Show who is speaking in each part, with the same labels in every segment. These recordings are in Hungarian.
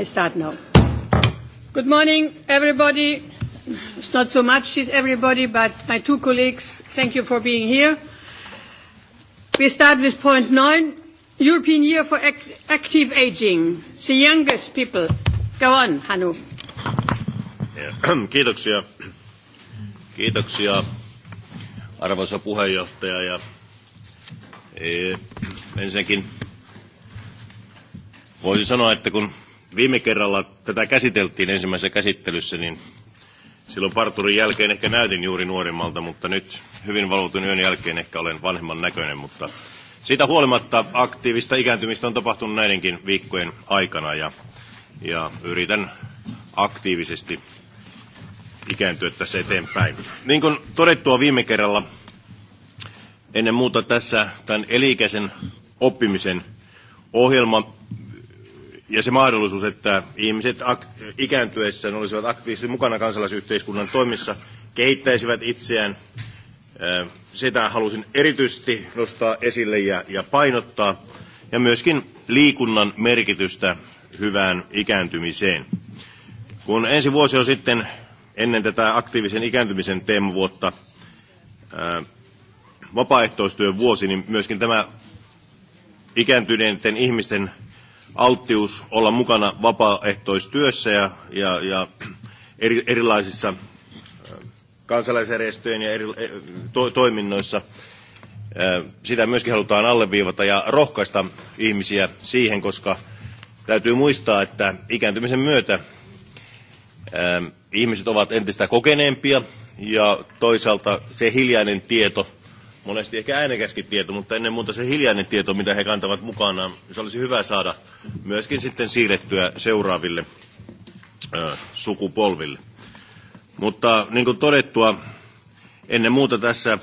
Speaker 1: I start now. Good morning, everybody. It's not so much everybody, but my two colleagues, thank you for being here. We start with point nine, European Year for Act Active Aging, the youngest people. Go on, Hanu.
Speaker 2: Kiitoksia. Kiitoksia, arvoisa puheenjohtaja. Ja, e, ensinnäkin voisi sanoa, että kun viime kerralla tätä käsiteltiin ensimmäisessä käsittelyssä, niin silloin parturin jälkeen ehkä näytin juuri nuorimmalta, mutta nyt hyvin valvotun yön jälkeen ehkä olen vanhemman näköinen, mutta siitä huolimatta aktiivista ikääntymistä on tapahtunut näidenkin viikkojen aikana ja, ja yritän aktiivisesti ikääntyä tässä eteenpäin. Niin kuin todettua viime kerralla, ennen muuta tässä tämän elikäisen oppimisen ohjelma ja se mahdollisuus, että ihmiset ak- ikääntyessään olisivat aktiivisesti mukana kansalaisyhteiskunnan toimissa, kehittäisivät itseään. Sitä halusin erityisesti nostaa esille ja, ja painottaa, ja myöskin liikunnan merkitystä hyvään ikääntymiseen. Kun ensi vuosi on sitten ennen tätä aktiivisen ikääntymisen teemavuotta vapaaehtoistyön vuosi, niin myöskin tämä ikääntyneiden ihmisten alttius olla mukana vapaaehtoistyössä ja, ja, ja eri, erilaisissa kansalaisjärjestöjen ja eri, to, toiminnoissa. Sitä myöskin halutaan alleviivata ja rohkaista ihmisiä siihen, koska täytyy muistaa, että ikääntymisen myötä ihmiset ovat entistä kokeneempia ja toisaalta se hiljainen tieto – monesti ehkä äänekäskin tieto, mutta ennen muuta se hiljainen tieto, mitä he kantavat mukanaan, se olisi hyvä saada myöskin sitten siirrettyä seuraaville ö, sukupolville. Mutta niin kuin todettua, ennen muuta tässä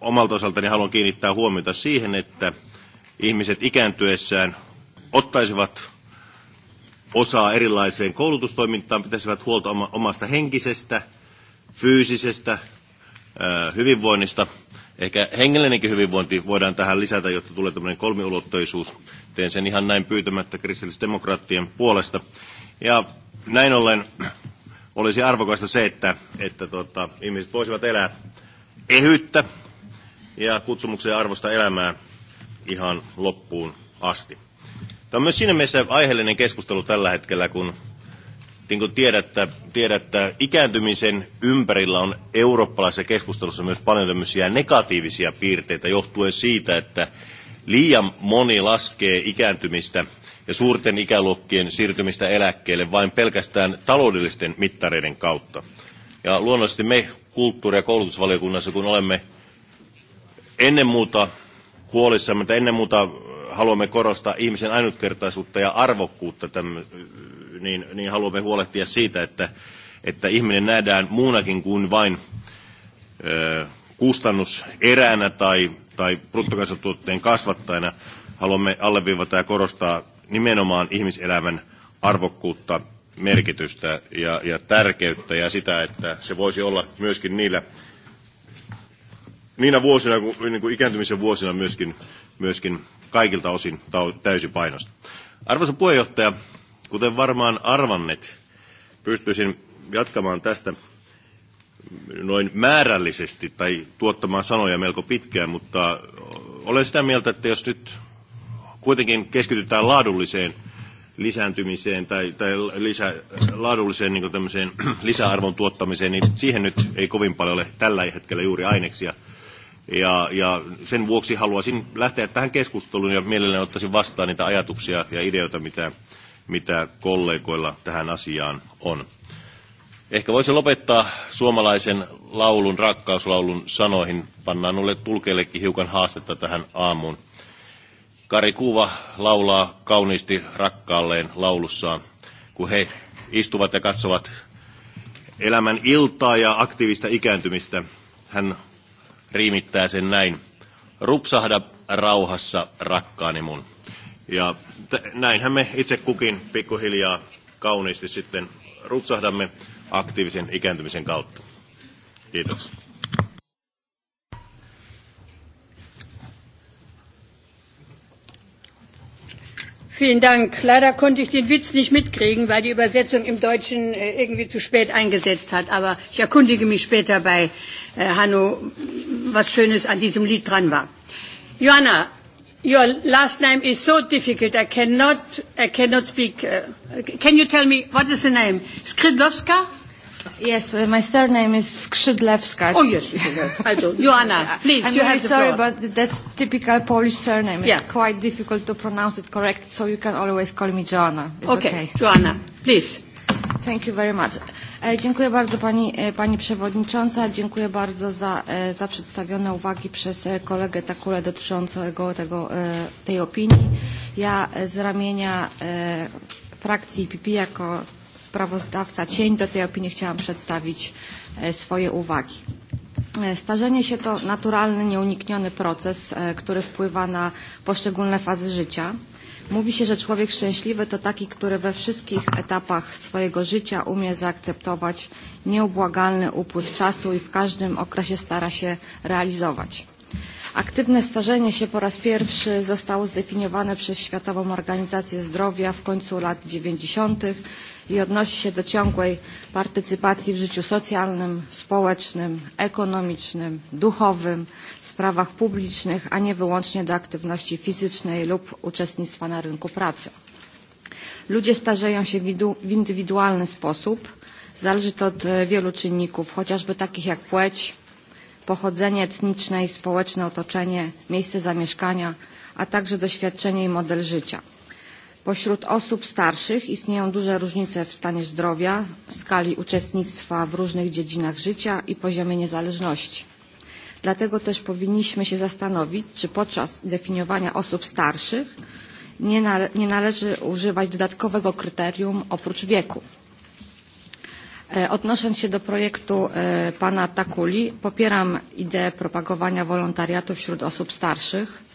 Speaker 2: omalta osaltani haluan kiinnittää huomiota siihen, että ihmiset ikääntyessään ottaisivat osaa erilaiseen koulutustoimintaan, pitäisivät huolta omasta henkisestä, fyysisestä hyvinvoinnista Ehkä hengellinenkin hyvinvointi voidaan tähän lisätä, jotta tulee tämmöinen kolmiulotteisuus. Teen sen ihan näin pyytämättä kristillisdemokraattien puolesta. Ja näin ollen olisi arvokasta se, että, että tota, ihmiset voisivat elää ehyttä ja kutsumuksen arvosta elämää ihan loppuun asti. Tämä on myös siinä mielessä aiheellinen keskustelu tällä hetkellä, kun niin kuin tiedätte, tiedätte, ikääntymisen ympärillä on eurooppalaisessa keskustelussa myös paljon tämmöisiä negatiivisia piirteitä johtuen siitä, että liian moni laskee ikääntymistä ja suurten ikäluokkien siirtymistä eläkkeelle vain pelkästään taloudellisten mittareiden kautta. Ja luonnollisesti me kulttuuri- ja koulutusvaliokunnassa, kun olemme ennen muuta huolissamme, että ennen muuta haluamme korostaa ihmisen ainutkertaisuutta ja arvokkuutta tämän niin, niin haluamme huolehtia siitä, että, että ihminen nähdään muunakin kuin vain ö, kustannuseränä tai, tai bruttokansantuotteen kasvattajana. Haluamme alleviivata ja korostaa nimenomaan ihmiselämän arvokkuutta, merkitystä ja, ja tärkeyttä ja sitä, että se voisi olla myöskin niillä niinä vuosina, niin kuin ikääntymisen vuosina myöskin, myöskin kaikilta osin täysipainosta. Arvoisa puheenjohtaja, Kuten varmaan arvannet, pystyisin jatkamaan tästä noin määrällisesti tai tuottamaan sanoja melko pitkään, mutta olen sitä mieltä, että jos nyt kuitenkin keskitytään laadulliseen lisääntymiseen tai, tai lisä, laadulliseen niin tämmöiseen lisäarvon tuottamiseen, niin siihen nyt ei kovin paljon ole tällä hetkellä juuri aineksia. Ja, ja sen vuoksi haluaisin lähteä tähän keskusteluun ja mielelläni ottaisin vastaan niitä ajatuksia ja ideoita, mitä mitä kollegoilla tähän asiaan on. Ehkä voisi lopettaa suomalaisen laulun, rakkauslaulun sanoihin. Pannaan nulle tulkeillekin hiukan haastetta tähän aamuun. Kari Kuva laulaa kauniisti rakkaalleen laulussaan, kun he istuvat ja katsovat elämän iltaa ja aktiivista ikääntymistä. Hän riimittää sen näin. Rupsahda rauhassa rakkaani mun. Ja näinhän me itse kukin pikkuhiljaa kauniisti sitten rutsahdamme aktiivisen ikääntymisen kautta. Kiitos.
Speaker 1: Vielen Dank. Leider konnte ich den Witz nicht mitkriegen, weil die Übersetzung im Deutschen äh, irgendwie zu spät eingesetzt hat. Aber ich erkundige mich später bei äh, Hanno, was Schönes an diesem Lied dran war. Johanna, Your last name is so difficult. I cannot. I cannot speak. Uh, can you tell me what is the name?
Speaker 3: Skrzydlowska. Yes, uh, my surname is Skrzydlewska. Oh yes, I do. Joanna, please, I'm you very have the sorry, floor. but that's typical Polish surname. It's yeah. quite difficult to pronounce it correct, so you can always call me Joanna. It's okay. okay, Joanna, please. Thank you very much. E, dziękuję bardzo Pani, e, pani Przewodnicząca. Dziękuję bardzo za, e, za przedstawione uwagi przez kolegę Takule dotyczącego tego, tej opinii. Ja z ramienia frakcji PP jako sprawozdawca cień do tej opinii chciałam przedstawić swoje uwagi. Starzenie się to naturalny, nieunikniony proces, który wpływa na poszczególne fazy życia. Mówi się, że człowiek szczęśliwy to taki, który we wszystkich etapach swojego życia umie zaakceptować nieubłagalny upływ czasu i w każdym okresie stara się realizować. Aktywne starzenie się po raz pierwszy zostało zdefiniowane przez Światową Organizację Zdrowia w końcu lat 90 i odnosi się do ciągłej partycypacji w życiu socjalnym, społecznym, ekonomicznym, duchowym, w sprawach publicznych, a nie wyłącznie do aktywności fizycznej lub uczestnictwa na rynku pracy. Ludzie starzeją się w indywidualny sposób. Zależy to od e, wielu czynników, chociażby takich jak płeć, pochodzenie etniczne i społeczne otoczenie, miejsce zamieszkania, a także doświadczenie i model życia. Pośród osób starszych istnieją duże różnice w stanie zdrowia, skali uczestnictwa w różnych dziedzinach życia i poziomie niezależności. Dlatego też powinniśmy się zastanowić, czy podczas definiowania osób starszych nie, nale nie należy używać dodatkowego kryterium oprócz wieku. E, odnosząc się do projektu e, pana Takuli, popieram ideę propagowania wolontariatu wśród osób starszych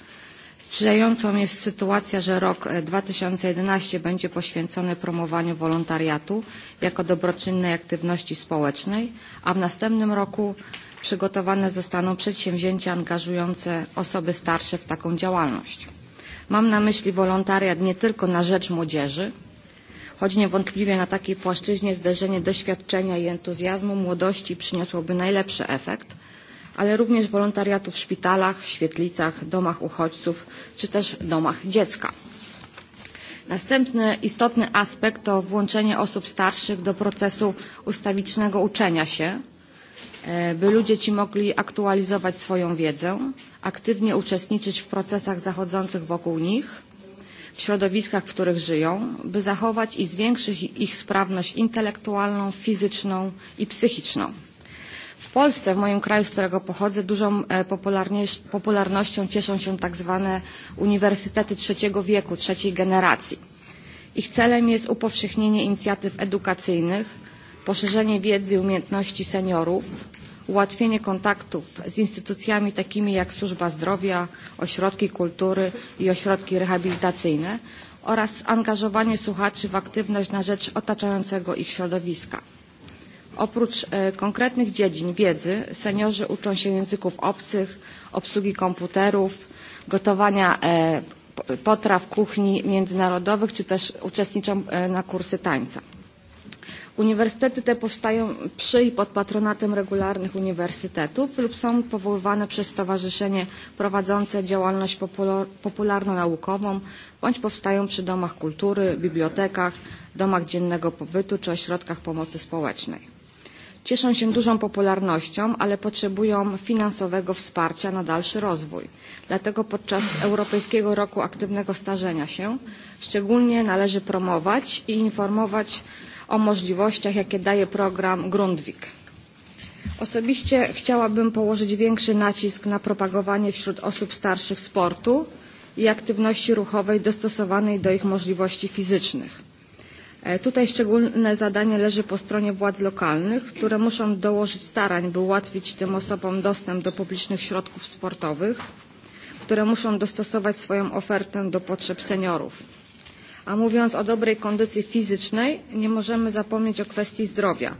Speaker 3: Przerażającą jest sytuacja, że rok 2011 e, będzie poświęcony promowaniu wolontariatu jako dobroczynnej aktywności społecznej, a w następnym roku przygotowane zostaną przedsięwzięcia angażujące osoby starsze w taką działalność. Mam na myśli wolontariat nie tylko na rzecz młodzieży, choć niewątpliwie na takiej płaszczyźnie zderzenie doświadczenia i entuzjazmu młodości przyniosłoby najlepszy efekt – ale również wolontariatu w szpitalach, świetlicach, domach uchodźców czy też domach dziecka. Następny istotny aspekt to włączenie osób starszych do procesu ustawicznego uczenia się, e, by ludzie ci mogli aktualizować swoją wiedzę, aktywnie uczestniczyć w procesach zachodzących wokół nich, w środowiskach, w których żyją, by zachować i zwiększyć ich sprawność intelektualną, fizyczną i psychiczną. W Polsce, w moim kraju, z którego pochodzę, dużą e, popularnością cieszą się tak zwane uniwersytety trzeciego wieku, trzeciej generacji. Ich celem jest upowszechnienie inicjatyw edukacyjnych, poszerzenie wiedzy i umiejętności seniorów, ułatwienie kontaktów z instytucjami takimi jak służba zdrowia, ośrodki kultury i ośrodki rehabilitacyjne oraz angażowanie słuchaczy w aktywność na rzecz otaczającego ich środowiska. Oprócz e, konkretnych dziedzin wiedzy seniorzy uczą się języków obcych, obsługi komputerów, gotowania e, potraw kuchni międzynarodowych, czy też uczestniczą e, na kursy tańca. Uniwersytety te powstają przy i pod patronatem regularnych uniwersytetów lub są powoływane przez stowarzyszenie prowadzące działalność popularno-naukową bądź powstają przy domach kultury, bibliotekach, domach dziennego pobytu czy ośrodkach pomocy społecznej cieszą się dużą popularnością, ale potrzebują finansowego wsparcia na dalszy rozwój. Dlatego podczas Europejskiego Roku Aktywnego Starzenia się szczególnie należy promować i informować o możliwościach, jakie daje program Grundwik. Osobiście chciałabym położyć większy nacisk na propagowanie wśród osób starszych sportu i aktywności ruchowej dostosowanej do ich możliwości fizycznych E, tutaj szczególne zadanie leży po stronie władz lokalnych, które muszą dołożyć starań, by ułatwić tym osobom dostęp do publicznych środków sportowych, które muszą dostosować swoją ofertę do potrzeb seniorów. A mówiąc o dobrej kondycji fizycznej, nie możemy zapomnieć o kwestii zdrowia.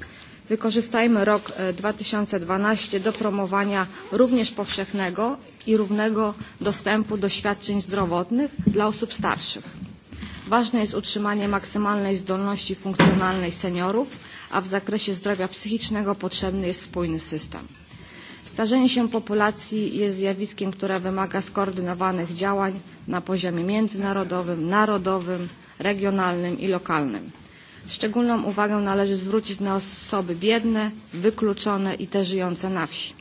Speaker 3: Wykorzystajmy rok 2012 e, do promowania również powszechnego i równego dostępu do świadczeń zdrowotnych dla osób starszych. Ważne jest utrzymanie maksymalnej zdolności funkcjonalnej seniorów, a w zakresie zdrowia psychicznego potrzebny jest spójny system. Starzenie się populacji jest zjawiskiem, które wymaga skoordynowanych działań na poziomie międzynarodowym, narodowym, regionalnym i lokalnym. Szczególną uwagę należy zwrócić na osoby biedne, wykluczone i te żyjące na wsi.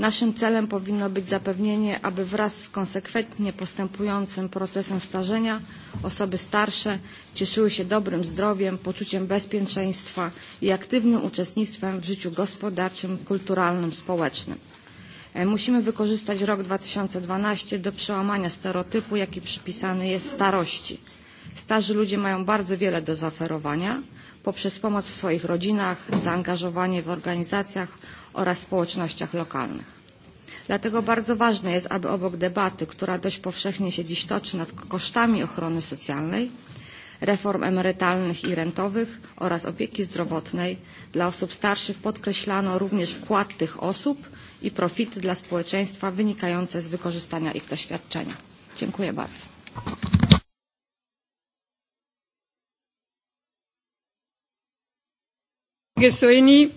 Speaker 3: Naszym celem powinno być zapewnienie, aby wraz z konsekwentnie postępującym procesem starzenia osoby starsze cieszyły się dobrym zdrowiem, poczuciem bezpieczeństwa i aktywnym uczestnictwem w życiu gospodarczym, kulturalnym, społecznym. E, musimy wykorzystać rok 2012 do przełamania stereotypu, jaki przypisany jest starości. Starzy ludzie mają bardzo wiele do zaoferowania poprzez pomoc w swoich rodzinach, zaangażowanie w organizacjach oraz społecznościach lokalnych. Dlatego bardzo ważne jest, aby obok debaty, która dość powszechnie się dziś toczy nad kosztami ochrony socjalnej, reform emerytalnych i rentowych oraz opieki zdrowotnej dla osób starszych podkreślano również wkład tych osób i profity dla społeczeństwa wynikające z wykorzystania ich doświadczenia. Dziękuję bardzo.
Speaker 1: Gessoini.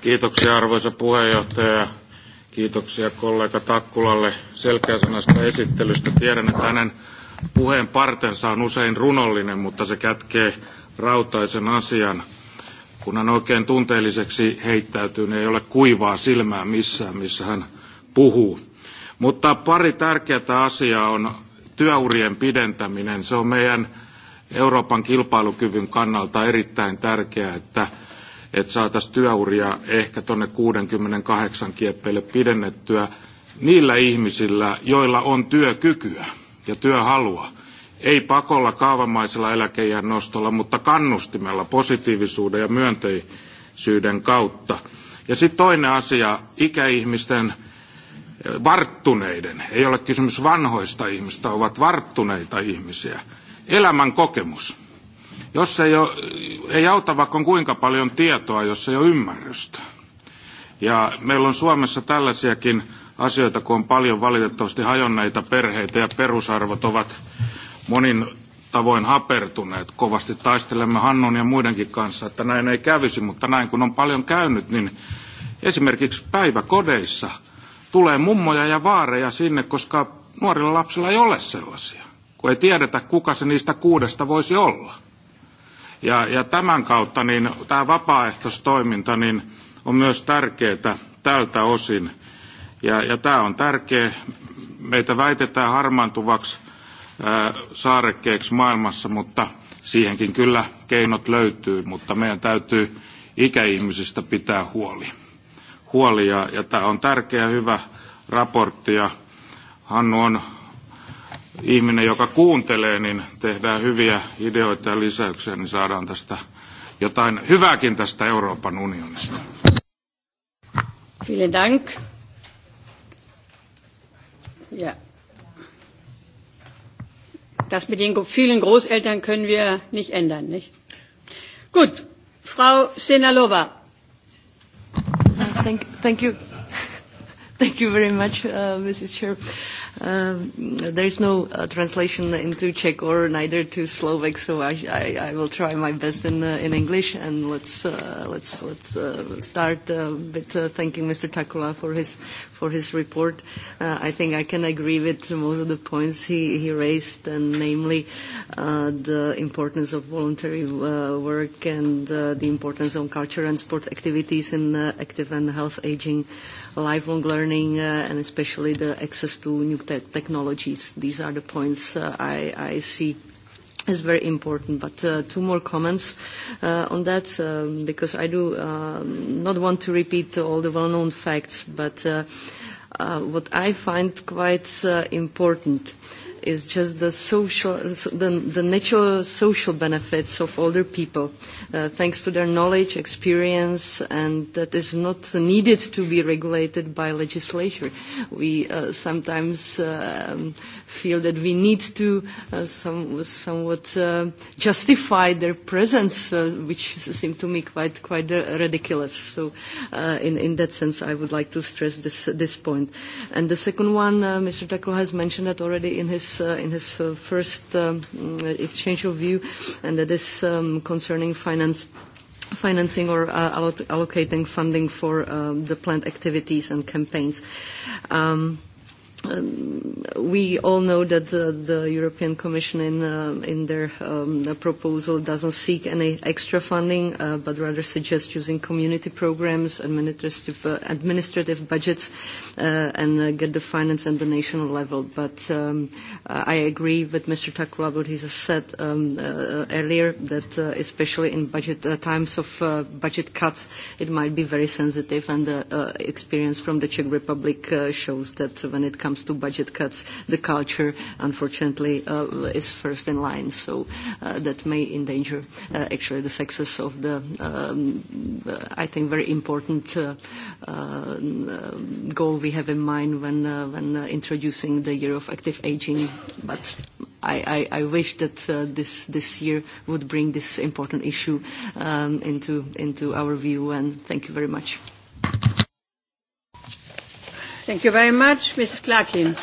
Speaker 4: Kiitoksia arvoisa puheenjohtaja. Kiitoksia kollega Takkulalle selkeäsanasta esittelystä. Tiedän, että hänen puheen partensa on usein runollinen, mutta se kätkee rautaisen asian. Kun hän oikein tunteelliseksi heittäytyy, niin ei ole kuivaa silmää missään, missä hän puhuu. Mutta pari tärkeää asiaa on työurien pidentäminen. Se on meidän Euroopan kilpailukyvyn kannalta erittäin tärkeää, että että saataisiin työuria ehkä tuonne 68 kieppeille pidennettyä niillä ihmisillä, joilla on työkykyä ja työhalua. Ei pakolla kaavamaisella eläkeijän nostolla, mutta kannustimella, positiivisuuden ja myönteisyyden kautta. Ja sitten toinen asia, ikäihmisten eh, varttuneiden, ei ole kysymys vanhoista ihmistä, ovat varttuneita ihmisiä. Elämän kokemus Jos ei, ole, ei auta vaikka kuinka paljon tietoa, jos ei ole ymmärrystä. Ja meillä on Suomessa tällaisiakin asioita, kun on paljon valitettavasti hajonneita perheitä ja perusarvot ovat monin tavoin hapertuneet. Kovasti taistelemme Hannon ja muidenkin kanssa, että näin ei kävisi, mutta näin kun on paljon käynyt, niin esimerkiksi päiväkodeissa tulee mummoja ja vaareja sinne, koska nuorilla lapsilla ei ole sellaisia, kun ei tiedetä, kuka se niistä kuudesta voisi olla. Ja, ja tämän kautta niin tämä vapaaehtoistoiminta niin on myös tärkeää tältä osin. Ja, ja tämä on tärkeä. Meitä väitetään harmaantuvaksi ää, saarekkeeksi maailmassa, mutta siihenkin kyllä keinot löytyy, mutta meidän täytyy ikäihmisistä pitää huoli. huoli ja, ja tämä on tärkeä hyvä raportti ja Hannu on ihminen, joka kuuntelee, niin tehdään hyviä ideoita ja lisäyksiä, niin saadaan tästä jotain hyvääkin tästä Euroopan unionista.
Speaker 1: Vielen Dank. Ja. Das mit den vielen Großeltern können wir nicht ändern, nicht? Gut, Frau Senalova. Thank, thank you.
Speaker 5: Thank you very much, uh, Mrs. Chair. Uh, Uh, there is no uh, translation into Czech or neither to Slovak, so I, I, I will try my best in, uh, in English. And let's uh, let's let's uh, start uh, with uh, thanking Mr. Takula for his for his report. Uh, I think I can agree with most of the points he, he raised, and namely uh, the importance of voluntary uh, work and uh, the importance of culture and sport activities in uh, active and health aging, lifelong learning, uh, and especially the access to new technologies. These are the points uh, I, see as very important. But uh, two more comments uh, on that, um, because I do um, not want to repeat all the well-known facts, but what I find quite important is just the social, the, the natural social benefits of older people, uh, thanks to their knowledge, experience, and that is not needed to be regulated by legislation. We uh, sometimes uh, feel that we need to uh, some, somewhat uh, justify their presence, uh, which seemed to me quite, quite uh, ridiculous. So uh, in, in that sense, I would like to stress this, this point. And the second one, uh, Mr. Tackle has mentioned that already in his, uh, in his uh, first um, uh, exchange of view, and that is um, concerning finance financing or uh, allocating funding for um, the planned activities and campaigns. Um, Um, we all know that uh, the European Commission in, uh, in their um, the proposal doesn't seek any extra funding, uh, but rather suggests using community programs, administrative, uh, administrative budgets, uh, and uh, get the finance at the national level. But um, I agree with Mr. Takula what he has said um, uh, earlier, that uh, especially in budget uh, times of uh, budget cuts, it might be very sensitive, and the uh, uh, experience from the Czech Republic uh, shows that when it comes comes to budget cuts, the culture, unfortunately, uh, is first in line. So uh, that may endanger uh, actually the success of the, um, uh, I think, very important uh, uh, goal we have in mind when, uh, when uh, introducing the year of active aging. But I, I, I wish that uh, this, this year would bring this important issue um, into, into our view, and thank you very much.
Speaker 1: Thank you very much. Mrs. Clarkin.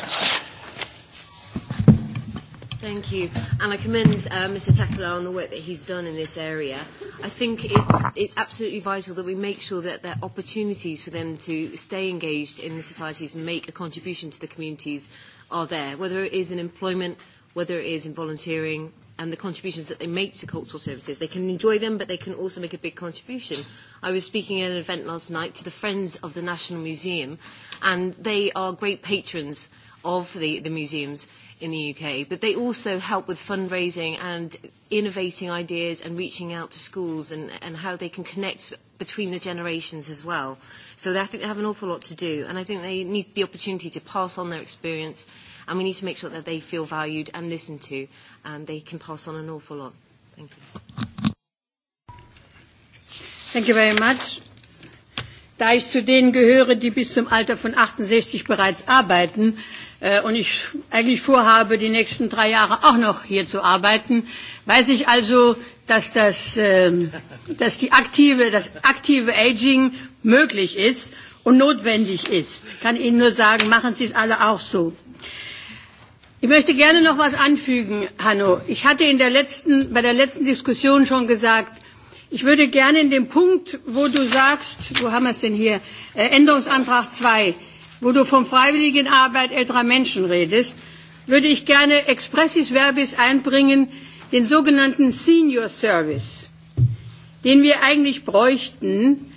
Speaker 6: Thank you. And I commend uh, Mr. Takala on the work that he's done in this area. I think it's, it's absolutely vital that we make sure that there are opportunities for them to stay engaged in the societies and make a contribution to the communities are there, whether it is in employment, whether it is in volunteering and the contributions that they make to cultural services. They can enjoy them, but they can also make a big contribution. I was speaking at an event last night to the Friends of the National Museum, and they are great patrons of the, the museums in the UK, but they also help with fundraising and innovating ideas and reaching out to schools and, and how they can connect between the generations as well. So they, I think they have an awful lot to do, and I think they need the opportunity to pass on their experience and we need to make sure that they feel valued and listened to. Um, they can pass on an awful lot. Thank you.
Speaker 1: Thank you very much. Da ich zu denen gehöre, die bis zum Alter von 68 bereits arbeiten äh, und ich eigentlich vorhabe, die nächsten drei Jahre auch noch hier zu arbeiten, weiß ich also, dass, das, äh, dass die aktive, das aktive Aging möglich ist und notwendig ist. Ich kann Ihnen nur sagen, machen Sie es alle auch so. Ich möchte gerne noch was anfügen, Hanno. Ich hatte in der letzten, bei der letzten Diskussion schon gesagt, ich würde gerne in dem Punkt, wo du sagst, wo haben wir es denn hier, äh, Änderungsantrag 2, wo du von Freiwilligenarbeit älterer Menschen redest, würde ich gerne expressis verbis einbringen, den sogenannten Senior Service, den wir eigentlich bräuchten,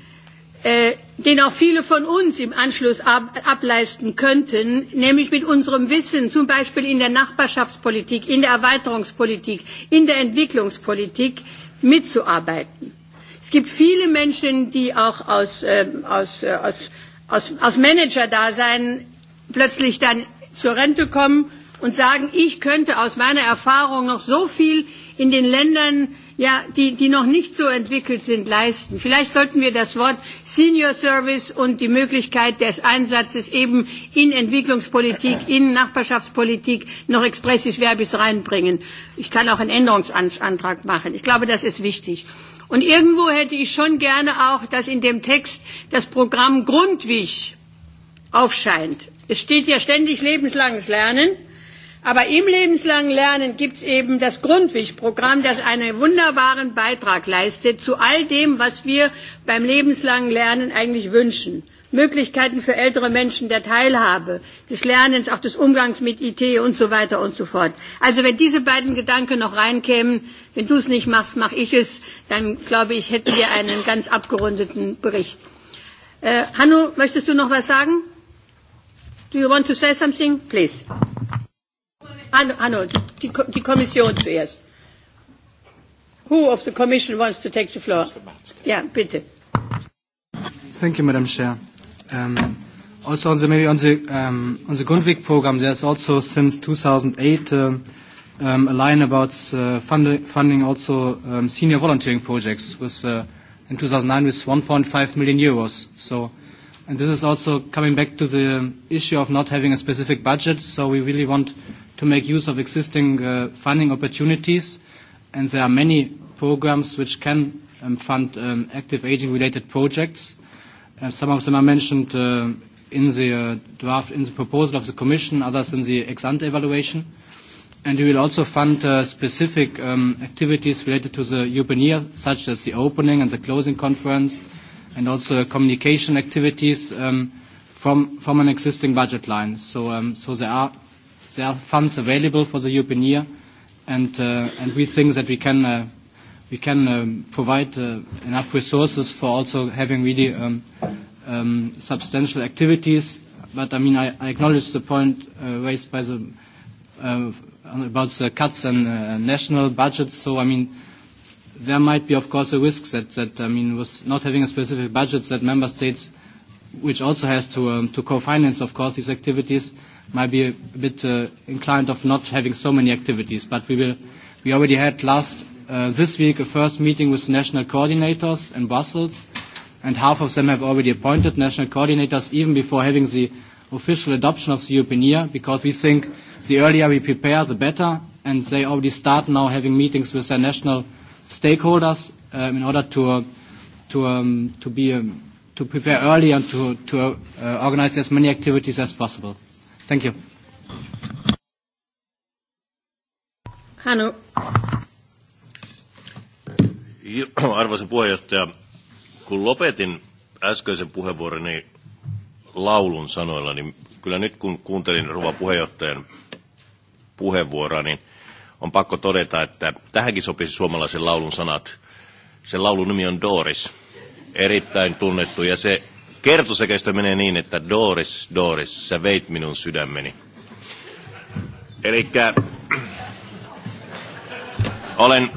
Speaker 1: Äh, den auch viele von uns im Anschluss ab, ableisten könnten, nämlich mit unserem Wissen, zum Beispiel in der Nachbarschaftspolitik, in der Erweiterungspolitik, in der Entwicklungspolitik mitzuarbeiten. Es gibt viele Menschen, die auch aus, äh, aus, äh, aus, aus, aus Manager-Dasein plötzlich dann zur Rente kommen und sagen, ich könnte aus meiner Erfahrung noch so viel in den Ländern ja, die, die noch nicht so entwickelt sind, leisten. Vielleicht sollten wir das Wort Senior Service und die Möglichkeit des Einsatzes eben in Entwicklungspolitik, in Nachbarschaftspolitik noch expressis verbis reinbringen. Ich kann auch einen Änderungsantrag machen. Ich glaube, das ist wichtig. Und irgendwo hätte ich schon gerne auch, dass in dem Text das Programm Grundwig aufscheint. Es steht ja ständig lebenslanges Lernen. Aber im lebenslangen Lernen gibt es eben das Grundwig-Programm, das einen wunderbaren Beitrag leistet zu all dem, was wir beim lebenslangen Lernen eigentlich wünschen. Möglichkeiten für ältere Menschen der Teilhabe, des Lernens, auch des Umgangs mit IT und so weiter und so fort. Also wenn diese beiden Gedanken noch reinkämen, wenn du es nicht machst, mache ich es, dann glaube ich, hätten wir einen ganz abgerundeten Bericht. Äh, Hanno, möchtest du noch was sagen? Do you want to say something? Please. Ah, no, ah, no die, die Kommission zuerst. Who of the Commission wants to take the floor? Yeah, bitte.
Speaker 7: Thank you, Madam Chair. Um, also on the, maybe on the, um, on the Grundvik program, there's also since 2008 uh, um, a line about uh, fund funding also um, senior volunteering projects with, uh, in 2009 with 1.5 million euros. So, and this is also coming back to the issue of not having a specific budget, so we really want to make use of existing uh, funding opportunities, and there are many programs which can um, fund um, active aging related projects. Uh, some of them are mentioned uh, in the uh, draft, in the proposal of the Commission, others in the ex-ante evaluation. And we will also fund uh, specific um, activities related to the European year, such as the opening and the closing conference, and also communication activities um, from, from an existing budget line. So, um, so there are There are funds available for the European year, and, uh, and we think that we can, uh, we can um, provide uh, enough resources for also having really um, um, substantial activities. But I mean, I, I acknowledge the point uh, raised by the uh, about the cuts in uh, national budgets. So I mean, there might be, of course, a risk that, that I mean, with not having a specific budget, that member states, which also has to, um, to co-finance, of course, these activities, might be a bit uh, inclined of not having so many activities, but we will. We already had last uh, this week a first meeting with national coordinators in Brussels, and half of them have already appointed national coordinators even before having the official adoption of the European year, because we think the earlier we prepare, the better, and they already start now having meetings with their national stakeholders um, in order to uh, to um, to be um, to prepare early and to to uh, organize as many activities
Speaker 2: as possible. Thank you. Hanno. Arvoisa puheenjohtaja, kun lopetin äskeisen puheenvuoroni laulun sanoilla, niin kyllä nyt kun kuuntelin ruva puheenjohtajan puheenvuoroa, niin on pakko todeta, että tähänkin sopisi suomalaisen laulun sanat. Sen laulun nimi on Doris, erittäin tunnettu, ja se Kertosäkeistä menee niin, että Doris, Doris, sä veit minun sydämeni. Eli olen,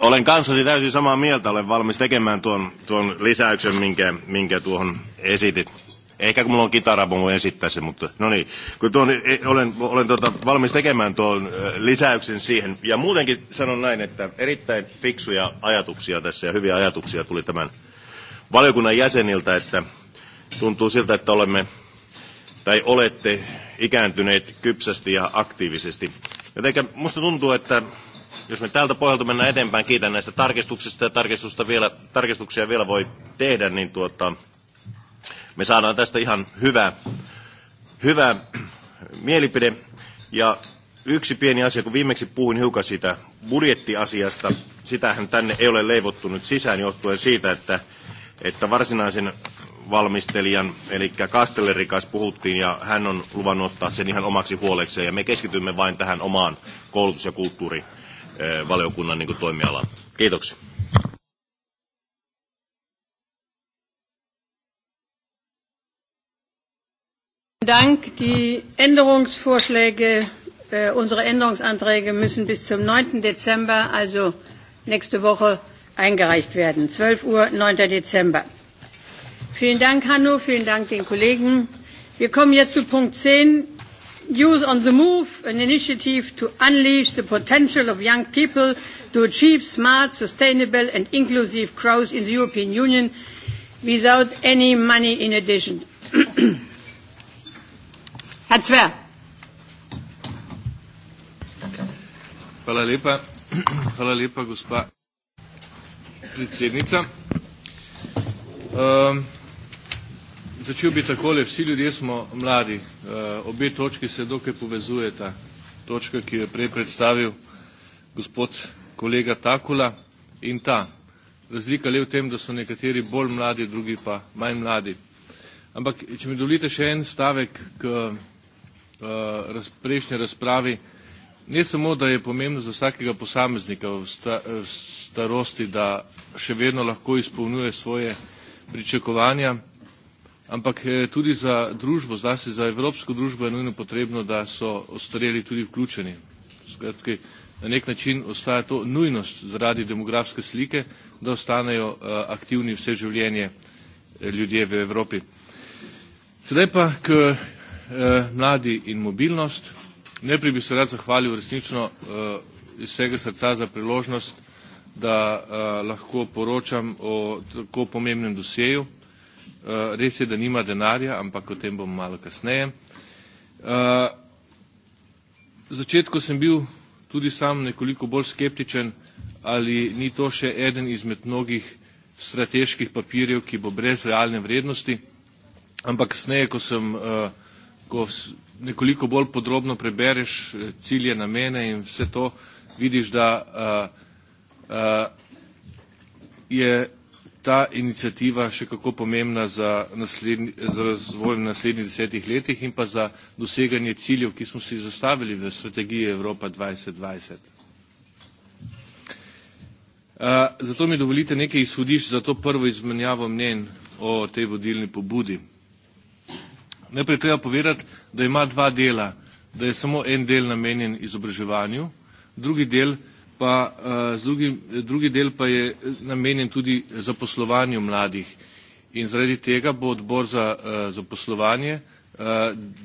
Speaker 2: olen kanssasi täysin samaa mieltä, olen valmis tekemään tuon, tuon lisäyksen, minkä, minkä tuohon esitit. Ehkä kun mulla on kitara, mä voin esittää sen, mutta no niin. Kun tuon, e, olen, olen tuota, valmis tekemään tuon lisäyksen siihen. Ja muutenkin sanon näin, että erittäin fiksuja ajatuksia tässä ja hyviä ajatuksia tuli tämän valiokunnan jäseniltä, että tuntuu siltä, että olemme tai olette ikääntyneet kypsästi ja aktiivisesti. Jotenkä minusta tuntuu, että jos me tältä pohjalta mennään eteenpäin, kiitän näistä tarkistuksista ja tarkistusta vielä, tarkistuksia vielä voi tehdä, niin tuota, me saadaan tästä ihan hyvä, hyvä mielipide. Ja yksi pieni asia, kun viimeksi puhuin hiukan siitä budjettiasiasta, sitähän tänne ei ole leivottu nyt sisään johtuen siitä, että että varsinaisen valmistelijan, eli Kastellerin kanssa puhuttiin, ja hän on luvannut ottaa sen ihan omaksi huolekseen, ja me keskitymme vain tähän omaan koulutus- ja kulttuurivaliokunnan niin toimialaan. Kiitoksia.
Speaker 1: Dank. Die Änderungsvorschläge, äh, unsere Änderungsanträge müssen bis zum 9. Dezember, also nächste Woche, eingereicht werden. 12 Uhr, 9. Dezember. Vielen Dank, Hanno. Vielen Dank den Kollegen. Wir kommen jetzt zu Punkt 10. Youth on the Move, an initiative to unleash the potential of young people to achieve smart, sustainable and inclusive growth in the European Union without any money in addition. Herr Zwer.
Speaker 8: Hvala lepa. Hvala lepa, gospa predsednica. Um, ehm, začel bi takole, vsi ljudje smo mladi. Uh, obe točki se dokaj povezujeta. Točka, ki jo je prej predstavil gospod kolega Takula in ta. Razlika le v tem, da so nekateri bolj mladi, drugi pa manj mladi. Ampak, če mi dovolite še en stavek k uh, prejšnji razpravi, ne samo, da je pomembno za vsakega posameznika eh, v, starosti, da še vedno lahko izpolnjuje svoje pričakovanja, ampak eh, tudi za družbo, zlasti za evropsko družbo je nujno potrebno, da so ostareli tudi vključeni. Skratke, na nek način ostaja to nujnost zaradi demografske slike, da ostanejo eh, aktivni vse življenje ljudje v Evropi. Sedaj pa k mladi in mobilnost. Najprej bi se rad zahvalil resnično eh, iz vsega srca za priložnost, da eh, lahko poročam o tako pomembnem dosjeju. Eh, res je, da nima denarja, ampak o tem bom malo kasneje. V začetku sem bil tudi sam nekoliko bolj skeptičen, ali ni to še eden izmed mnogih strateških papirjev, ki bo brez realne vrednosti, ampak kasneje, ko sem, ko nekoliko bolj podrobno prebereš eh, cilje, namene in vse to, vidiš, da uh, uh, je ta inicijativa še kako pomembna za, naslednji, za razvoj v naslednjih desetih letih in pa za doseganje ciljev, ki smo si zastavili v strategiji Evropa 2020. Uh, zato mi dovolite nekaj izhodišč za to prvo izmenjavo mnen o tej vodilni pobudi. Najprej treba povedati, da ima dva dela, da je samo en del namenjen izobraževanju, drugi del pa, uh, eh, drugi, drugi del pa je namenjen tudi zaposlovanju mladih. In zaradi tega bo odbor za eh, zaposlovanje eh,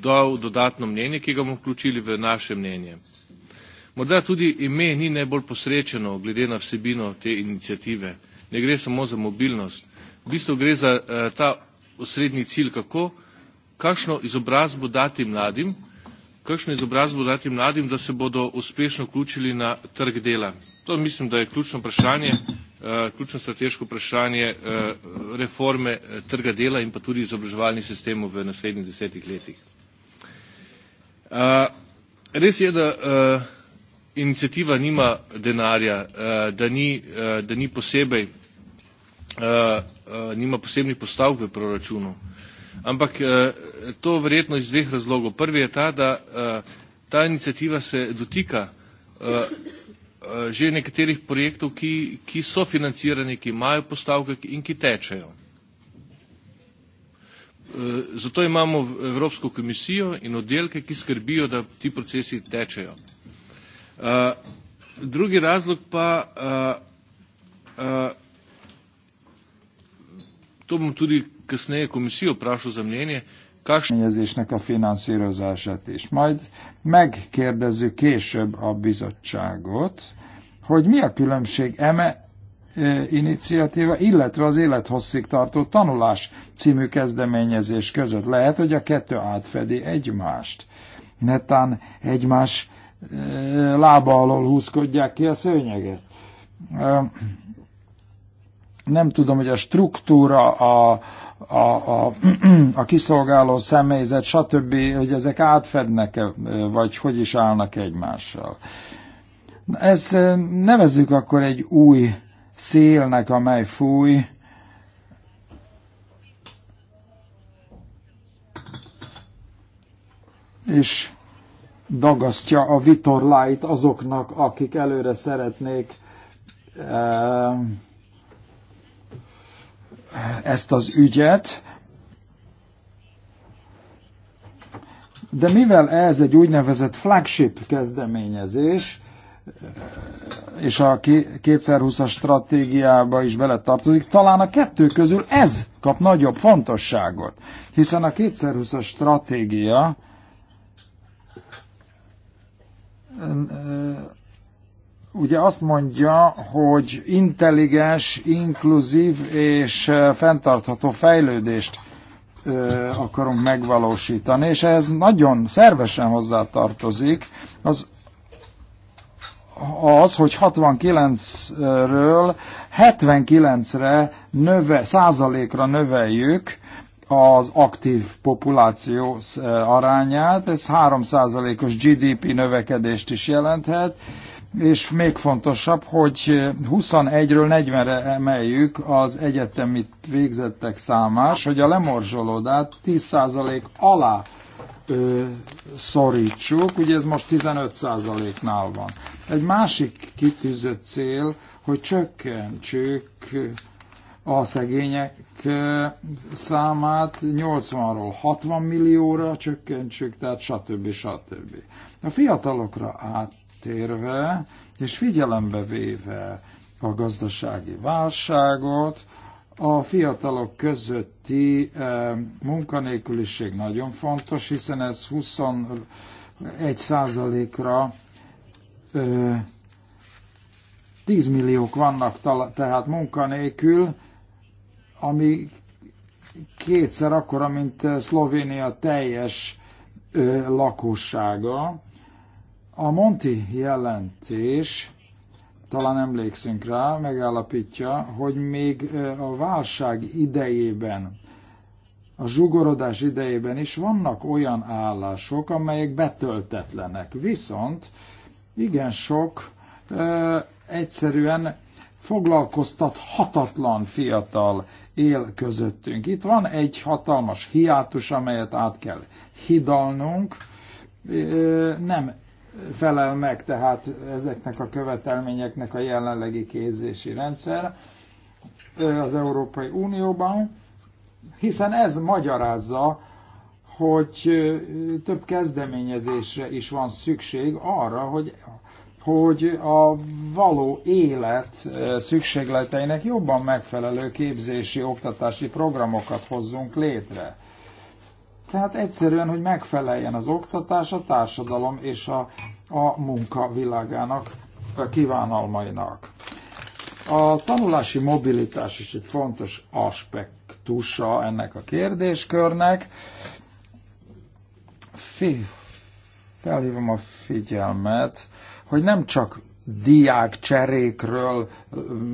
Speaker 8: dal dodatno mnenje, ki ga bomo vključili v naše mnenje. Morda tudi ime ni najbolj posrečeno glede na vsebino te inicijative. Ne gre samo za mobilnost. V bistvu gre za ta osrednji cilj, kako kakšno izobrazbo dati mladim, kakšno izobrazbo dati mladim, da se bodo uspešno vključili na trg dela. To mislim, da je ključno vprašanje, eh, ključno strateško vprašanje eh, reforme eh, trga dela in pa tudi izobraževalnih sistemov v naslednjih desetih letih. Res je, da inicijativa nima denarja, da ni, da ni posebej, nima posebnih postavk v proračunu ampak eh, to verjetno iz dveh razlogov. Prvi je ta, da eh, ta inicijativa se dotika eh, že nekaterih projektov, ki, ki so financirani, ki imajo postavke in ki tečejo. Zato imamo Evropsko komisijo in oddelke, ki skrbijo, da ti procesi tečejo. Drugi razlog pa, to bom tudi kasneje komisijo vprašal za mnenje,
Speaker 9: kezdeményezésnek a finanszírozását is. Majd megkérdezzük később a bizottságot, hogy mi a különbség eme e, iniciatíva, illetve az élethosszig tartó tanulás című kezdeményezés között. Lehet, hogy a kettő átfedi egymást. Netán egymás e, lába alól húzkodják ki a szőnyeget. E, nem tudom, hogy a struktúra, a, a, a, a kiszolgáló személyzet, stb., hogy ezek átfednek-e, vagy hogy is állnak egymással. Ez nevezzük akkor egy új szélnek, amely fúj, és dagasztja a vitorláit azoknak, akik előre szeretnék ezt az ügyet, de mivel ez egy úgynevezett flagship kezdeményezés, és a 2020-as stratégiába is beletartozik, talán a kettő közül ez kap nagyobb fontosságot, hiszen a 2020-as stratégia ugye azt mondja, hogy intelligens, inkluzív és fenntartható fejlődést akarunk megvalósítani, és ehhez nagyon szervesen hozzátartozik az, az, hogy 69-ről 79-re növe, százalékra növeljük az aktív populáció arányát, ez 3 os GDP növekedést is jelenthet, és még fontosabb, hogy 21-ről 40-re emeljük az egyetemit végzettek számás, hogy a lemorzsolódát 10% alá ö, szorítsuk, ugye ez most 15%-nál van. Egy másik kitűzött cél, hogy csökkentsük a szegények számát 80-ról 60 millióra csökkentsük, tehát stb. stb. A fiatalokra át térve, és figyelembe véve a gazdasági válságot, a fiatalok közötti eh, munkanélküliség nagyon fontos, hiszen ez 21 százalékra 10 eh, milliók vannak tehát munkanélkül, ami kétszer akkora, mint eh, Szlovénia teljes lakossága. A Monti jelentés, talán emlékszünk rá, megállapítja, hogy még a válság idejében, a zsugorodás idejében is vannak olyan állások, amelyek betöltetlenek. Viszont igen sok ö, egyszerűen foglalkoztathatatlan fiatal él közöttünk. Itt van egy hatalmas hiátus, amelyet át kell hidalnunk. Ö, nem felel meg tehát ezeknek a követelményeknek a jelenlegi képzési rendszer az Európai Unióban, hiszen ez magyarázza, hogy több kezdeményezésre is van szükség arra, hogy, hogy a való élet szükségleteinek jobban megfelelő képzési, oktatási programokat hozzunk létre. Tehát egyszerűen, hogy megfeleljen az oktatás a társadalom és a, a munka világának a kívánalmainak. A tanulási mobilitás is egy fontos aspektusa ennek a kérdéskörnek. Fi, felhívom a figyelmet, hogy nem csak diák cserékről,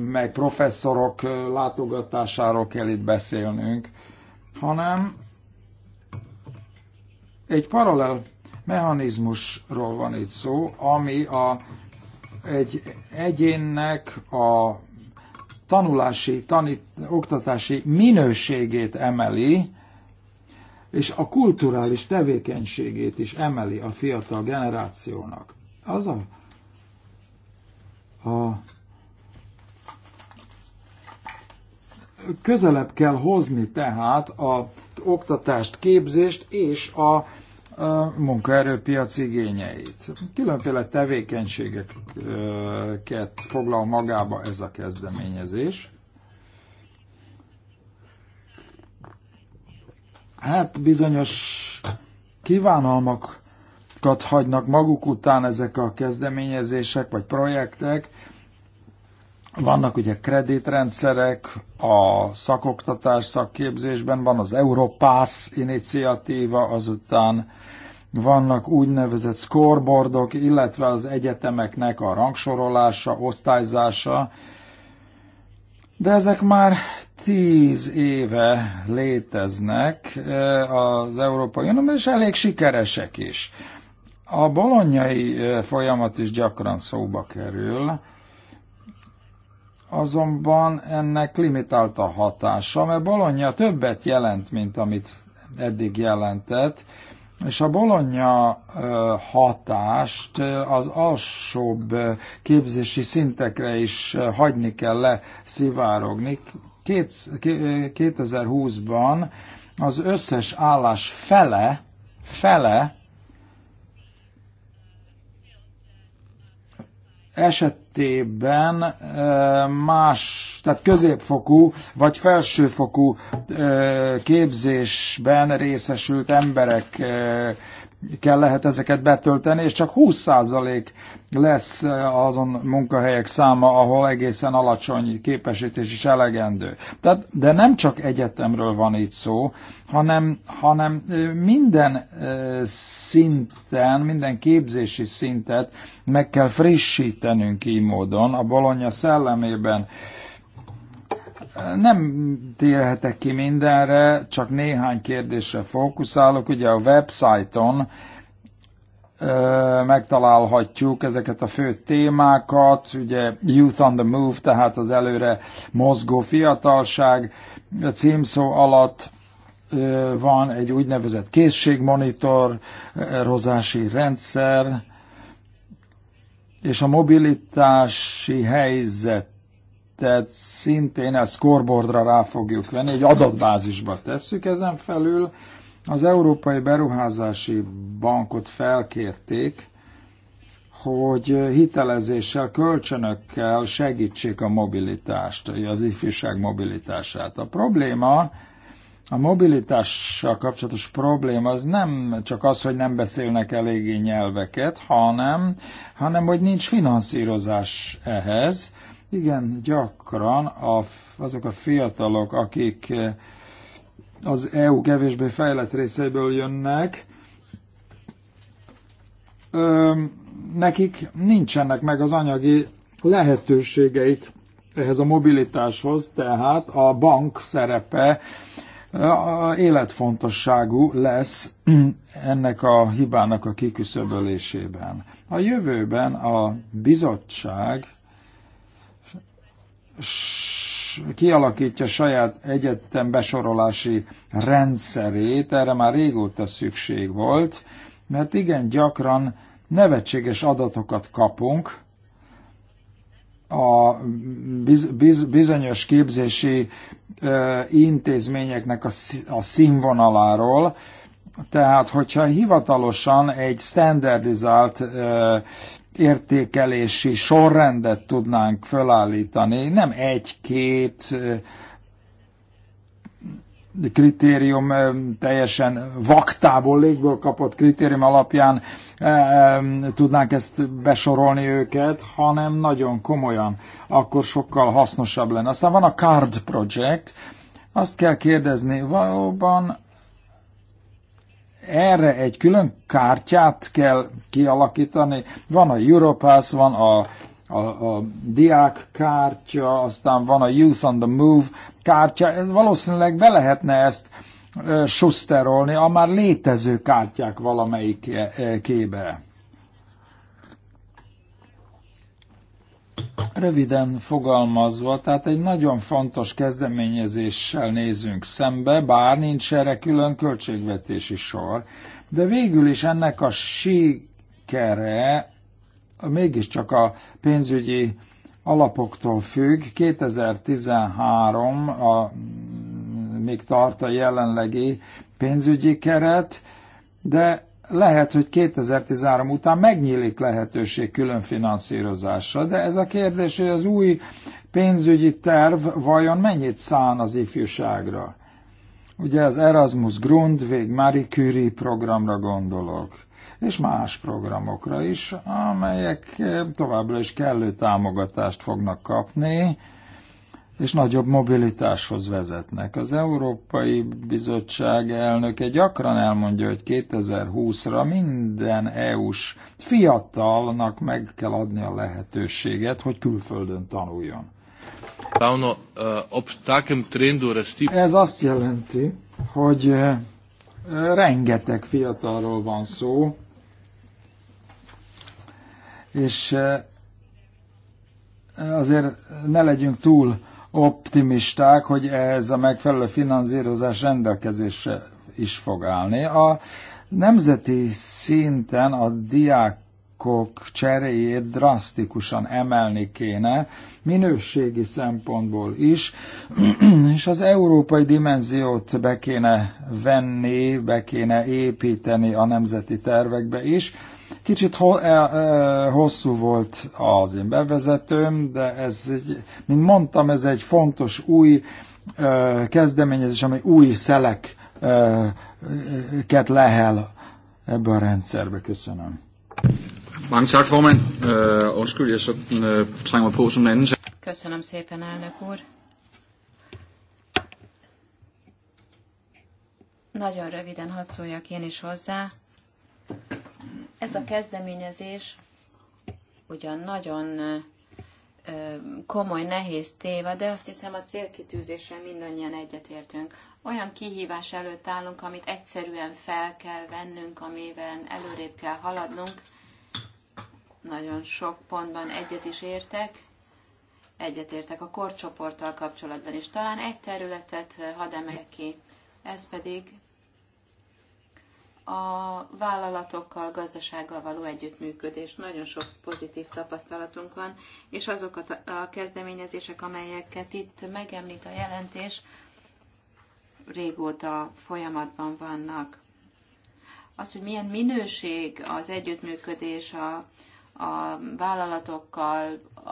Speaker 9: meg professzorok látogatásáról kell itt beszélnünk, hanem egy paralel mechanizmusról van itt szó, ami a, egy egyénnek a tanulási, tanít, oktatási minőségét emeli, és a kulturális tevékenységét is emeli a fiatal generációnak. Az a, a közelebb kell hozni tehát a oktatást, képzést és a munkaerőpiaci igényeit. Különféle tevékenységeket foglal magába ez a kezdeményezés. Hát bizonyos kívánalmakat hagynak maguk után ezek a kezdeményezések vagy projektek, vannak ugye kreditrendszerek, a szakoktatás szakképzésben van az Európász iniciatíva, azután vannak úgynevezett scoreboardok, illetve az egyetemeknek a rangsorolása, osztályzása, de ezek már tíz éve léteznek eh, az Európai Unióban, és elég sikeresek is. A bolonyai eh, folyamat is gyakran szóba kerül, azonban ennek limitált a hatása, mert Bologna többet jelent, mint amit eddig jelentett, és a bolonya hatást az alsóbb képzési szintekre is hagyni kell le szivárogni. 2020-ban az összes állás fele, fele esett esetében más, tehát középfokú vagy felsőfokú képzésben részesült emberek kell lehet ezeket betölteni, és csak 20% lesz eh, azon munkahelyek száma, ahol egészen alacsony képesítés is elegendő. Tehát, de nem csak egyetemről van itt szó, hanem, hanem eh, minden eh, szinten, minden képzési szintet meg kell frissítenünk így módon, a bolonya szellemében nem térhetek ki mindenre, csak néhány kérdésre fókuszálok. Ugye a websájton megtalálhatjuk ezeket a fő témákat, ugye Youth on the Move, tehát az előre mozgó fiatalság a címszó alatt van egy úgynevezett készségmonitor, rozási rendszer, és a mobilitási helyzet tehát szintén a scoreboardra rá fogjuk venni, egy adatbázisba tesszük ezen felül. Az Európai Beruházási Bankot felkérték, hogy hitelezéssel, kölcsönökkel segítsék a mobilitást, az ifjúság mobilitását. A probléma, a mobilitással kapcsolatos probléma az nem csak az, hogy nem beszélnek eléggé nyelveket, hanem, hanem hogy nincs finanszírozás ehhez, igen, gyakran a, azok a fiatalok, akik eh, az EU kevésbé fejlett részeiből jönnek, ö, nekik nincsenek meg az anyagi lehetőségeik ehhez a mobilitáshoz, tehát a bank szerepe eh, életfontosságú lesz ennek a hibának a kiküszöbölésében. A jövőben a bizottság kialakítja saját egyetem besorolási rendszerét, erre már régóta szükség volt, mert igen gyakran nevetséges adatokat kapunk, a bizonyos képzési intézményeknek a, színvonaláról. Tehát, hogyha hivatalosan egy standardizált értékelési sorrendet tudnánk fölállítani, nem egy-két kritérium teljesen vaktából, légből kapott kritérium alapján tudnánk ezt besorolni őket, hanem nagyon komolyan, akkor sokkal hasznosabb lenne. Aztán van a Card Project, azt kell kérdezni, valóban erre egy külön kártyát kell kialakítani. Van a Europass, van a, a, a diák kártya, aztán van a Youth on the Move kártya. Ez valószínűleg be lehetne ezt susterolni a már létező kártyák valamelyik kébe. Röviden fogalmazva, tehát egy nagyon fontos kezdeményezéssel nézünk szembe, bár nincs erre külön költségvetési sor, de végül is ennek a sikere mégiscsak a pénzügyi alapoktól függ. 2013 a, még tart a jelenlegi pénzügyi keret, de lehet, hogy 2013 után megnyílik lehetőség külön finanszírozásra, de ez a kérdés, hogy az új pénzügyi terv vajon mennyit szán az ifjúságra? Ugye az Erasmus Grundvég Marie Curie programra gondolok, és más programokra is, amelyek eh, továbbra is kellő támogatást fognak kapni, és nagyobb mobilitáshoz vezetnek. Az Európai Bizottság elnöke gyakran elmondja, hogy 2020-ra minden EU-s fiatalnak meg kell adni a lehetőséget,
Speaker 8: hogy külföldön tanuljon. Eh, Ez azt
Speaker 9: jelenti, hogy eh, rengeteg fiatalról van szó, és eh, azért ne legyünk túl optimisták, hogy ez a megfelelő finanszírozás rendelkezésre is fog állni. A nemzeti szinten a diákok cseréjét drasztikusan emelni kéne, minőségi szempontból is, és az európai dimenziót be kéne venni, be kéne építeni a nemzeti tervekbe is, Kicsit e, e, hosszú volt az én bevezetőm, de ez, egy, mint mondtam, ez egy fontos új e, kezdeményezés, amely új szeleket lehel ebbe a rendszerbe. Köszönöm. Øh, øh,
Speaker 6: Köszönöm szépen, elnök úr. Nagyon röviden hadd szóljak én is hozzá. Ez a kezdeményezés ugyan nagyon komoly, nehéz téva, de azt hiszem a célkitűzéssel mindannyian egyetértünk. Olyan kihívás előtt állunk, amit egyszerűen fel kell vennünk, amiben előrébb kell haladnunk. Nagyon sok pontban egyet is értek, egyetértek a korcsoporttal kapcsolatban is. Talán egy területet hadd emeljek ki, ez pedig a vállalatokkal, gazdasággal való együttműködés. Nagyon sok pozitív tapasztalatunk van, és azok a, kezdeményezések, amelyeket itt megemlít a jelentés, régóta folyamatban vannak. Az, hogy milyen minőség az együttműködés a, a vállalatokkal, a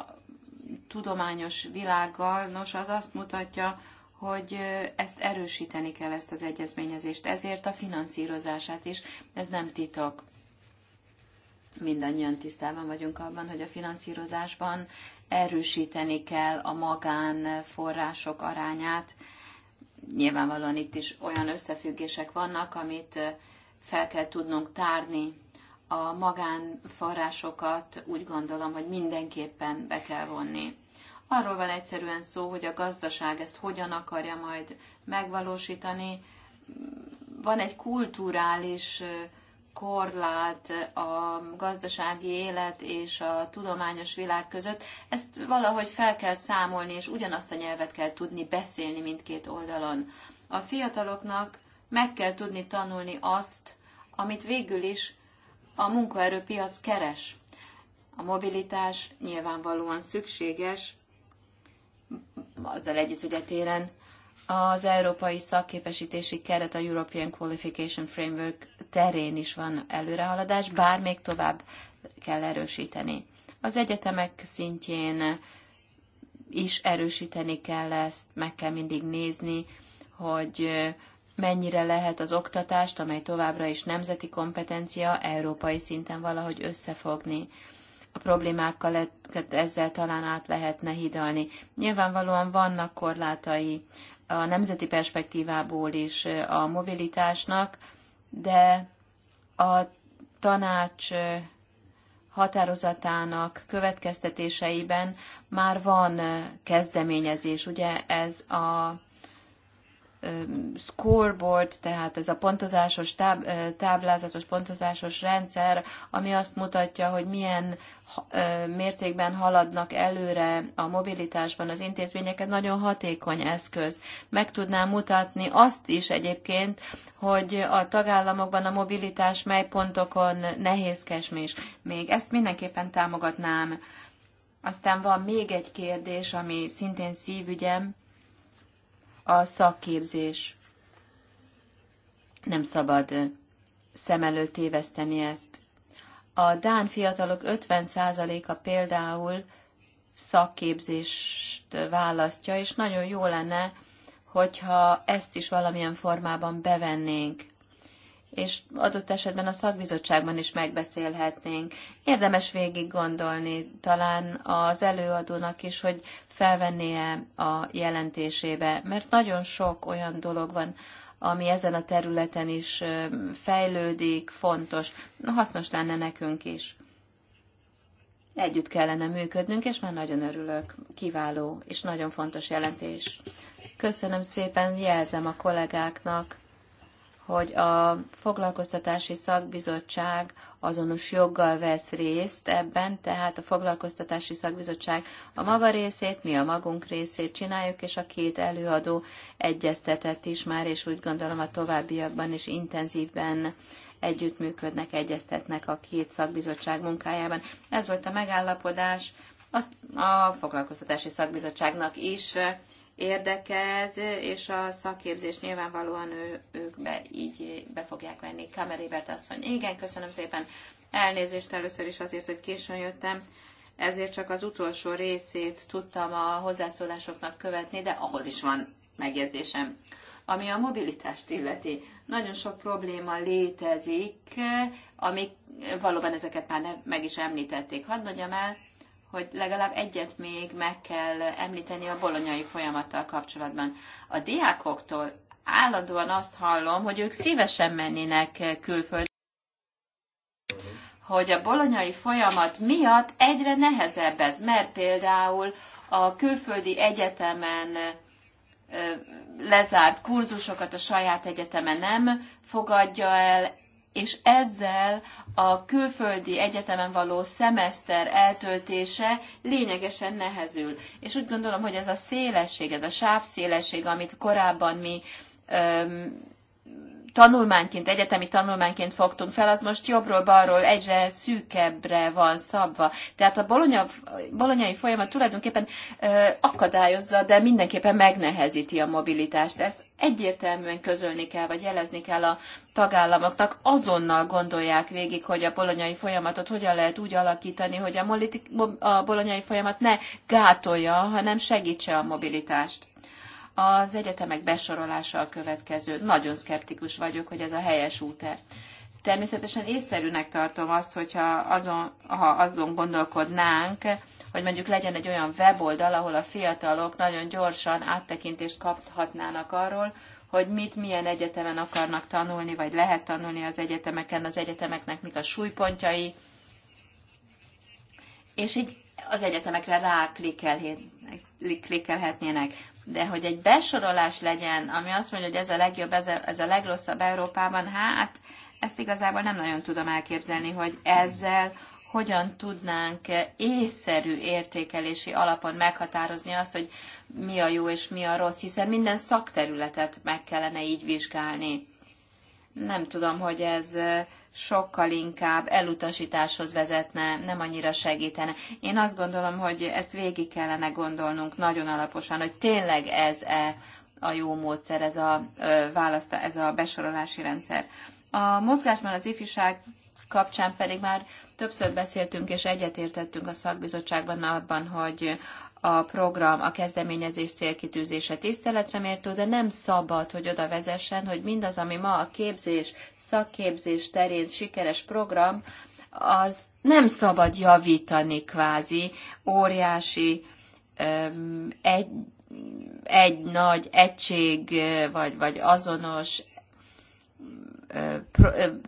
Speaker 6: tudományos világgal, nos, az azt mutatja, hogy ezt erősíteni kell, ezt az egyezményezést, ezért a finanszírozását is, ez nem titok. Mindannyian tisztában vagyunk abban, hogy a finanszírozásban erősíteni kell a magánforrások arányát. Nyilvánvalóan itt is olyan összefüggések vannak, amit fel kell tudnunk tárni. A magánforrásokat úgy gondolom, hogy mindenképpen be kell vonni Arról van egyszerűen szó, hogy a gazdaság ezt hogyan akarja majd megvalósítani. Van egy kulturális korlát a gazdasági élet és a tudományos világ között. Ezt valahogy fel kell számolni, és ugyanazt a nyelvet kell tudni beszélni mindkét oldalon. A fiataloknak meg kell tudni tanulni azt, amit végül is a munkaerőpiac keres. A mobilitás nyilvánvalóan szükséges azzal együtt, hogy a az európai szakképesítési keret, a European Qualification Framework terén is van előrehaladás, bár még tovább kell erősíteni. Az egyetemek szintjén is erősíteni kell ezt, meg kell mindig nézni, hogy mennyire lehet az oktatást, amely továbbra is nemzeti kompetencia, európai szinten valahogy összefogni a problémákkal ezzel talán át lehetne hidalni. Nyilvánvalóan vannak korlátai a nemzeti perspektívából is a mobilitásnak, de a tanács határozatának következtetéseiben már van kezdeményezés. Ugye ez a scoreboard, tehát ez a pontozásos táb, táblázatos pontozásos rendszer, ami azt mutatja, hogy milyen mértékben haladnak előre a mobilitásban az intézmények, ez nagyon hatékony eszköz. Meg tudnám mutatni azt is egyébként, hogy a tagállamokban a mobilitás mely pontokon nehézkes még. Ezt mindenképpen támogatnám. Aztán van még egy kérdés, ami szintén szívügyem, a szakképzés. Nem szabad szem előtt téveszteni ezt. A Dán fiatalok 50%-a például szakképzést választja, és nagyon jó lenne, hogyha ezt is valamilyen formában bevennénk és adott esetben a szakbizottságban is megbeszélhetnénk. Érdemes végig gondolni talán az előadónak is, hogy felvennie a jelentésébe, mert nagyon sok olyan dolog van, ami ezen a területen is fejlődik, fontos, hasznos lenne nekünk is. Együtt kellene működnünk, és már nagyon örülök. Kiváló és nagyon fontos jelentés. Köszönöm szépen, jelzem a kollégáknak, hogy a foglalkoztatási szakbizottság azonos joggal vesz részt ebben, tehát a foglalkoztatási szakbizottság a maga részét, mi a magunk részét csináljuk, és a két előadó egyeztetett is már, és úgy gondolom a továbbiakban is intenzívben együttműködnek, egyeztetnek a két szakbizottság munkájában. Ez volt a megállapodás. Azt a foglalkoztatási szakbizottságnak is érdekez, és a szakképzés nyilvánvalóan ő, ők be, így be fogják venni. Kamerébert asszony, igen, köszönöm szépen. Elnézést először is azért, hogy későn jöttem, ezért csak az utolsó részét tudtam a hozzászólásoknak követni, de ahhoz is van megjegyzésem. Ami a mobilitást illeti, nagyon sok probléma létezik, amik valóban ezeket már ne, meg is említették. Hadd mondjam el, hogy legalább egyet még meg kell említeni a bolonyai folyamattal kapcsolatban. A diákoktól állandóan azt hallom, hogy ők szívesen mennének külföldre, hogy a bolonyai folyamat miatt egyre nehezebb ez, mert például a külföldi egyetemen lezárt kurzusokat a saját egyeteme nem fogadja el, és ezzel a külföldi egyetemen való szemeszter eltöltése lényegesen nehezül. És úgy gondolom, hogy ez a szélesség, ez a sávszélesség, amit korábban mi öm, tanulmányként, egyetemi tanulmányként fogtunk fel, az most jobbról-balról egyre szűkebbre van szabva. Tehát a bolonya, bolonyai folyamat tulajdonképpen ö, akadályozza, de mindenképpen megnehezíti a mobilitást. Ezt egyértelműen közölni kell, vagy jelezni kell a tagállamoknak. Azonnal gondolják végig, hogy a bolonyai folyamatot hogyan lehet úgy alakítani, hogy a, moliti- a bolonyai folyamat ne gátolja, hanem segítse a mobilitást az egyetemek besorolása a következő. Nagyon szkeptikus vagyok, hogy ez a helyes út-e. Természetesen észszerűnek tartom azt, hogyha azon, ha azon gondolkodnánk, hogy mondjuk legyen egy olyan weboldal, ahol a fiatalok nagyon gyorsan áttekintést kaphatnának arról, hogy mit milyen egyetemen akarnak tanulni, vagy lehet tanulni az egyetemeken, az egyetemeknek mik a súlypontjai, és így az egyetemekre ráklikkelhetnének de hogy egy besorolás legyen, ami azt mondja, hogy ez a legjobb, ez a, ez a legrosszabb Európában, hát ezt igazából nem nagyon tudom elképzelni, hogy ezzel hogyan tudnánk észszerű értékelési alapon meghatározni azt, hogy mi a jó és mi a rossz, hiszen minden szakterületet meg kellene így vizsgálni nem tudom, hogy ez sokkal inkább elutasításhoz vezetne, nem annyira segítene. Én azt gondolom, hogy ezt végig kellene gondolnunk nagyon alaposan, hogy tényleg ez-e a jó módszer, ez a, ez a besorolási rendszer. A mozgásban az ifjúság kapcsán pedig már többször beszéltünk és egyetértettünk a szakbizottságban abban, hogy a program, a kezdeményezés célkitűzése tiszteletre mértő, de nem szabad, hogy oda vezessen, hogy mindaz, ami ma a képzés, szakképzés terén sikeres program, az nem szabad javítani kvázi óriási egy, egy nagy egység, vagy, vagy azonos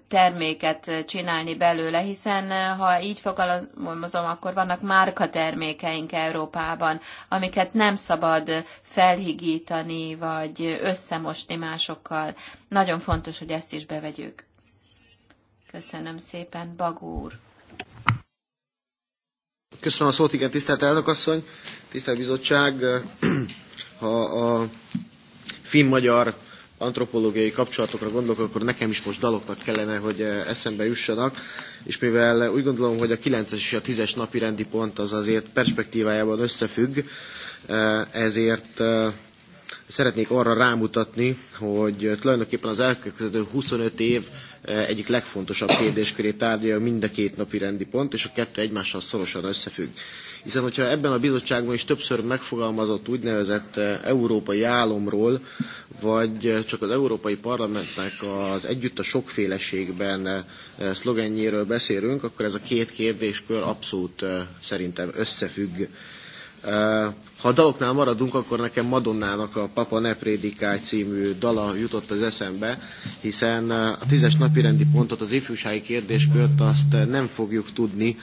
Speaker 6: terméket csinálni belőle, hiszen ha így fogalmazom, akkor vannak márka termékeink Európában, amiket nem szabad felhigítani, vagy összemosni másokkal. Nagyon fontos, hogy ezt is bevegyük. Köszönöm szépen, Bagúr.
Speaker 10: Köszönöm a szót, igen, tisztelt elnökasszony, tisztelt bizottság. Ha a finn-magyar antropológiai kapcsolatokra gondolok, akkor nekem is most daloknak kellene, hogy eh, eszembe jussanak. És mivel úgy gondolom, hogy a 9-es és a 10-es napi rendi pont az azért perspektívájában összefügg, eh, ezért eh, szeretnék arra rámutatni, hogy tulajdonképpen az elkövetkező 25 év eh, egyik legfontosabb kérdéskörét tárgyalja mind a két napi rendi pont, és a kettő egymással szorosan összefügg. Hiszen, hogyha ebben a bizottságban is többször megfogalmazott úgynevezett eh, európai álomról, vagy eh, csak az Európai Parlamentnek az együtt a sokféleségben szlogenjéről beszélünk, akkor ez a két kérdéskör abszolút szerintem összefügg. Eh, ha a daloknál maradunk, akkor nekem Madonnának a Papa ne prédikálj című dala jutott az eszembe, hiszen eh, a tízes napirendi pontot, az ifjúsági kérdéskört azt eh, nem fogjuk tudni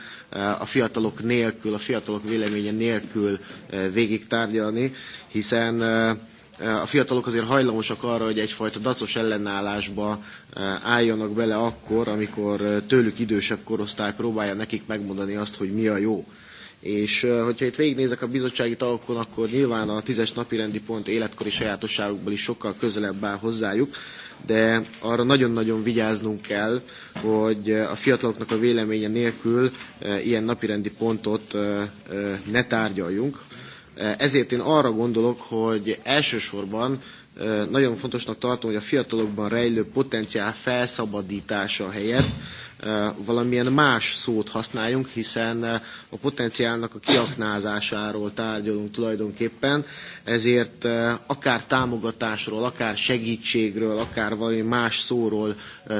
Speaker 10: a fiatalok nélkül, a fiatalok véleménye nélkül végig tárgyalni, hiszen a fiatalok azért hajlamosak arra, hogy egyfajta dacos ellenállásba álljanak bele akkor, amikor tőlük idősebb korosztály próbálja nekik megmondani azt, hogy mi a jó. És hogyha itt végignézek a bizottsági tagokon, akkor nyilván a tízes napirendi pont életkori sajátosságokból is sokkal közelebb áll hozzájuk, de arra nagyon-nagyon vigyáznunk kell, hogy a fiataloknak a véleménye nélkül ilyen napirendi pontot ne tárgyaljunk. Ezért én arra gondolok, hogy elsősorban nagyon fontosnak tartom, hogy a fiatalokban rejlő potenciál felszabadítása helyett valamilyen más szót használjunk, hiszen a potenciálnak a kiaknázásáról tárgyalunk tulajdonképpen, ezért akár támogatásról, akár segítségről, akár valami más szóról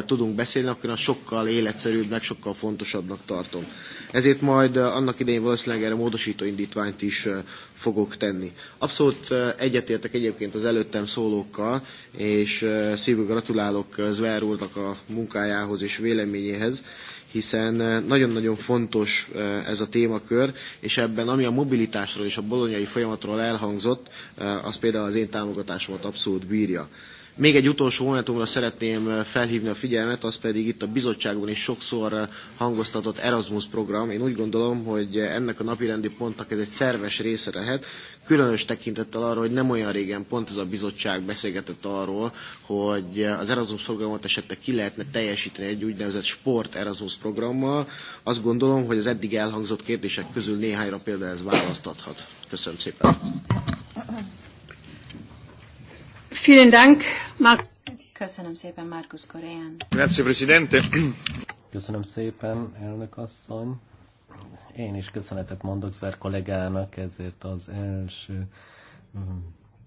Speaker 10: tudunk beszélni, akkor sokkal életszerűbbnek, sokkal fontosabbnak tartom. Ezért majd eh, annak idején valószínűleg erre módosító indítványt is eh, fogok tenni. Abszolút eh, egyetértek egyébként az előttem szólókkal, és szívből gratulálok Zver úrnak a munkájához és véleményéhez, hiszen nagyon-nagyon fontos ez a témakör, és ebben ami a mobilitásról és a bolonyai folyamatról elhangzott, az például az én támogatásomat abszolút bírja. Még egy utolsó momentumra szeretném eh, felhívni a figyelmet, az pedig itt a bizottságban is sokszor eh, hangoztatott Erasmus program. Én úgy gondolom, hogy ennek a napirendi pontnak ez egy szerves része lehet, különös tekintettel arra, hogy nem olyan régen pont ez a bizottság beszélgetett arról, hogy az Erasmus programot esetleg ki lehetne teljesíteni egy úgynevezett sport Erasmus programmal. Azt gondolom, hogy az eddig elhangzott kérdések közül néhányra például ez választathat. Köszönöm szépen.
Speaker 6: Vielen Dank, Mark. Köszönöm szépen, Markus Koreán.
Speaker 11: Grazie, Presidente. Köszönöm szépen, elnök asszony. Én is köszönetet mondok Zver kollégának ezért az első mm,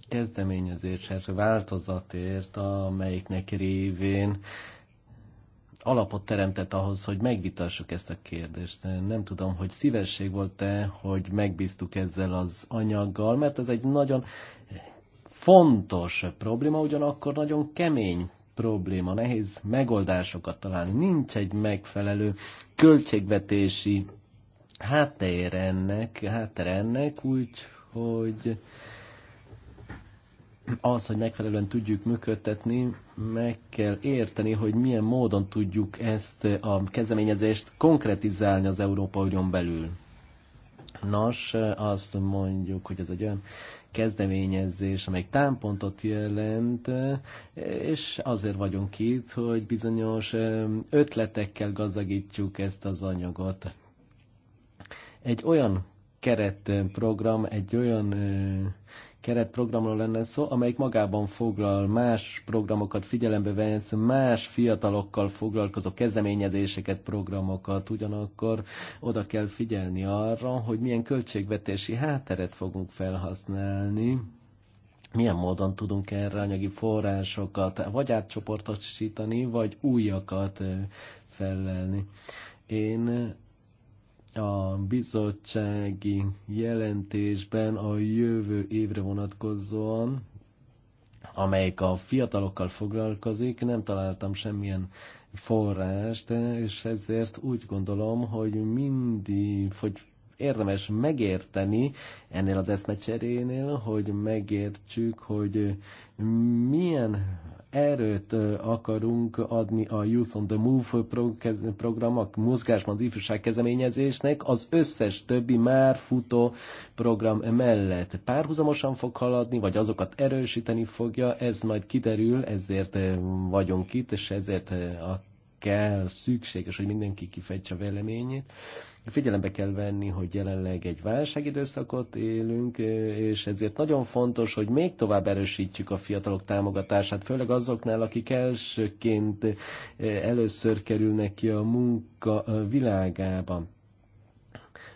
Speaker 11: kezdeményezésért, első változatért, amelyiknek révén alapot teremtett ahhoz, hogy megvitassuk ezt a kérdést. Nem tudom, hogy szívesség volt-e, hogy megbíztuk ezzel az anyaggal, mert ez egy nagyon fontos probléma, ugyanakkor nagyon kemény probléma, nehéz megoldásokat találni. Nincs egy megfelelő költségvetési háttér ennek, háttér ennek úgy, hogy az, hogy megfelelően tudjuk működtetni, meg kell érteni, hogy milyen módon tudjuk ezt a kezdeményezést konkretizálni az Európa Unión belül. Nos, azt mondjuk, hogy ez egy olyan kezdeményezés, amely támpontot jelent, és azért vagyunk itt, hogy bizonyos ötletekkel gazdagítsuk ezt az anyagot. Egy olyan keretprogram, egy olyan keretprogramról lenne szó, amelyik magában foglal más programokat figyelembe vesz, más fiatalokkal foglalkozó kezdeményezéseket, programokat, ugyanakkor oda kell figyelni arra, hogy milyen költségvetési hátteret fogunk felhasználni, milyen módon tudunk erre anyagi forrásokat vagy átcsoportosítani, vagy újakat felelni. Én a bizottsági jelentésben a jövő évre vonatkozóan, amelyik a fiatalokkal foglalkozik, nem találtam semmilyen forrást, és ezért úgy gondolom, hogy mindig, hogy érdemes megérteni ennél az eszmecserénél, hogy megértsük, hogy milyen erőt akarunk adni a Youth on the Move programok, mozgásban az ifjúság kezdeményezésnek az összes többi már futó program mellett. Párhuzamosan fog haladni, vagy azokat erősíteni fogja, ez majd kiderül, ezért vagyunk itt, és ezért a kell, szükséges, hogy mindenki kifejtse a véleményét. Figyelembe kell venni, hogy jelenleg egy válságidőszakot élünk, és ezért nagyon fontos, hogy még tovább erősítjük a fiatalok támogatását, főleg azoknál, akik elsőként eh, először kerülnek ki a munka eh, világába.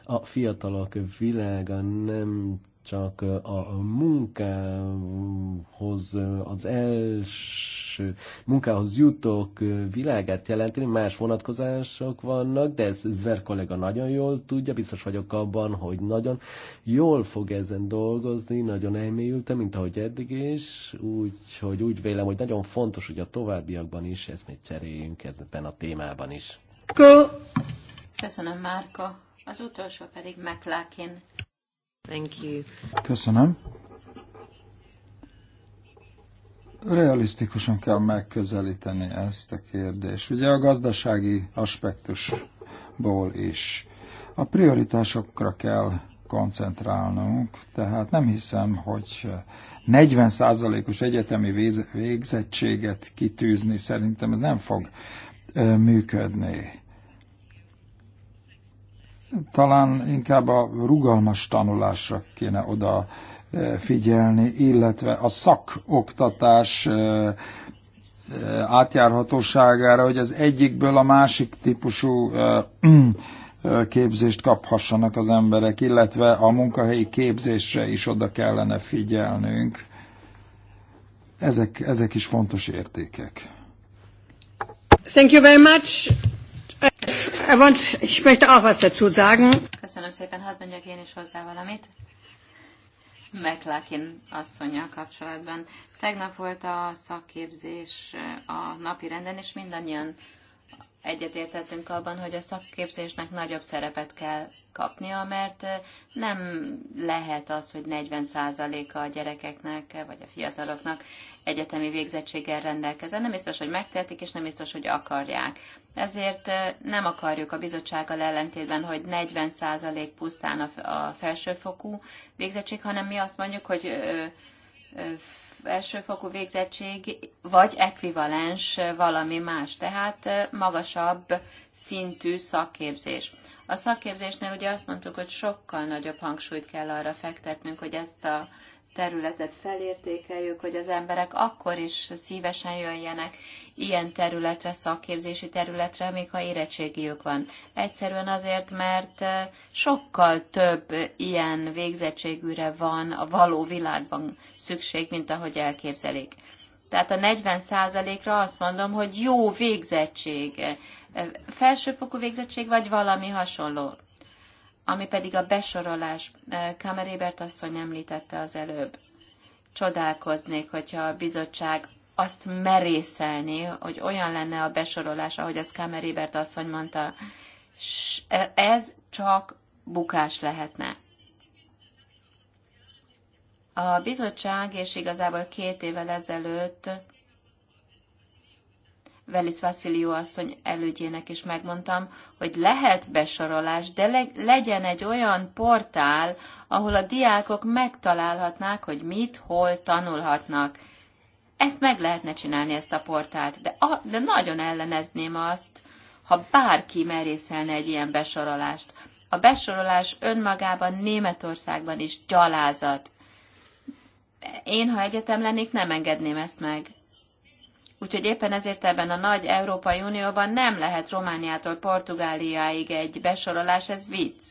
Speaker 11: A fiatalok világa nem csak a munkához, az első munkához jutók világát jelenteni, más vonatkozások vannak, de ez Zver kollega nagyon jól tudja, biztos vagyok abban, hogy nagyon jól fog ezen dolgozni, nagyon elmélyültem, mint ahogy eddig is, úgyhogy úgy vélem, hogy nagyon fontos, hogy a továbbiakban is ezt még cseréljünk ezen a témában is.
Speaker 6: Köszönöm, Márka. Az utolsó pedig McLaughlin
Speaker 9: Thank you. Köszönöm. Realisztikusan kell megközelíteni ezt a kérdést. Ugye a gazdasági aspektusból is. A prioritásokra kell koncentrálnunk, tehát nem hiszem, hogy 40%-os egyetemi végzettséget kitűzni szerintem ez nem fog működni talán inkább a rugalmas tanulásra kéne oda e, figyelni, illetve a szakoktatás e, e, átjárhatóságára, hogy az egyikből a másik típusú képzést kaphassanak az emberek, illetve a munkahelyi képzésre is oda kellene figyelnünk. Ezek, ezek is fontos értékek.
Speaker 1: Thank you very much. Ich möchte auch was dazu sagen.
Speaker 6: Köszönöm szépen, hadd mondjak én is hozzá valamit. McLaughlin asszonya kapcsolatban. Tegnap volt a szakképzés a napi renden, és mindannyian egyetértettünk abban, hogy a szakképzésnek nagyobb szerepet kell kapnia, mert nem lehet az, hogy 40%-a a gyerekeknek, vagy a fiataloknak egyetemi végzettséggel rendelkezzen. Nem biztos, hogy megtehetik, és nem biztos, hogy akarják. Ezért nem akarjuk a bizottsággal ellentétben, hogy 40% pusztán a felsőfokú végzettség, hanem mi azt mondjuk, hogy felsőfokú végzettség vagy ekvivalens valami más, tehát magasabb szintű szakképzés. A szakképzésnél ugye azt mondtuk, hogy sokkal nagyobb hangsúlyt kell arra fektetnünk, hogy ezt a területet felértékeljük, hogy az emberek akkor is szívesen jöjjenek ilyen területre, szakképzési területre, még ha érettségiük van. Egyszerűen azért, mert eh, sokkal több ilyen végzettségűre van a való világban szükség, mint ahogy elképzelik. Tehát a 40%-ra azt mondom, hogy jó végzettség, eh, felsőfokú végzettség, vagy valami hasonló. Ami pedig a besorolás, eh, Kamerébert asszony említette az előbb. Csodálkoznék, hogyha a bizottság azt merészelni, hogy olyan lenne a besorolás, ahogy azt Kamerébert asszony mondta, eh, ez csak bukás lehetne. A bizottság, és igazából két évvel ezelőtt Velis Vasilió asszony elődjének is megmondtam, hogy lehet besorolás, de le, legyen egy olyan portál, ahol a diákok megtalálhatnák, hogy mit, hol tanulhatnak. Ezt meg lehetne csinálni, ezt a portált, de, a, de nagyon ellenezném azt, ha bárki merészelne egy ilyen besorolást. A besorolás önmagában Németországban is gyalázat. Én, ha egyetem lennék, nem engedném ezt meg. Úgyhogy éppen ezért ebben a nagy Európai Unióban nem lehet Romániától Portugáliáig egy besorolás, ez vicc.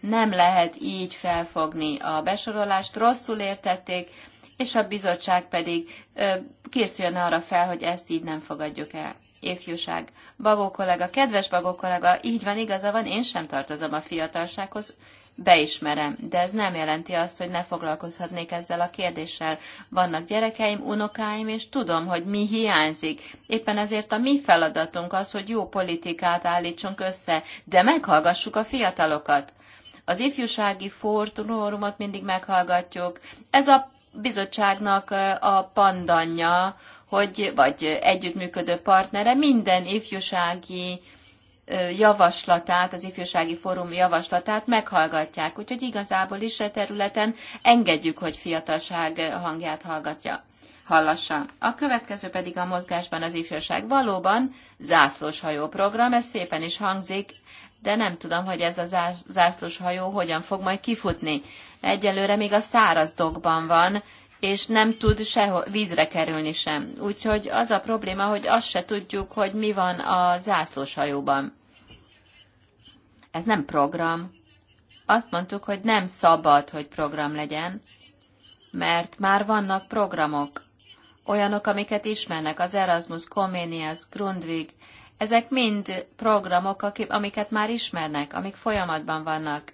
Speaker 6: Nem lehet így felfogni a besorolást, rosszul értették, és a bizottság pedig ö, készüljön arra fel, hogy ezt így nem fogadjuk el. Éfjúság. Bagó kollega, kedves bagó kollega, így van, igaza van, én sem tartozom a fiatalsághoz, beismerem, de ez nem jelenti azt, hogy ne foglalkozhatnék ezzel a kérdéssel. Vannak gyerekeim, unokáim, és tudom, hogy mi hiányzik. Éppen ezért a mi feladatunk az, hogy jó politikát állítsunk össze, de meghallgassuk a fiatalokat. Az ifjúsági fórumot mindig meghallgatjuk. Ez a bizottságnak eh, a pandanya, hogy, vagy együttműködő partnere minden ifjúsági javaslatát, az ifjúsági fórum javaslatát meghallgatják. Úgyhogy igazából is e területen engedjük, hogy fiatalság hangját hallgatja, hallassa. A következő pedig a mozgásban az ifjúság. Valóban zászlós hajó program, ez szépen is hangzik, de nem tudom, hogy ez a zászlós hajó hogyan fog majd kifutni. Egyelőre még a száraz dokban van, és nem tud sehol vízre kerülni sem. Úgyhogy az a probléma, hogy azt se tudjuk, hogy mi van a zászlós hajóban. Ez nem program. Azt mondtuk, hogy nem szabad, hogy program legyen, mert már vannak programok, olyanok, amiket ismernek, az Erasmus, Comenius, Grundvig, ezek mind programok, amiket már ismernek, amik folyamatban vannak,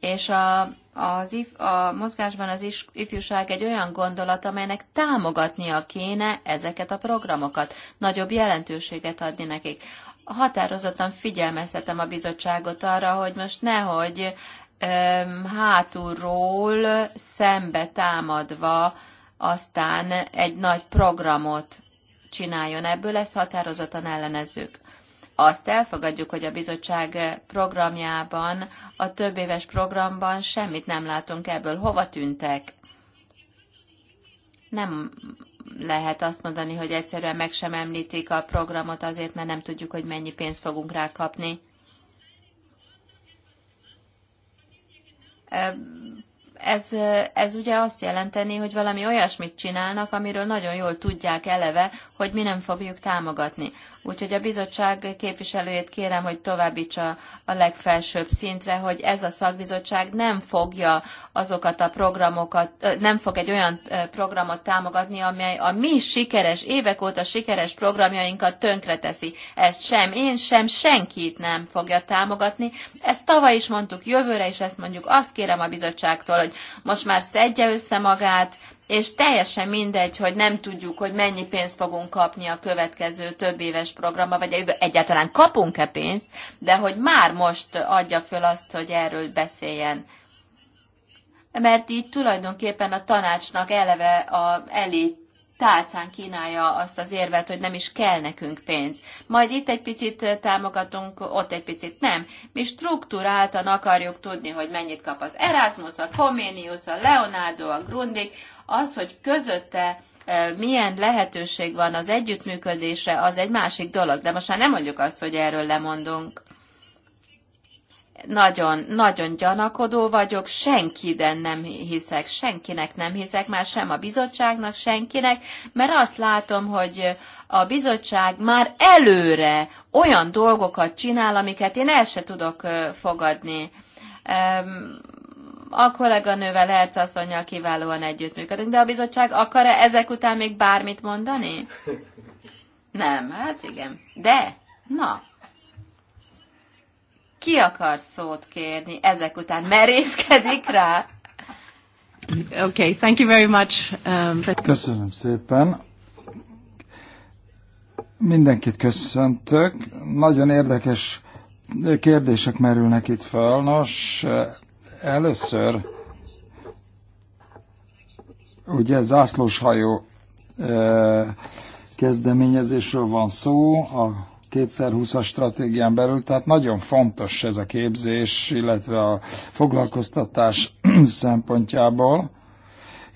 Speaker 6: és a az if, a mozgásban az is, ifjúság egy olyan gondolat, amelynek támogatnia kéne ezeket a programokat, nagyobb jelentőséget adni nekik. Határozottan figyelmeztetem a bizottságot arra, hogy most nehogy öm, hátulról szembe támadva aztán egy nagy programot csináljon ebből, ezt határozottan ellenezzük azt elfogadjuk, hogy a bizottság programjában, a több éves programban semmit nem látunk ebből. Hova tűntek? Nem lehet azt mondani, hogy egyszerűen meg sem említik a programot azért, mert nem tudjuk, hogy mennyi pénzt fogunk rá kapni ez, ez ugye azt jelenteni, hogy valami olyasmit csinálnak, amiről nagyon jól tudják eleve, hogy mi nem fogjuk támogatni. Úgyhogy a bizottság képviselőjét kérem, hogy továbbítsa a legfelsőbb szintre, hogy ez a szakbizottság nem fogja azokat a programokat, nem fog egy olyan programot támogatni, amely a mi sikeres, évek óta sikeres programjainkat tönkreteszi. Ezt sem én, sem senkit nem fogja támogatni. Ezt tavaly is mondtuk, jövőre is ezt mondjuk. Azt kérem a bizottságtól, hogy most már szedje össze magát, és teljesen mindegy, hogy nem tudjuk, hogy mennyi pénzt fogunk kapni a következő több éves programba, vagy egyáltalán kapunk-e pénzt, de hogy már most adja föl azt, hogy erről beszéljen. Mert így tulajdonképpen a tanácsnak eleve a, elé tálcán kínálja azt az érvet, hogy nem is kell nekünk pénz. Majd itt egy picit támogatunk, ott egy picit nem. Mi struktúráltan akarjuk tudni, hogy mennyit kap az Erasmus, a Comenius, a Leonardo, a Grundig, az, hogy közötte milyen lehetőség van az együttműködésre, az egy másik dolog. De most már nem mondjuk azt, hogy erről lemondunk nagyon, nagyon gyanakodó vagyok, senkiden nem hiszek, senkinek nem hiszek, már sem a bizottságnak, senkinek, mert azt látom, hogy a bizottság már előre olyan dolgokat csinál, amiket én el se tudok fogadni. A kolléganővel, Herc asszonynal kiválóan együttműködünk, de a bizottság akar-e ezek után még bármit mondani? Nem, hát igen. De, na, ki akar szót kérni ezek után? Merészkedik rá?
Speaker 9: Okay, thank you very much. Um, Köszönöm szépen. Mindenkit köszöntök. Nagyon érdekes kérdések merülnek itt fel. Nos, először ugye zászlóshajó eh, kezdeményezésről van szó, a 2020-as stratégián belül, tehát nagyon fontos ez a képzés, illetve a foglalkoztatás szempontjából,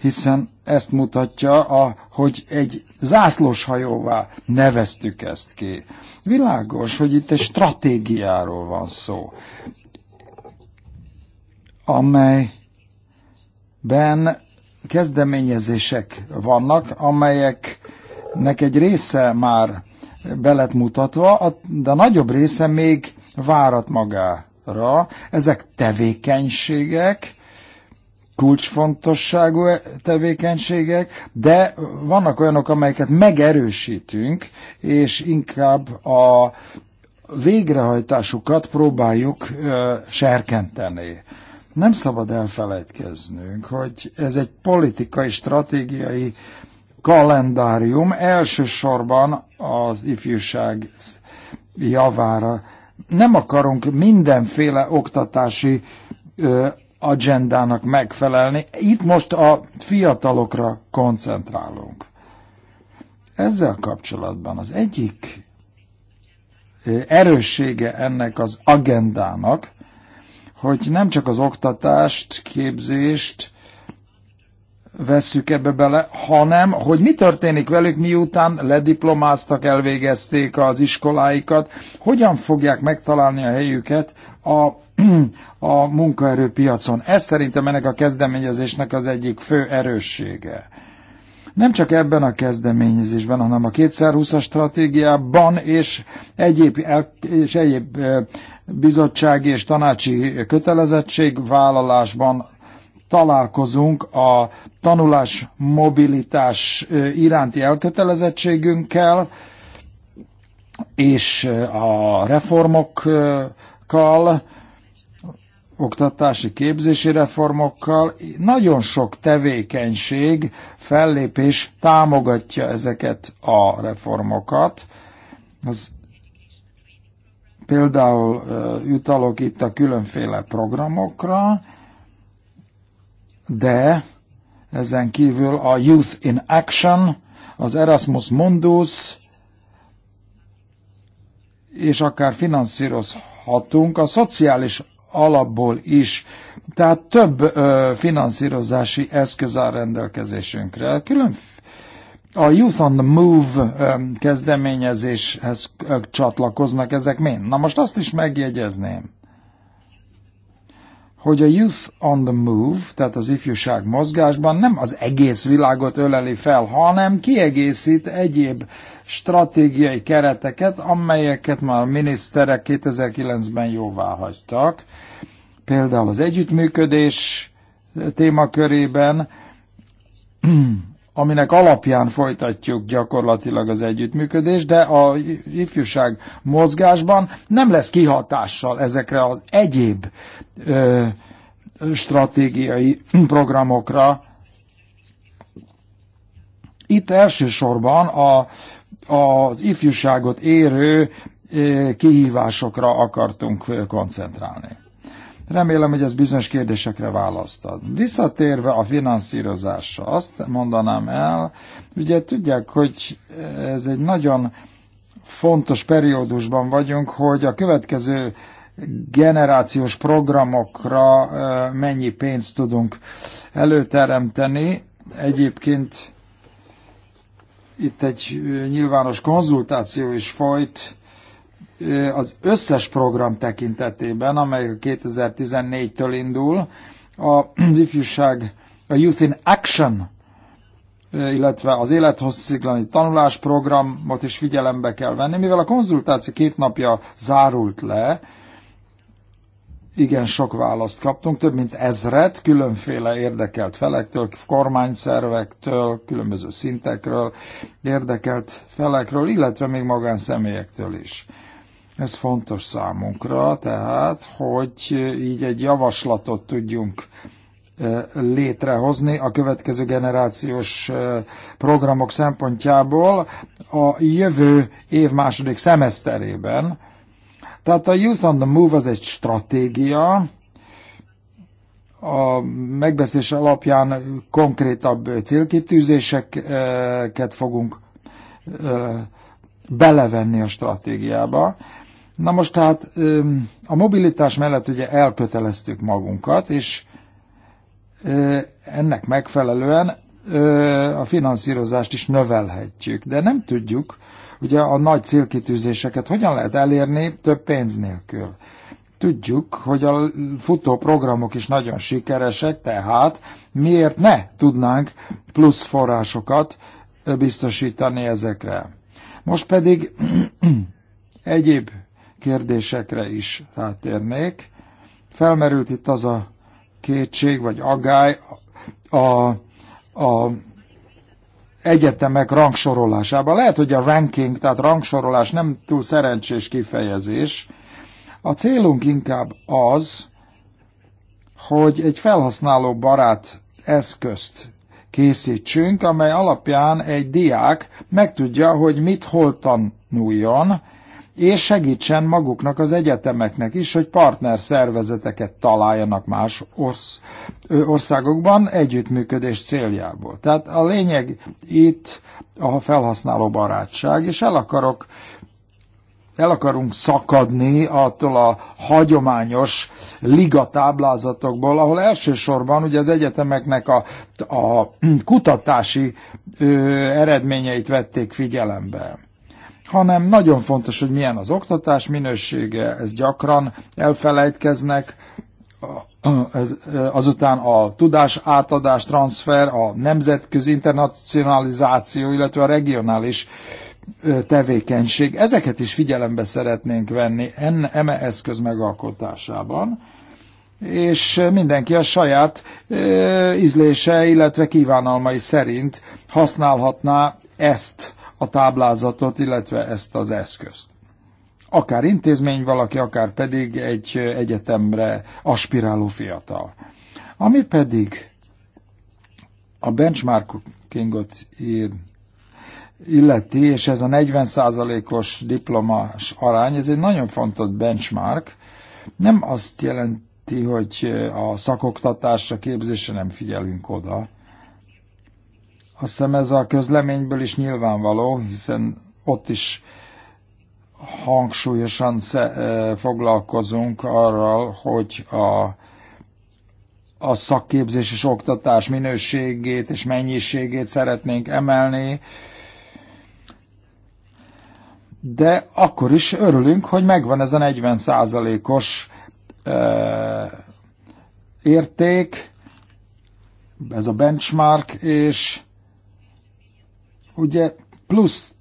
Speaker 9: hiszen ezt mutatja, a, hogy egy zászlós hajóvá neveztük ezt ki. Világos, hogy itt egy stratégiáról van szó, amelyben kezdeményezések vannak, amelyeknek egy része már belet mutatva, de a nagyobb része még várat magára. Ezek tevékenységek, kulcsfontosságú tevékenységek, de vannak olyanok, amelyeket megerősítünk, és inkább a végrehajtásukat próbáljuk ö, serkenteni. Nem szabad elfelejtkeznünk, hogy ez egy politikai, stratégiai kalendárium elsősorban az ifjúság javára. Nem akarunk mindenféle oktatási ö, agendának megfelelni. Itt most a fiatalokra koncentrálunk. Ezzel kapcsolatban az egyik erőssége ennek az agendának, hogy nem csak az oktatást, képzést, vesszük ebbe bele, hanem hogy mi történik velük, miután lediplomáztak, elvégezték az iskoláikat, hogyan fogják megtalálni a helyüket a, a munkaerőpiacon. Ez szerintem ennek a kezdeményezésnek az egyik fő erőssége. Nem csak ebben a kezdeményezésben, hanem a 2020-as stratégiában és egyéb, és egyéb bizottsági és tanácsi kötelezettségvállalásban találkozunk a tanulás mobilitás iránti elkötelezettségünkkel, és a reformokkal, oktatási képzési reformokkal nagyon sok tevékenység, fellépés támogatja ezeket a reformokat. Az például jutalok itt a különféle programokra, de ezen kívül a Youth in Action, az Erasmus Mundus, és akár finanszírozhatunk a szociális alapból is. Tehát több ö, finanszírozási eszköz áll rendelkezésünkre. Külön a Youth on the Move ö, kezdeményezéshez ö, csatlakoznak ezek mind. Na most azt is megjegyezném, hogy a Youth on the Move, tehát az ifjúság mozgásban nem az egész világot öleli fel, hanem kiegészít egyéb stratégiai kereteket, amelyeket már a miniszterek 2009-ben jóvá hagytak. Például az együttműködés témakörében aminek alapján folytatjuk gyakorlatilag az együttműködést, de a ifjúság mozgásban nem lesz kihatással ezekre az egyéb ö, stratégiai programokra. Itt elsősorban a, az ifjúságot érő kihívásokra akartunk koncentrálni. Remélem, hogy ez bizonyos kérdésekre választad. Visszatérve a finanszírozásra, azt mondanám el, ugye tudják, hogy ez egy nagyon fontos periódusban vagyunk, hogy a következő generációs programokra mennyi pénzt tudunk előteremteni. Egyébként itt egy nyilvános konzultáció is folyt az összes program tekintetében, amely 2014-től indul, az ifjúság, a Youth in Action, illetve az tanulás tanulásprogramot is figyelembe kell venni, mivel a konzultáció két napja zárult le, igen sok választ kaptunk, több mint ezret különféle érdekelt felektől, kormányszervektől, különböző szintekről, érdekelt felekről, illetve még magánszemélyektől is. Ez fontos számunkra, tehát, hogy így egy javaslatot tudjunk létrehozni a következő generációs programok szempontjából a jövő év második szemeszterében. Tehát a Youth on the Move az egy stratégia, a megbeszélés alapján konkrétabb célkitűzéseket fogunk belevenni a stratégiába, Na most tehát a mobilitás mellett ugye elköteleztük magunkat, és ennek megfelelően a finanszírozást is növelhetjük, de nem tudjuk, ugye a nagy célkitűzéseket hogyan lehet elérni több pénz nélkül. Tudjuk, hogy a futó programok is nagyon sikeresek, tehát miért ne tudnánk plusz forrásokat biztosítani ezekre. Most pedig egyéb kérdésekre is rátérnék. Felmerült itt az a kétség vagy agály a, a egyetemek rangsorolásában. Lehet, hogy a ranking, tehát rangsorolás nem túl szerencsés kifejezés. A célunk inkább az, hogy egy felhasználó barát eszközt készítsünk, amely alapján egy diák megtudja, hogy mit hol tanuljon, és segítsen maguknak az egyetemeknek is, hogy partner szervezeteket találjanak más orsz, országokban együttműködés céljából. Tehát a lényeg itt a felhasználó barátság, és el akarok el akarunk szakadni attól a hagyományos ligatáblázatokból, ahol elsősorban ugye az egyetemeknek a, a kutatási ö, eredményeit vették figyelembe hanem nagyon fontos, hogy milyen az oktatás minősége, ez gyakran elfelejtkeznek, azután a tudás átadás, transfer, a nemzetközi internacionalizáció, illetve a regionális tevékenység. Ezeket is figyelembe szeretnénk venni eme eszköz megalkotásában, és mindenki a saját ízlése, illetve kívánalmai szerint használhatná ezt a táblázatot, illetve ezt az eszközt. Akár intézmény valaki, akár pedig egy egyetemre aspiráló fiatal. Ami pedig a benchmarkingot ír, illeti, és ez a 40%-os diplomás arány, ez egy nagyon fontos benchmark, nem azt jelenti, hogy a szakoktatásra, képzésre nem figyelünk oda, azt hiszem ez a közleményből is nyilvánvaló, hiszen ott is hangsúlyosan e, foglalkozunk arral, hogy a, a szakképzés és oktatás minőségét és mennyiségét szeretnénk emelni, de akkor is örülünk, hogy megvan ez a 40 os e, érték, ez a benchmark, és Ugye plusz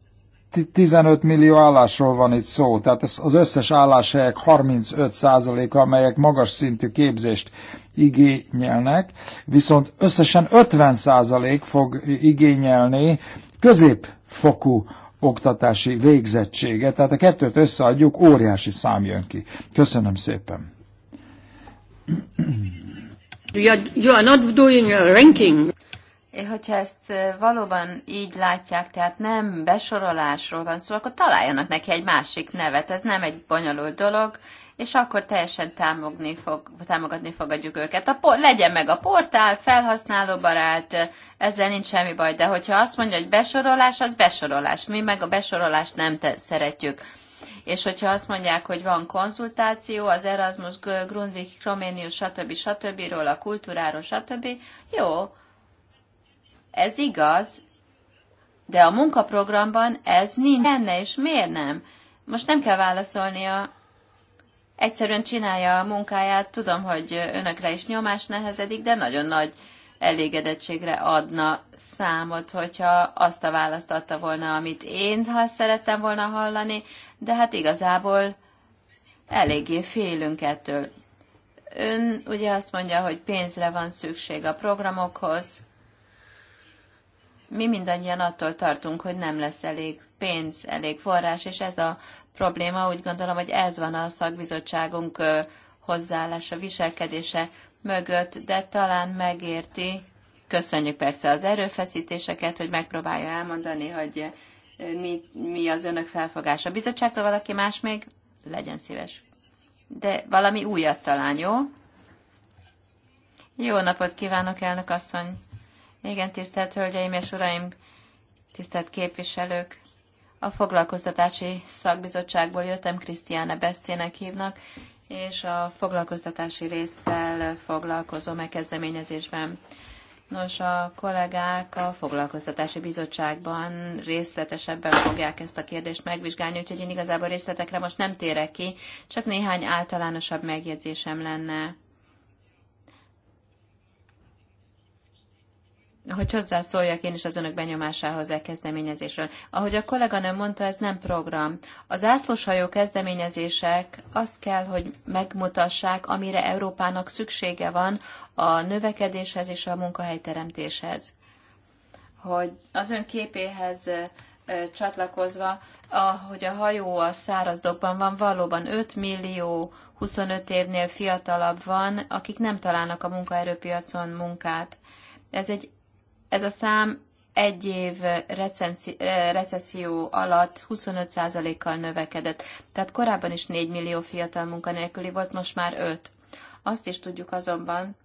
Speaker 9: 15 millió állásról van itt szó, tehát ez az összes álláshelyek 35%-a, amelyek magas szintű képzést igényelnek, viszont összesen 50% fog igényelni középfokú oktatási végzettséget, tehát a kettőt összeadjuk, óriási szám jön ki. Köszönöm szépen.
Speaker 1: You are, you are not doing a ranking
Speaker 6: hogyha ezt valóban így látják, tehát nem besorolásról van szó, akkor találjanak neki egy másik nevet. Ez nem egy bonyolult dolog, és akkor teljesen támogni fog, támogatni fogadjuk őket. A, por, legyen meg a portál, felhasználóbarát, ezzel nincs semmi baj, de hogyha azt mondja, hogy besorolás, az besorolás. Mi meg a besorolást nem te, szeretjük. És hogyha azt mondják, hogy van konzultáció az Erasmus, Grundvik, Roménius, stb. stb. stb. a kultúráról, stb. Jó, ez igaz, de a munkaprogramban ez nincs benne, és miért nem? Most nem kell válaszolnia. Egyszerűen csinálja a munkáját, tudom, hogy önökre is nyomás nehezedik, de nagyon nagy elégedettségre adna számot, hogyha azt a választ adta volna, amit én ha szerettem volna hallani, de hát igazából eléggé félünk ettől. Ön ugye azt mondja, hogy pénzre van szükség a programokhoz, mi mindannyian attól tartunk, hogy nem lesz elég pénz, elég forrás, és ez a probléma, úgy gondolom, hogy ez van a szakbizottságunk hozzáállása, viselkedése mögött, de talán megérti. Köszönjük persze az erőfeszítéseket, hogy megpróbálja elmondani, hogy mi, mi az önök felfogása. A bizottságtól valaki más még? Legyen szíves. De valami újat talán, jó? Jó napot kívánok, elnök asszony! Igen, tisztelt Hölgyeim és Uraim, tisztelt képviselők! A foglalkoztatási szakbizottságból jöttem, Krisztiána Besztének hívnak, és a foglalkoztatási résszel foglalkozom e kezdeményezésben. Nos, a kollégák a foglalkoztatási bizottságban részletesebben fogják ezt a kérdést megvizsgálni, úgyhogy én igazából részletekre most nem térek ki, csak néhány általánosabb megjegyzésem lenne hogy hozzászóljak én is az önök benyomásához e kezdeményezésről. Ahogy a kollega nem mondta, ez nem program. Az ászlóshajó kezdeményezések azt kell, hogy megmutassák, amire Európának szüksége van a növekedéshez és a munkahelyteremtéshez. Hogy az ön képéhez csatlakozva, hogy a hajó a szárazdokban van, valóban 5 millió 25 évnél fiatalabb van, akik nem találnak a munkaerőpiacon munkát. Ez egy ez a szám egy év recesszió alatt 25%-kal növekedett. Tehát korábban is 4 millió fiatal munkanélküli volt, most már 5. Azt is tudjuk azonban,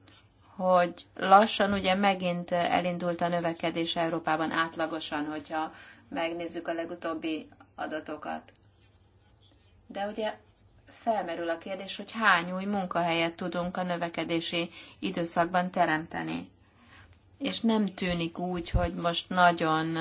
Speaker 6: hogy lassan ugye megint elindult a növekedés Európában átlagosan, hogyha megnézzük a legutóbbi adatokat. De ugye felmerül a kérdés, hogy hány új munkahelyet tudunk a növekedési időszakban teremteni és nem tűnik úgy, hogy most nagyon,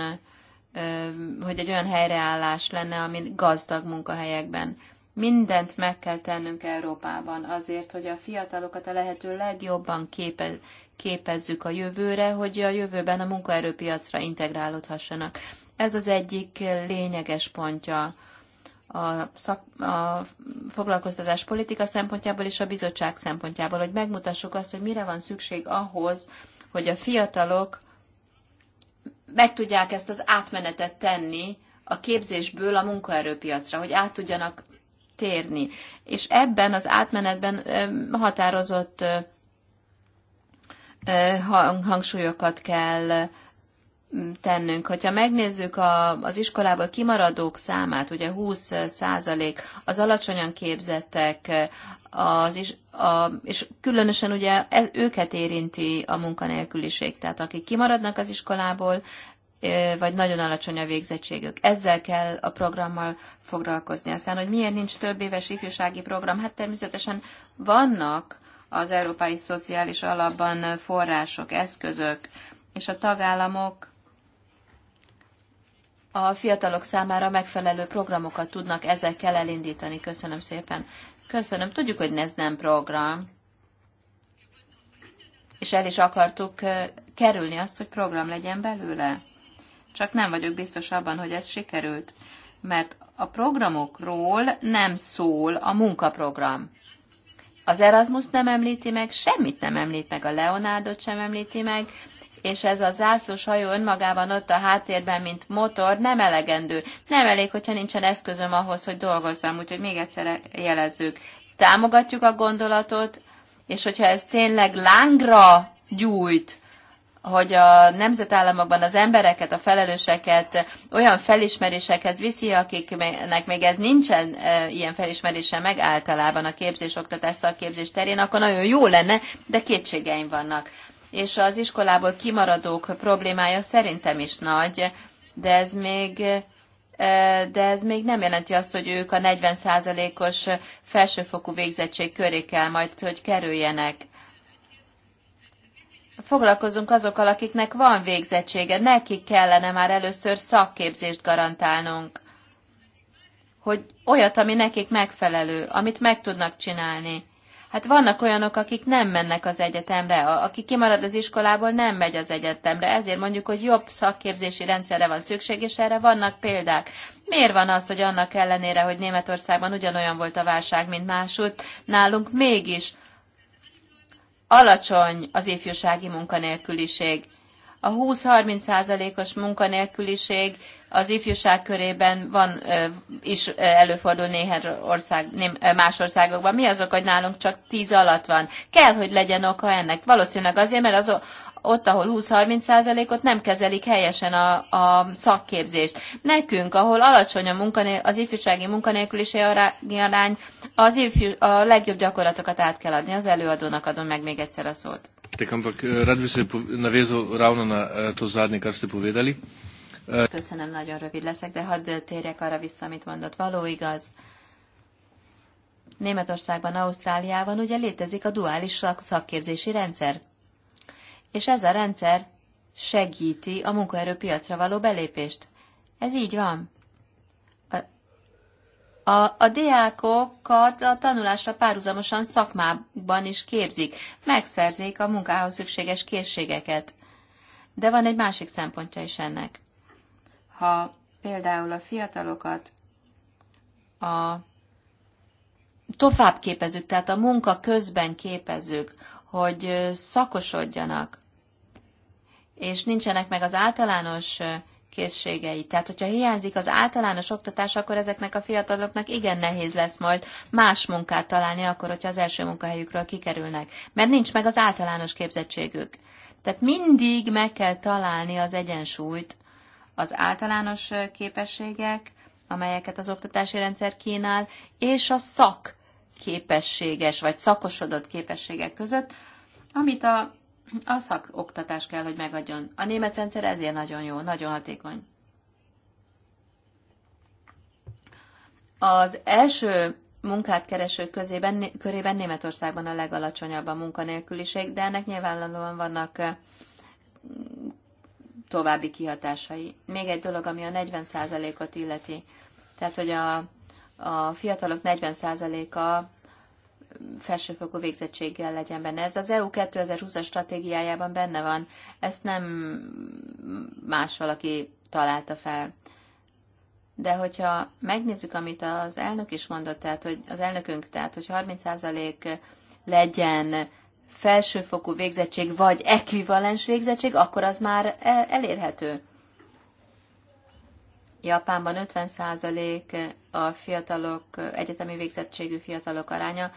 Speaker 6: hogy egy olyan helyreállás lenne, ami gazdag munkahelyekben. Mindent meg kell tennünk Európában azért, hogy a fiatalokat a lehető legjobban képe, képezzük a jövőre, hogy a jövőben a munkaerőpiacra integrálódhassanak. Ez az egyik lényeges pontja a, szak, a foglalkoztatás politika szempontjából és a bizottság szempontjából, hogy megmutassuk azt, hogy mire van szükség ahhoz, hogy a fiatalok meg tudják ezt az átmenetet tenni a képzésből a munkaerőpiacra, hogy át tudjanak térni. És ebben az átmenetben határozott hangsúlyokat kell tennünk. Hogyha megnézzük a, az iskolából kimaradók számát, ugye 20 százalék, az alacsonyan képzettek, az is, a, és különösen ugye ez, őket érinti a munkanélküliség, tehát akik kimaradnak az iskolából, vagy nagyon alacsony a végzettségük. Ezzel kell a programmal foglalkozni. Aztán, hogy miért nincs több éves ifjúsági program, hát természetesen vannak az Európai Szociális Alapban források, eszközök, és a tagállamok a fiatalok számára megfelelő programokat tudnak ezekkel elindítani. Köszönöm szépen. Köszönöm. Tudjuk, hogy ez nem program. És el is akartuk kerülni azt, hogy program legyen belőle. Csak nem vagyok biztos abban, hogy ez sikerült. Mert a programokról nem szól a munkaprogram. Az Erasmus nem említi meg, semmit nem említ meg, a Leonardot sem említi meg, és ez a zászlós hajó önmagában ott a háttérben, mint motor, nem elegendő. Nem elég, hogyha nincsen eszközöm ahhoz, hogy dolgozzam, úgyhogy még egyszer jelezzük. Támogatjuk a gondolatot, és hogyha ez tényleg lángra gyújt, hogy a nemzetállamokban az embereket, a felelőseket olyan felismerésekhez viszi, akiknek még ez nincsen e, ilyen felismerése meg általában a képzés, oktatás, szakképzés terén, akkor nagyon jó lenne, de kétségeim vannak és az iskolából kimaradók problémája szerintem is nagy, de ez még e, de ez még nem jelenti azt, hogy ők a 40%-os felsőfokú végzettség köré kell majd, hogy kerüljenek. Foglalkozunk azokkal, akiknek van végzettsége, nekik kellene már először szakképzést garantálnunk, hogy olyat, ami nekik megfelelő, amit meg tudnak csinálni. Hát vannak olyanok, akik nem mennek az egyetemre, aki kimarad az iskolából, nem megy az egyetemre. Ezért mondjuk, hogy jobb szakképzési rendszerre van szükség, és erre vannak példák. Miért van az, hogy annak ellenére, hogy Németországban ugyanolyan volt a válság, mint másút, nálunk mégis alacsony az ifjúsági munkanélküliség. A 20-30 százalékos munkanélküliség az ifjúság körében van is előfordul néhány ország, más országokban. Mi azok, hogy nálunk csak tíz alatt van? Kell, hogy legyen oka ennek. Valószínűleg azért, mert az, ott, ahol 20-30 százalékot nem kezelik helyesen a, a szakképzést. Nekünk, ahol alacsony a munkanél, az ifjúsági munkanélküliség arány, az ifjú, a legjobb gyakorlatokat át kell adni. Az előadónak adom meg még egyszer a szót.
Speaker 8: Ampak rad bi se navezal ravno na to zádni, kár ste povedali.
Speaker 6: Köszönöm, nagyon rövid leszek, de hadd térjek arra vissza, amit mondott. Való igaz. Németországban, Ausztráliában ugye létezik a duális szakképzési rendszer. És ez a rendszer segíti a munkaerőpiacra való belépést. Ez így van. A, a diákokat a tanulásra párhuzamosan szakmában is képzik, megszerzik a munkához szükséges készségeket. De van egy másik szempontja is ennek ha például a fiatalokat a tovább képezzük, tehát a munka közben képezzük, hogy szakosodjanak, és nincsenek meg az általános készségei. Tehát, hogyha hiányzik az általános oktatás, akkor ezeknek a fiataloknak igen nehéz lesz majd más munkát találni, akkor, hogyha az első munkahelyükről kikerülnek, mert nincs meg az általános képzettségük. Tehát mindig meg kell találni az egyensúlyt az általános képességek, amelyeket az oktatási rendszer kínál, és a szak képességes vagy szakosodott képességek között, amit a, a szakoktatás kell, hogy megadjon. A német rendszer ezért nagyon jó, nagyon hatékony. Az első munkát keresők közében, körében Németországban a legalacsonyabb a munkanélküliség, de ennek nyilvánvalóan vannak további kihatásai. Még egy dolog, ami a 40%-ot illeti. Tehát, hogy a, a fiatalok 40%-a felsőfokú végzettséggel legyen benne. Ez az EU 2020-as stratégiájában benne van, ezt nem más valaki találta fel. De hogyha megnézzük, amit az elnök is mondott, tehát hogy az elnökünk, tehát hogy 30% legyen felsőfokú végzettség vagy ekvivalens végzettség, akkor az már e, elérhető. Japánban 50% a fiatalok, egyetemi végzettségű fiatalok aránya,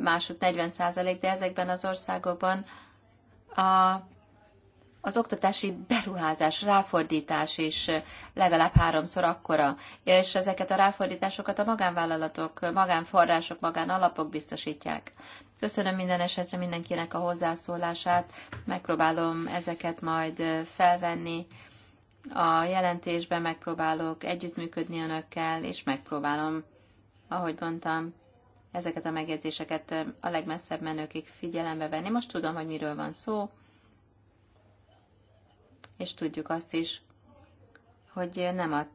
Speaker 6: másod 40%, de ezekben az országokban a az oktatási beruházás, ráfordítás is eh, legalább háromszor akkora, és ezeket a ráfordításokat a magánvállalatok, magánforrások, magánalapok biztosítják. Köszönöm minden esetre mindenkinek a hozzászólását, megpróbálom ezeket majd eh, felvenni a jelentésben, megpróbálok együttműködni önökkel, és megpróbálom, ahogy mondtam, ezeket a megjegyzéseket eh, a legmesszebb menőkig figyelembe venni. Most tudom, hogy miről van szó és tudjuk azt is, hogy nem, a,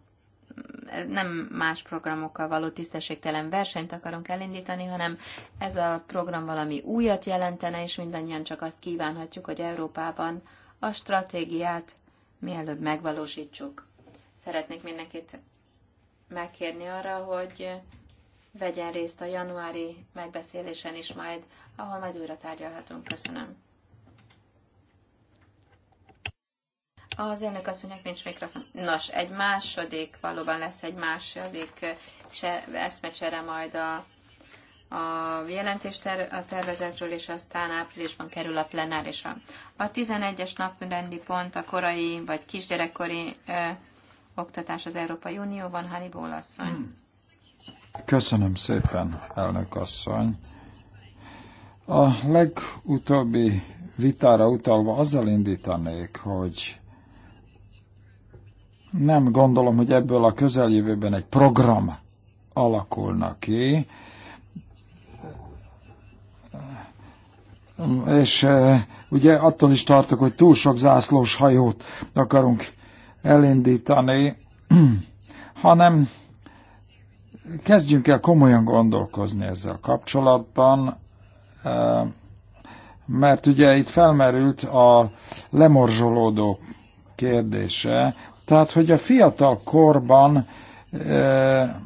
Speaker 6: nem más programokkal való tisztességtelen versenyt akarunk elindítani, hanem ez a program valami újat jelentene, és mindannyian csak azt kívánhatjuk, hogy Európában a stratégiát mielőbb megvalósítsuk. Szeretnék mindenkit megkérni arra, hogy vegyen részt a januári megbeszélésen is majd, ahol majd újra tárgyalhatunk. Köszönöm. Az elnök asszonynak nincs mikrofon. Nos, egy második, valóban lesz egy második eszmecsere majd a, a jelentést a tervezetről, és aztán áprilisban kerül a plenárisra. A 11-es naprendi pont a korai vagy kisgyerekkori ö, oktatás az Európai Unióban, Hannibal asszony. Hmm.
Speaker 9: Köszönöm szépen, elnök asszony. A legutóbbi vitára utalva azzal indítanék, hogy nem gondolom, hogy ebből a közeljövőben egy program alakulna ki, és eh, ugye attól is tartok, hogy túl sok zászlós hajót akarunk elindítani, hanem kezdjünk el komolyan gondolkozni ezzel kapcsolatban, eh, mert ugye itt felmerült a lemorzsolódó kérdése, tehát, hogy a fiatal korban e,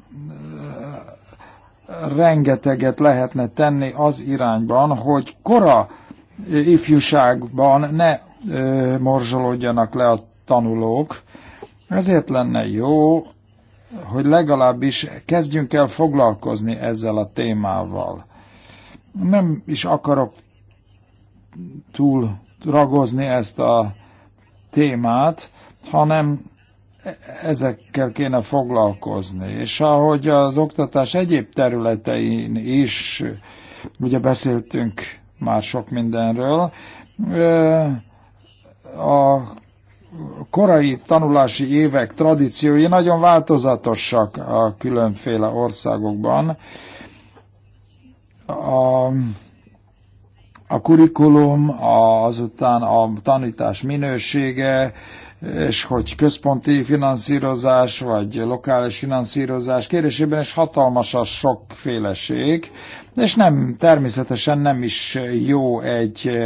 Speaker 9: rengeteget lehetne tenni az irányban, hogy kora ifjúságban ne e, morzsolódjanak le a tanulók. Ezért lenne jó, hogy legalábbis kezdjünk el foglalkozni ezzel a témával. Nem is akarok túl ragozni ezt a témát, hanem ezekkel kéne foglalkozni. És ahogy az oktatás egyéb területein is, ugye beszéltünk már sok mindenről, a korai tanulási évek tradíciói nagyon változatosak a különféle országokban. A, a kurikulum, a, azután a tanítás minősége, és hogy központi finanszírozás vagy lokális finanszírozás kérdésében is hatalmas a sokféleség, és nem, természetesen nem is jó egy,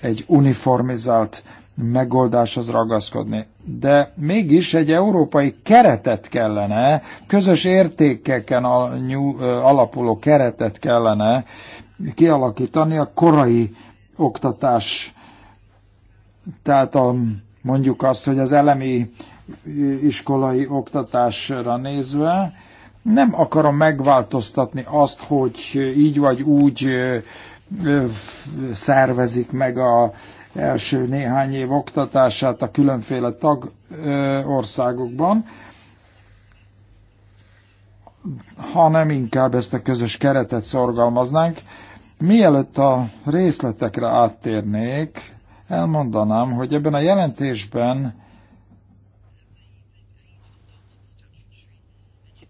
Speaker 9: egy uniformizált megoldáshoz ragaszkodni. De mégis egy európai keretet kellene, közös értékeken alapuló keretet kellene kialakítani a korai oktatás, tehát a mondjuk azt, hogy az elemi iskolai oktatásra nézve, nem akarom megváltoztatni azt, hogy így vagy úgy szervezik meg a első néhány év oktatását a különféle tagországokban, hanem inkább ezt a közös keretet szorgalmaznánk. Mielőtt a részletekre áttérnék, elmondanám, hogy ebben a jelentésben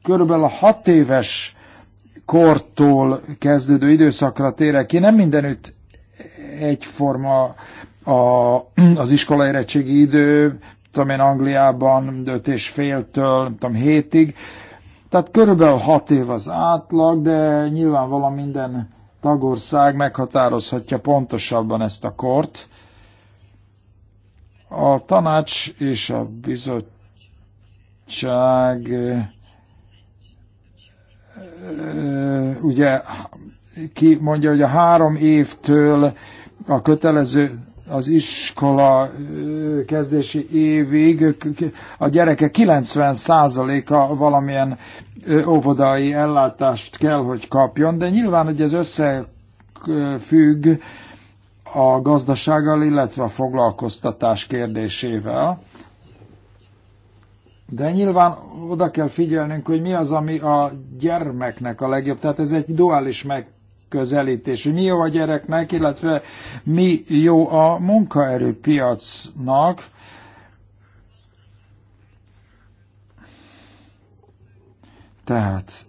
Speaker 9: körülbelül a hat éves kortól kezdődő időszakra térek ki. Nem mindenütt egyforma a, az iskola érettségi idő, tudom én Angliában 5 és féltől, tudom hétig. Tehát körülbelül 6 év az átlag, de nyilvánvalóan minden tagország meghatározhatja pontosabban ezt a kort. A tanács és a bizottság ugye ki mondja, hogy a három évtől a kötelező az iskola kezdési évig a gyereke 90%-a valamilyen óvodai ellátást kell, hogy kapjon, de nyilván, hogy ez összefügg a gazdasággal, illetve a foglalkoztatás kérdésével. De nyilván oda kell figyelnünk, hogy mi az, ami a gyermeknek a legjobb. Tehát ez egy duális megközelítés, hogy mi jó a gyereknek, illetve mi jó a munkaerőpiacnak. Tehát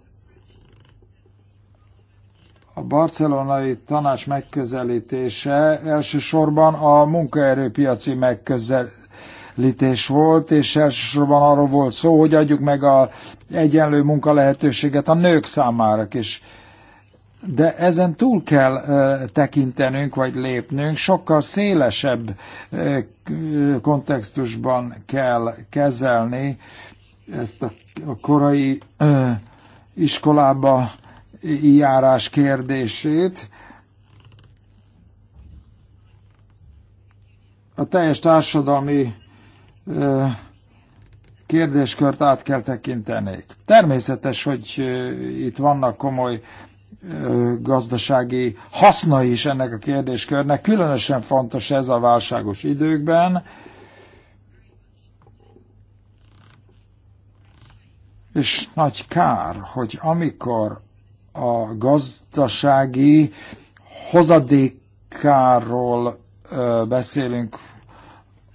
Speaker 9: a barcelonai tanács megközelítése elsősorban a munkaerőpiaci megközelítés volt, és elsősorban arról volt szó, hogy adjuk meg a egyenlő munkalehetőséget a nők számára is. De ezen túl kell ö, tekintenünk, vagy lépnünk, sokkal szélesebb ö, kontextusban kell kezelni ezt a, a korai ö, iskolába járás kérdését. A teljes társadalmi kérdéskört át kell tekintenék. Természetes, hogy itt vannak komoly gazdasági haszna is ennek a kérdéskörnek. Különösen fontos ez a válságos időkben. És nagy kár, hogy amikor a gazdasági hozadékáról beszélünk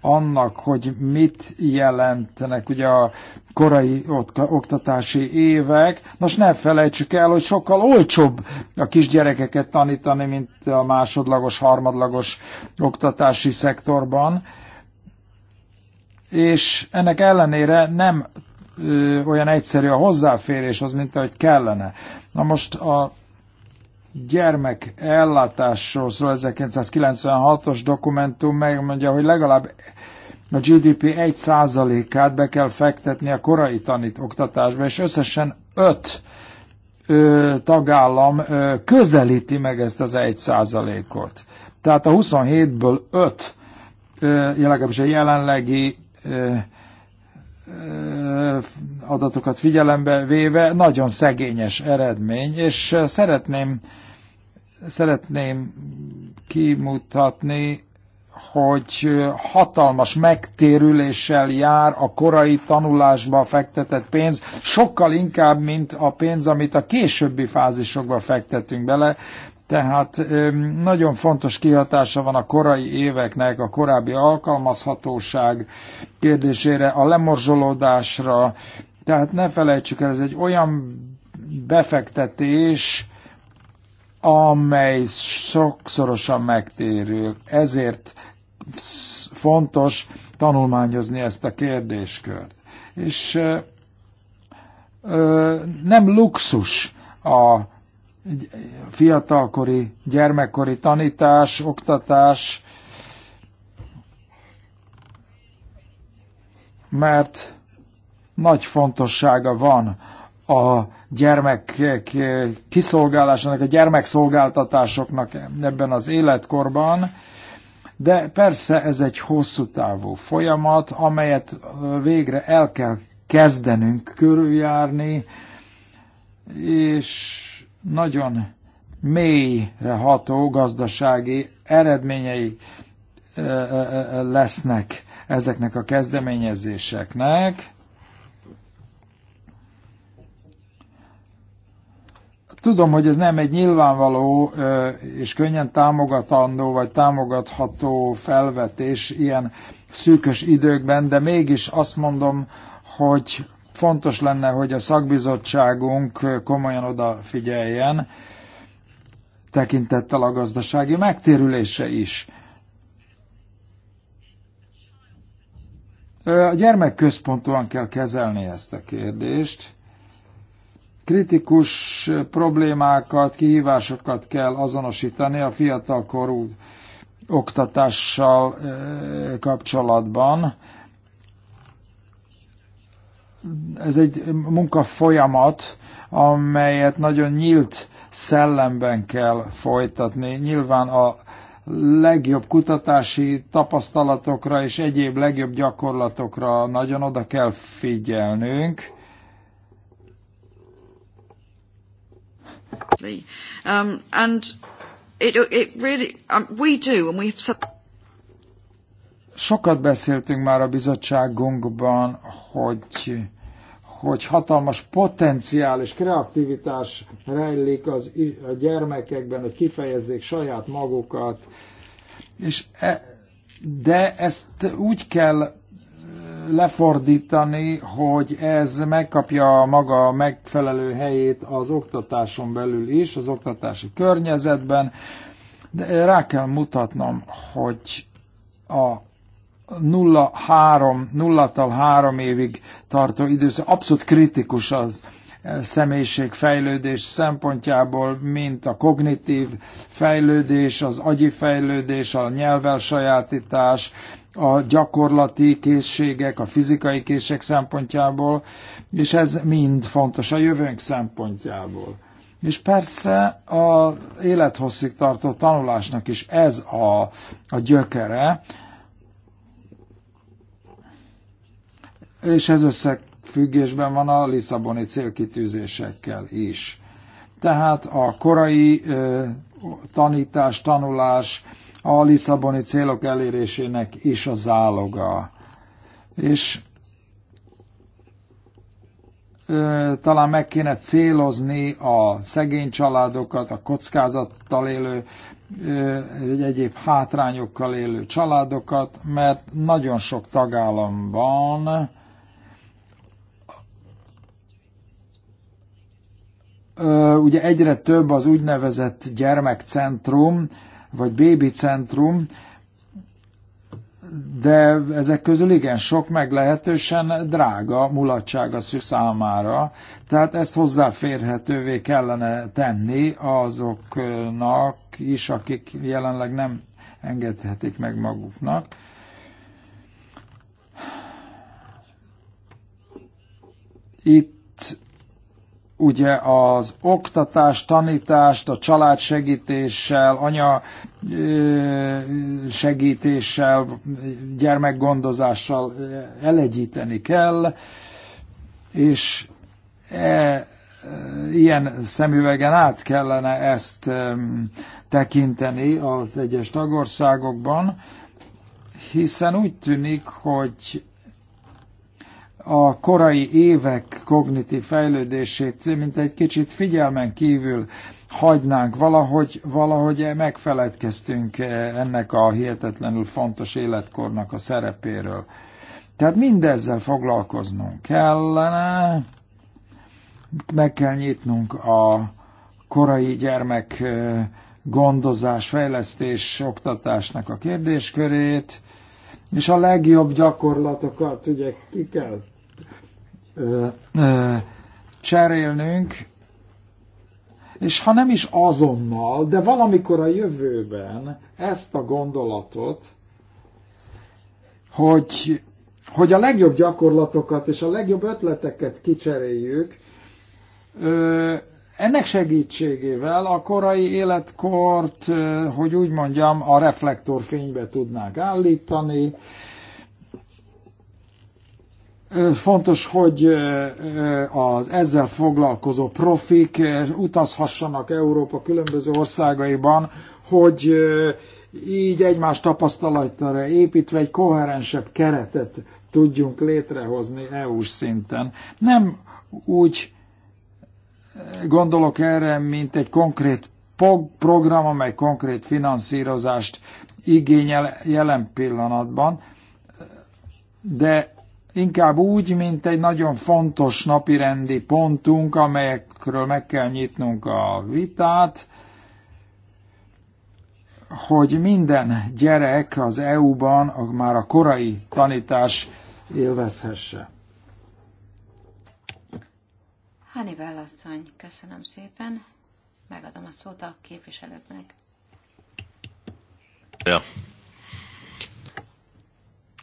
Speaker 9: annak, hogy mit jelentenek ugye a korai oktatási évek. Nos, ne felejtsük el, hogy sokkal olcsóbb a kisgyerekeket tanítani, mint a másodlagos, harmadlagos oktatási szektorban. És ennek ellenére nem olyan egyszerű a hozzáféréshoz, mint ahogy kellene. Na most a gyermek ellátásról szól 1996-os dokumentum megmondja, hogy legalább a GDP 1%-át be kell fektetni a korai tanít oktatásba, és összesen 5 ö, tagállam ö, közelíti meg ezt az 1%-ot. Tehát a 27-ből 5 ö, legalábbis a jelenlegi ö, adatokat figyelembe véve nagyon szegényes eredmény, és szeretném, szeretném kimutatni, hogy hatalmas megtérüléssel jár a korai tanulásba fektetett pénz, sokkal inkább, mint a pénz, amit a későbbi fázisokba fektetünk bele, tehát nagyon fontos kihatása van a korai éveknek, a korábbi alkalmazhatóság kérdésére, a lemorzsolódásra. Tehát ne felejtsük el, ez egy olyan befektetés, amely sokszorosan megtérül. Ezért fontos tanulmányozni ezt a kérdéskört. És ö, nem luxus a fiatalkori, gyermekkori tanítás, oktatás, mert nagy fontossága van a gyermekek kiszolgálásának, a gyermekszolgáltatásoknak ebben az életkorban, de persze ez egy hosszú távú folyamat, amelyet végre el kell kezdenünk körüljárni, és nagyon mélyre ható gazdasági eredményei lesznek ezeknek a kezdeményezéseknek. Tudom, hogy ez nem egy nyilvánvaló és könnyen támogatandó vagy támogatható felvetés ilyen szűkös időkben, de mégis azt mondom, hogy Fontos lenne, hogy a szakbizottságunk komolyan odafigyeljen, tekintettel a gazdasági megtérülése is. A gyermek központúan kell kezelni ezt a kérdést. Kritikus problémákat, kihívásokat kell azonosítani a fiatalkorú oktatással kapcsolatban ez egy munka folyamat, amelyet nagyon nyílt szellemben kell folytatni. Nyilván a legjobb kutatási tapasztalatokra és egyéb legjobb gyakorlatokra nagyon oda kell figyelnünk.
Speaker 3: Um, and
Speaker 4: it, it really, um, we do, and we have
Speaker 9: Sokat beszéltünk már a bizottságunkban, hogy hogy hatalmas potenciál és kreativitás rejlik az, a gyermekekben, hogy kifejezzék saját magukat. És e, de ezt úgy kell lefordítani, hogy ez megkapja maga megfelelő helyét az oktatáson belül is, az oktatási környezetben, de rá kell mutatnom, hogy a nullatal három tal évig tartó időszak abszolút kritikus az eh, személyiség fejlődés szempontjából, mint a kognitív fejlődés, az agyi fejlődés, a nyelvel sajátítás, a gyakorlati készségek, a fizikai készség szempontjából, és ez mind fontos a jövőnk szempontjából. És persze az élethosszig tartó tanulásnak is ez a, a gyökere, és ez összefüggésben van a Lisszaboni célkitűzésekkel is. Tehát a korai tanítás, tanulás a Lisszaboni célok elérésének is a záloga. És talán meg kéne célozni a szegény családokat, a kockázattal élő, vagy egyéb hátrányokkal élő családokat, mert nagyon sok tagállamban ugye egyre több az úgynevezett gyermekcentrum, vagy bébicentrum, de ezek közül igen sok meglehetősen drága mulatság a szűk számára, tehát ezt hozzáférhetővé kellene tenni azoknak is, akik jelenleg nem engedhetik meg maguknak. Itt ugye az oktatás, tanítást, a család segítéssel, anya segítéssel, gyermekgondozással elegyíteni kell, és e, e, ilyen szemüvegen át kellene ezt tekinteni az egyes tagországokban, hiszen úgy tűnik, hogy a korai évek kognitív fejlődését, mint egy kicsit figyelmen kívül hagynánk, valahogy, valahogy megfeledkeztünk ennek a hihetetlenül fontos életkornak a szerepéről. Tehát mindezzel foglalkoznunk kellene, meg kell nyitnunk a korai gyermek gondozás, fejlesztés, oktatásnak a kérdéskörét, és a legjobb gyakorlatokat ugye ki kell cserélnünk, és ha nem is azonnal, de valamikor a jövőben ezt a gondolatot, hogy, hogy a legjobb gyakorlatokat és a legjobb ötleteket kicseréljük, ennek segítségével a korai életkort, hogy úgy mondjam, a reflektorfénybe tudnák állítani, Fontos, hogy az ezzel foglalkozó profik utazhassanak Európa különböző országaiban, hogy így egymás tapasztalatára építve egy koherensebb keretet tudjunk létrehozni EU-s szinten. Nem úgy gondolok erre, mint egy konkrét program, amely konkrét finanszírozást igényel jelen pillanatban, de inkább úgy, mint egy nagyon fontos napirendi pontunk, amelyekről meg kell nyitnunk a vitát, hogy minden gyerek az EU-ban már a korai tanítás élvezhesse.
Speaker 6: Hannibal asszony, köszönöm szépen. Megadom a szót a képviselőknek.
Speaker 2: Ja.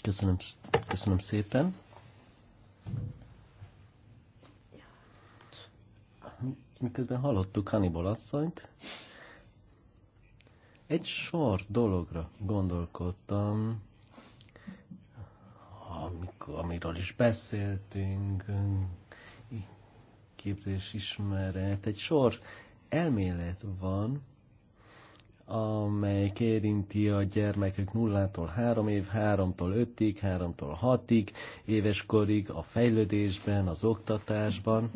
Speaker 11: Köszönöm Köszönöm szépen. Miközben hallottuk Hannibal asszonyt, egy sor dologra gondolkodtam, amikor, amiről is beszéltünk, képzés ismeret, egy sor elmélet van, amely kérinti a gyermekek nullától három év, háromtól ötig háromtól hatig éves korig a fejlődésben, az oktatásban.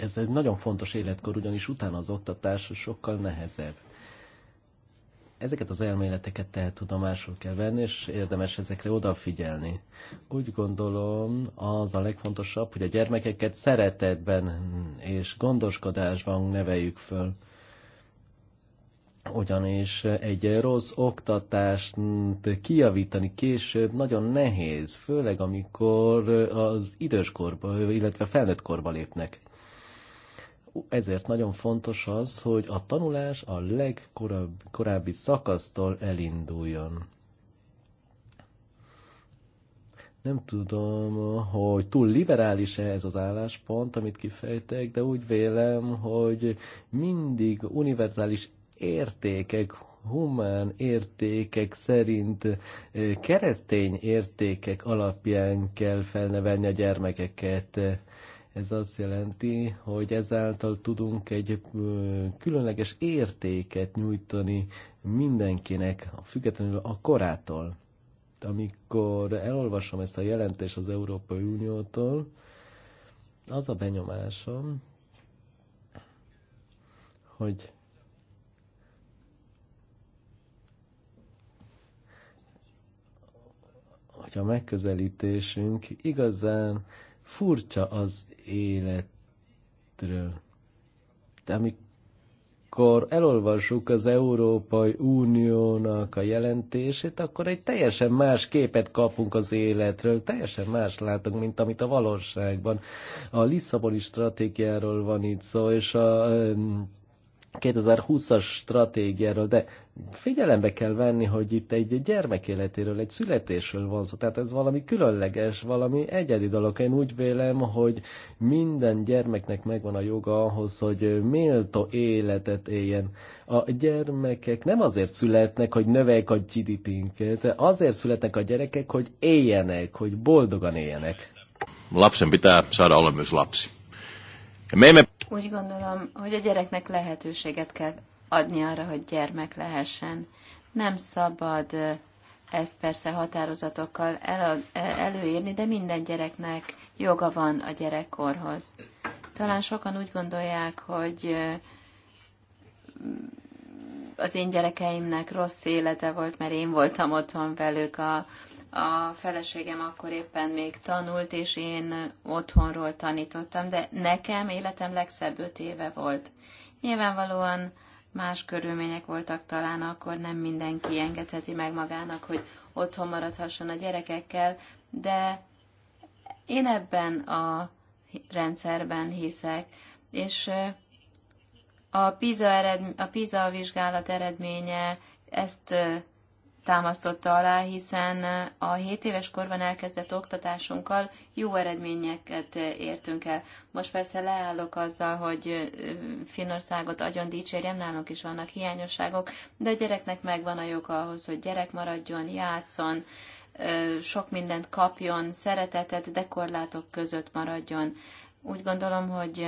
Speaker 11: Ez egy nagyon fontos életkor, ugyanis utána az oktatás sokkal nehezebb. Ezeket az elméleteket tehát tudomásul kell venni, és érdemes ezekre odafigyelni. Úgy gondolom, az a legfontosabb, hogy a gyermekeket szeretetben és gondoskodásban neveljük föl ugyanis egy rossz oktatást kiavítani később nagyon nehéz, főleg amikor az időskorba, illetve felnőtt korba lépnek. Ezért nagyon fontos az, hogy a tanulás a legkorábbi szakasztól elinduljon. Nem tudom, hogy túl liberális-e ez az álláspont, amit kifejtek, de úgy vélem, hogy mindig univerzális értékek, humán értékek szerint keresztény értékek alapján kell felnevelni a gyermekeket. Ez azt jelenti, hogy ezáltal tudunk egy különleges értéket nyújtani mindenkinek, függetlenül a korától. Amikor elolvasom ezt a jelentést az Európai Uniótól, az a benyomásom, hogy hogy a megközelítésünk igazán furcsa az életről. De amikor elolvassuk az Európai Uniónak a jelentését, akkor egy teljesen más képet kapunk az életről, teljesen más látunk, mint amit a valóságban. A Lisszaboni stratégiáról van itt szó, és a 2020-as stratégiáról, de figyelembe kell venni, hogy itt egy gyermek életéről, egy születésről van szó. Tehát ez valami különleges, valami egyedi dolog. Én úgy vélem, hogy minden gyermeknek megvan a joga ahhoz, hogy méltó életet éljen. A gyermekek nem azért születnek, hogy növeljék a GDP-nket, azért születnek a gyerekek, hogy éljenek, hogy boldogan éljenek.
Speaker 2: Lapsen pitää saada olla myös lapsi. Ja me emme
Speaker 6: úgy gondolom, hogy a gyereknek lehetőséget kell adni arra, hogy gyermek lehessen. Nem szabad ezt persze határozatokkal el, előírni, de minden gyereknek joga van a gyerekkorhoz. Talán sokan úgy gondolják, hogy az én gyerekeimnek rossz élete volt, mert én voltam otthon velük, a, a feleségem akkor éppen még tanult, és én otthonról tanítottam, de nekem életem legszebb öt éve volt. Nyilvánvalóan más körülmények voltak talán, akkor nem mindenki engedheti meg magának, hogy otthon maradhasson a gyerekekkel, de én ebben a rendszerben hiszek, és a PISA, eredm- a PISA vizsgálat eredménye ezt támasztotta alá, hiszen a 7 éves korban elkezdett oktatásunkkal jó eredményeket értünk el. Most persze leállok azzal, hogy Finnországot agyon dicsérjem, nálunk is vannak hiányosságok, de a gyereknek megvan a jog ahhoz, hogy gyerek maradjon, játszon, sok mindent kapjon, szeretetet, de korlátok között maradjon. Úgy gondolom, hogy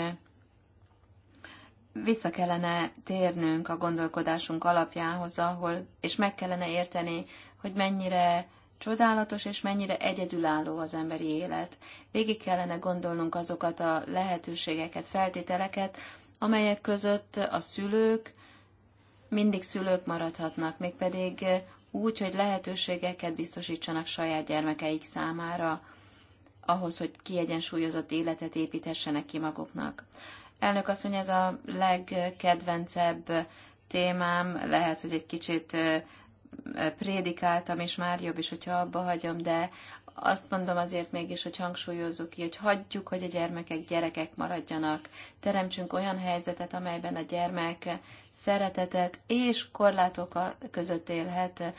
Speaker 6: vissza kellene térnünk a gondolkodásunk alapjához, ahol, és meg kellene érteni, hogy mennyire csodálatos és mennyire egyedülálló az emberi élet. Végig kellene gondolnunk azokat a lehetőségeket, feltételeket, amelyek között a szülők mindig szülők maradhatnak, mégpedig úgy, hogy lehetőségeket biztosítsanak saját gyermekeik számára, ahhoz, hogy kiegyensúlyozott életet építhessenek ki maguknak. Elnök asszony, ez a legkedvencebb témám, lehet, hogy egy kicsit prédikáltam, és már jobb is, hogyha abba hagyom, de azt mondom azért mégis, hogy hangsúlyozzuk ki, hogy hagyjuk, hogy a gyermekek gyerekek maradjanak. Teremtsünk olyan helyzetet, amelyben a gyermek szeretetet és korlátok között élhet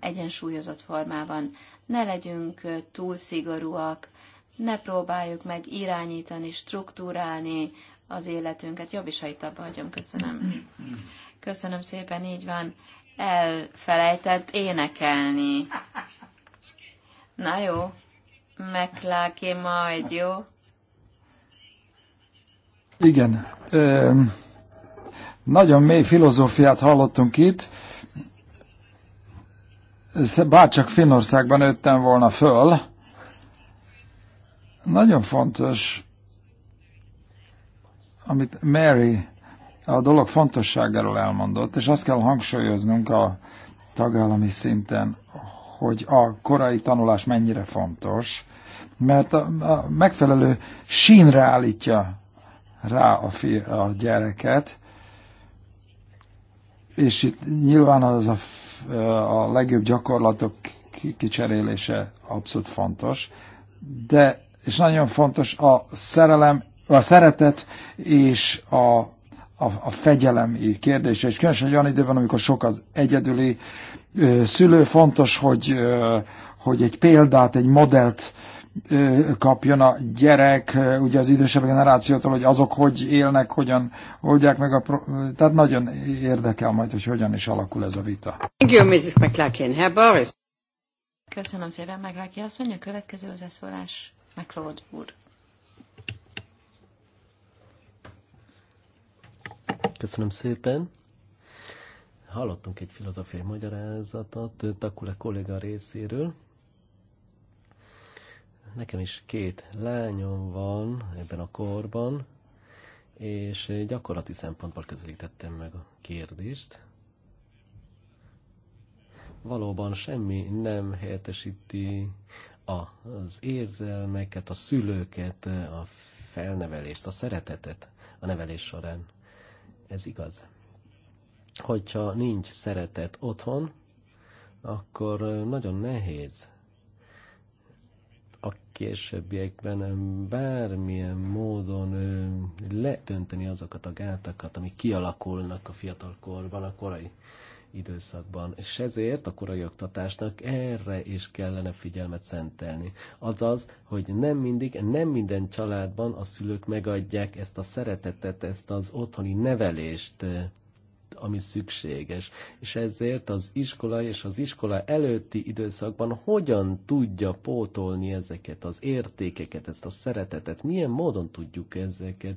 Speaker 6: egyensúlyozott formában. Ne legyünk túl szigorúak, ne próbáljuk meg irányítani, struktúrálni az életünket. Jobb is, ha itt abba hagyom. Köszönöm. Köszönöm szépen, így van. Elfelejtett énekelni. Na jó, megláké majd, jó?
Speaker 9: Igen. Ö, nagyon mély filozófiát hallottunk itt. Bárcsak Finnországban öttem volna föl, nagyon fontos, amit Mary a dolog fontosságáról elmondott, és azt kell hangsúlyoznunk a tagállami szinten, hogy a korai tanulás mennyire fontos, mert a, a megfelelő sínre állítja rá a, fi, a gyereket, és itt nyilván az a, a legjobb gyakorlatok kicserélése abszolút fontos, de és nagyon fontos a szerelem, a szeretet és a, a, a fegyelem kérdése. És különösen olyan időben, amikor sok az egyedüli ö, szülő, fontos, hogy, ö, hogy egy példát, egy modellt ö, kapjon a gyerek, ugye az idősebb generációtól, hogy azok hogy élnek, hogyan oldják meg a... Pro- tehát nagyon érdekel majd, hogy hogyan is alakul ez a vita.
Speaker 6: Herr Boris. Köszönöm szépen, Megláki asszony. A következő hozzászólás. McLeod úr.
Speaker 11: Köszönöm szépen. Hallottunk egy filozófiai magyarázatot Takula kolléga részéről. Nekem is két lányom van ebben a korban, és gyakorlati szempontból közelítettem meg a kérdést. Valóban semmi nem helyettesíti az érzelmeket, a szülőket, a felnevelést, a szeretetet a nevelés során. Ez igaz. Hogyha nincs szeretet otthon, akkor nagyon nehéz a későbbiekben bármilyen módon letönteni azokat a gátakat, amik kialakulnak a fiatalkorban, a korai időszakban, és ezért a korai oktatásnak erre is kellene figyelmet szentelni. Azaz, hogy nem mindig, nem minden családban a szülők megadják ezt a szeretetet, ezt az otthoni nevelést, eh, ami szükséges. És ezért az iskola és az iskola előtti időszakban hogyan tudja pótolni ezeket az értékeket, ezt a szeretetet, milyen módon tudjuk ezeket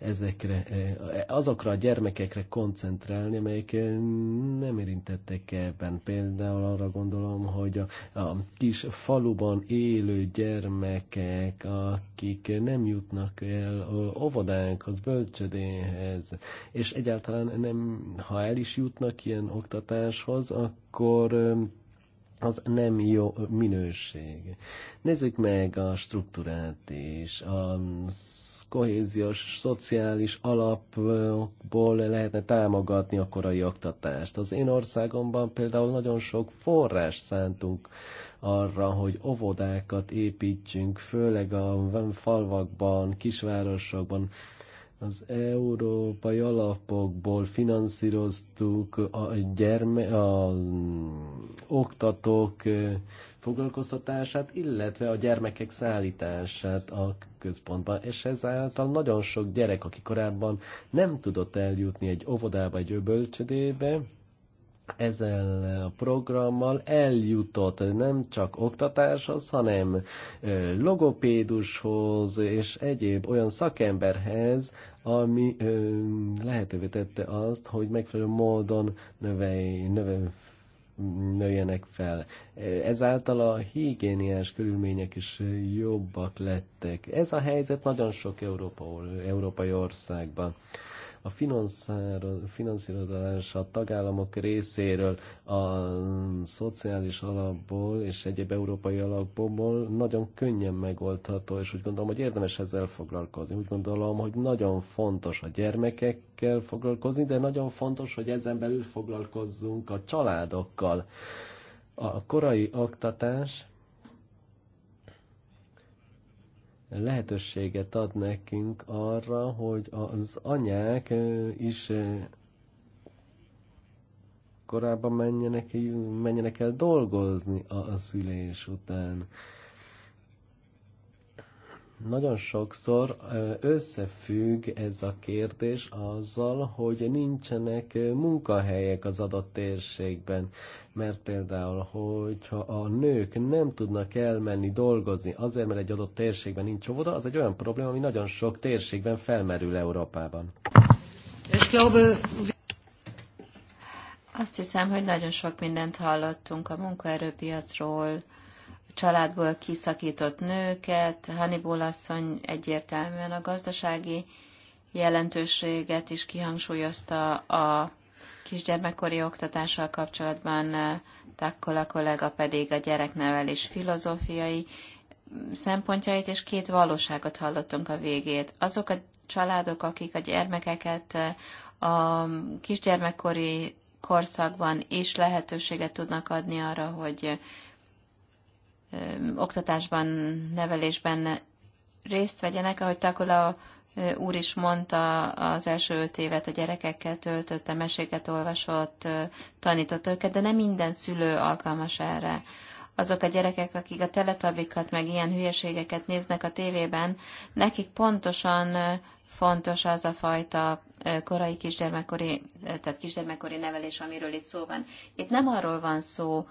Speaker 11: ezekre, eh, azokra a gyermekekre koncentrálni, amelyek eh, nem érintettek ebben. Például arra gondolom, hogy a, a kis faluban élő gyermekek, akik nem jutnak el óvodánkhoz, bölcsödéhez, és egyáltalán nem, ha el is jutnak ilyen oktatáshoz, akkor az nem jó minőség. Nézzük meg a struktúrát is, a kohéziós, szociális alapból lehetne támogatni a korai oktatást. Az én országomban például nagyon sok forrás szántunk arra, hogy óvodákat építsünk, főleg a falvakban, kisvárosokban, az európai alapokból finanszíroztuk a gyerme, a oktatók foglalkoztatását, illetve a gyermekek szállítását a központba, és ezáltal nagyon sok gyerek, aki korábban nem tudott eljutni egy óvodába, egy öbölcsödébe, ezzel a programmal eljutott nem csak oktatáshoz, hanem logopédushoz és egyéb olyan szakemberhez, ami ö, lehetővé tette azt, hogy megfelelő módon növelj, növelj, nőjenek fel. Ezáltal a higiéniás körülmények is jobbak lettek. Ez a helyzet nagyon sok Európa, európai országban a finanszírozás a tagállamok részéről a szociális alapból és egyéb európai alapból nagyon könnyen megoldható, és úgy gondolom, hogy érdemes ezzel foglalkozni. Úgy gondolom, hogy nagyon fontos a gyermekekkel foglalkozni, de nagyon fontos, hogy ezen belül foglalkozzunk a családokkal. A korai oktatás lehetőséget ad nekünk arra, hogy az anyák is korábban menjenek, menjenek el dolgozni a szülés után. Nagyon sokszor összefügg ez a kérdés azzal, hogy nincsenek munkahelyek az adott térségben. Mert például, hogyha a nők nem tudnak elmenni dolgozni azért, mert egy adott térségben nincs óvoda, az egy olyan probléma, ami nagyon sok térségben felmerül Európában.
Speaker 6: Azt hiszem, hogy nagyon sok mindent hallottunk a munkaerőpiacról, családból kiszakított nőket, Hannibal asszony egyértelműen a gazdasági jelentőséget is kihangsúlyozta a kisgyermekkori oktatással kapcsolatban, a kollega pedig a gyereknevelés filozófiai szempontjait, és két valóságot hallottunk a végét. Azok a családok, akik a gyermekeket a kisgyermekkori korszakban is lehetőséget tudnak adni arra, hogy oktatásban, nevelésben részt vegyenek, ahogy Takula úr is mondta, az első öt évet a gyerekekkel töltötte, meséket olvasott, tanított őket, de nem minden szülő alkalmas erre. Azok a gyerekek, akik a teletabikat meg ilyen hülyeségeket néznek a tévében, nekik pontosan fontos az a fajta korai kisgyermekkori, tehát kisgyermekkori nevelés, amiről itt szó van. Itt nem arról van szó,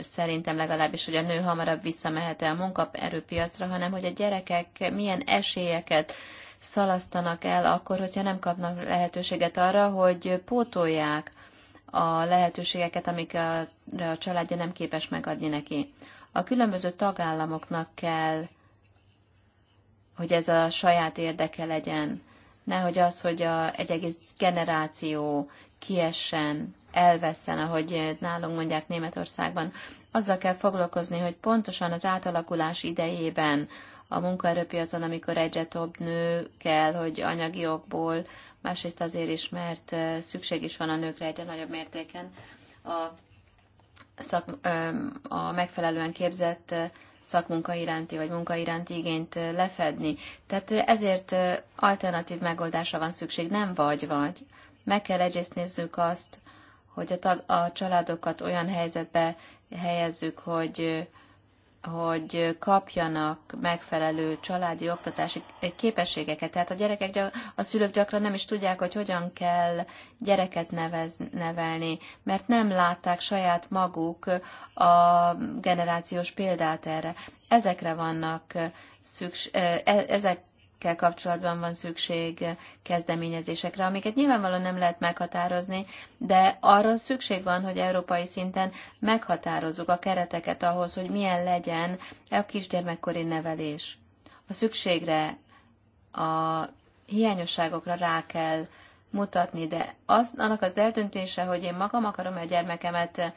Speaker 6: szerintem legalábbis, hogy a nő hamarabb visszamehet el a munkaerőpiacra, hanem hogy a gyerekek milyen esélyeket szalasztanak el akkor, hogyha nem kapnak lehetőséget arra, hogy pótolják a lehetőségeket, amikre a családja nem képes megadni neki. A különböző tagállamoknak kell, hogy ez a saját érdeke legyen, nehogy az, hogy a, egy egész generáció kiessen elveszen, ahogy nálunk mondják Németországban. Azzal kell foglalkozni, hogy pontosan az átalakulás idejében a munkaerőpiacon, amikor egyre több nő kell, hogy anyagi okból, másrészt azért is, mert szükség is van a nőkre egyre nagyobb mértéken, a, szak, a megfelelően képzett szakmunka iránti vagy munka iránti igényt lefedni. Tehát ezért alternatív megoldásra van szükség, nem vagy vagy. Meg kell egyrészt nézzük azt, hogy a, tag, a családokat olyan helyzetbe helyezzük, hogy hogy kapjanak megfelelő családi oktatási képességeket. Tehát a gyerekek, a szülők gyakran nem is tudják, hogy hogyan kell gyereket nevez, nevelni, mert nem látták saját maguk a generációs példát erre. Ezekre vannak szükség, e, ezek kell kapcsolatban van szükség kezdeményezésekre, amiket nyilvánvalóan nem lehet meghatározni, de arra szükség van, hogy európai szinten meghatározzuk a kereteket ahhoz, hogy milyen legyen a kisgyermekkori nevelés. A szükségre, a hiányosságokra rá kell mutatni, de az, annak az eltöntése, hogy én magam akarom a gyermekemet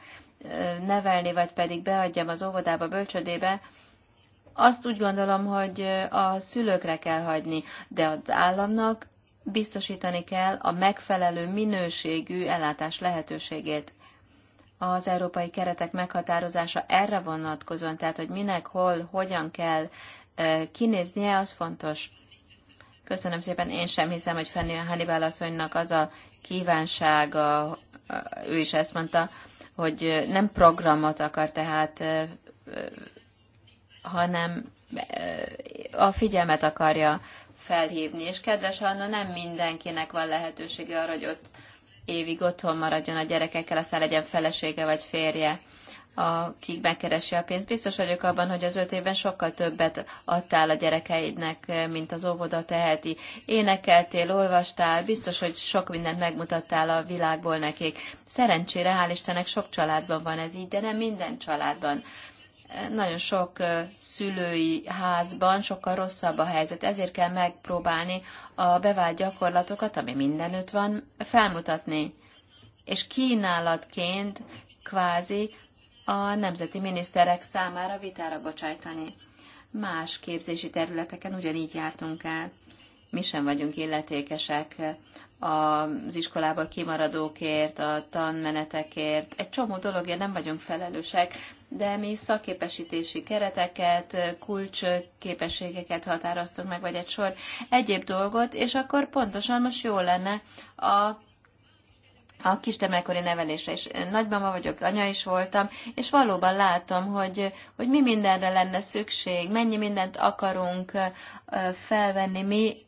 Speaker 6: nevelni, vagy pedig beadjam az óvodába, bölcsödébe, azt úgy gondolom, hogy a szülőkre kell hagyni, de az államnak biztosítani kell a megfelelő minőségű ellátás lehetőségét. Az európai keretek meghatározása erre vonatkozóan, tehát hogy minek, hol, hogyan kell kinéznie, az fontos. Köszönöm szépen, én sem hiszem, hogy Fanny Hannibal asszonynak az a kívánsága, ő is ezt mondta, hogy nem programot akar tehát hanem a figyelmet akarja felhívni. És kedves Anna, nem mindenkinek van lehetősége arra, hogy ott évig otthon maradjon a gyerekekkel, aztán legyen felesége vagy férje akik megkeresi a pénzt. Biztos vagyok abban, hogy az öt évben sokkal többet adtál a gyerekeidnek, mint az óvoda teheti. Énekeltél, olvastál, biztos, hogy sok mindent megmutattál a világból nekik. Szerencsére, hál' Istennek, sok családban van ez így, de nem minden családban nagyon sok szülői házban sokkal rosszabb a helyzet, ezért kell megpróbálni a bevált gyakorlatokat, ami mindenütt van, felmutatni. És kínálatként kvázi a nemzeti miniszterek számára vitára bocsájtani. Más képzési területeken ugyanígy jártunk el. Mi sem vagyunk illetékesek az iskolából kimaradókért, a tanmenetekért, egy csomó dologért nem vagyunk felelősek, de mi szakképesítési kereteket, kulcsképességeket határoztunk meg, vagy egy sor egyéb dolgot, és akkor pontosan most jó lenne a a kistermelkori nevelésre is nagymama vagyok, anya is voltam, és valóban látom, hogy, hogy mi mindenre lenne szükség, mennyi mindent akarunk felvenni mi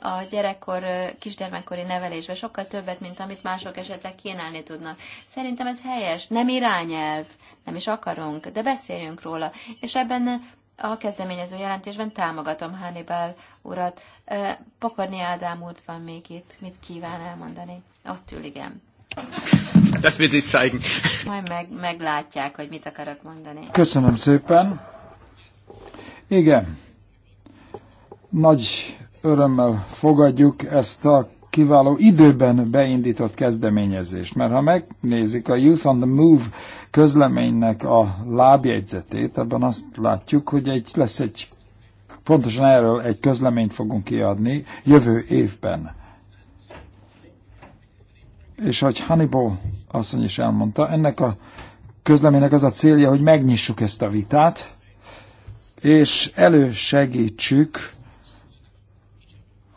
Speaker 6: a gyerekkor, kisgyermekkori nevelésbe sokkal többet, mint amit mások esetleg kínálni tudnak. Szerintem ez helyes, nem irányelv, nem is akarunk, de beszéljünk róla. És ebben a kezdeményező jelentésben támogatom Hannibal urat. Pokorni Ádám úr van még itt. Mit kíván elmondani? Ott ül, igen.
Speaker 5: Das wird sich zeigen.
Speaker 6: Majd meg, meglátják, hogy mit akarok mondani.
Speaker 9: Köszönöm szépen. Igen. Nagy örömmel fogadjuk ezt a kiváló időben beindított kezdeményezést. Mert ha megnézik a Youth on the Move közleménynek a lábjegyzetét, abban azt látjuk, hogy egy, lesz egy, pontosan erről egy közleményt fogunk kiadni jövő évben. És ahogy Hannibal asszony is elmondta, ennek a közleménynek az a célja, hogy megnyissuk ezt a vitát, és elősegítsük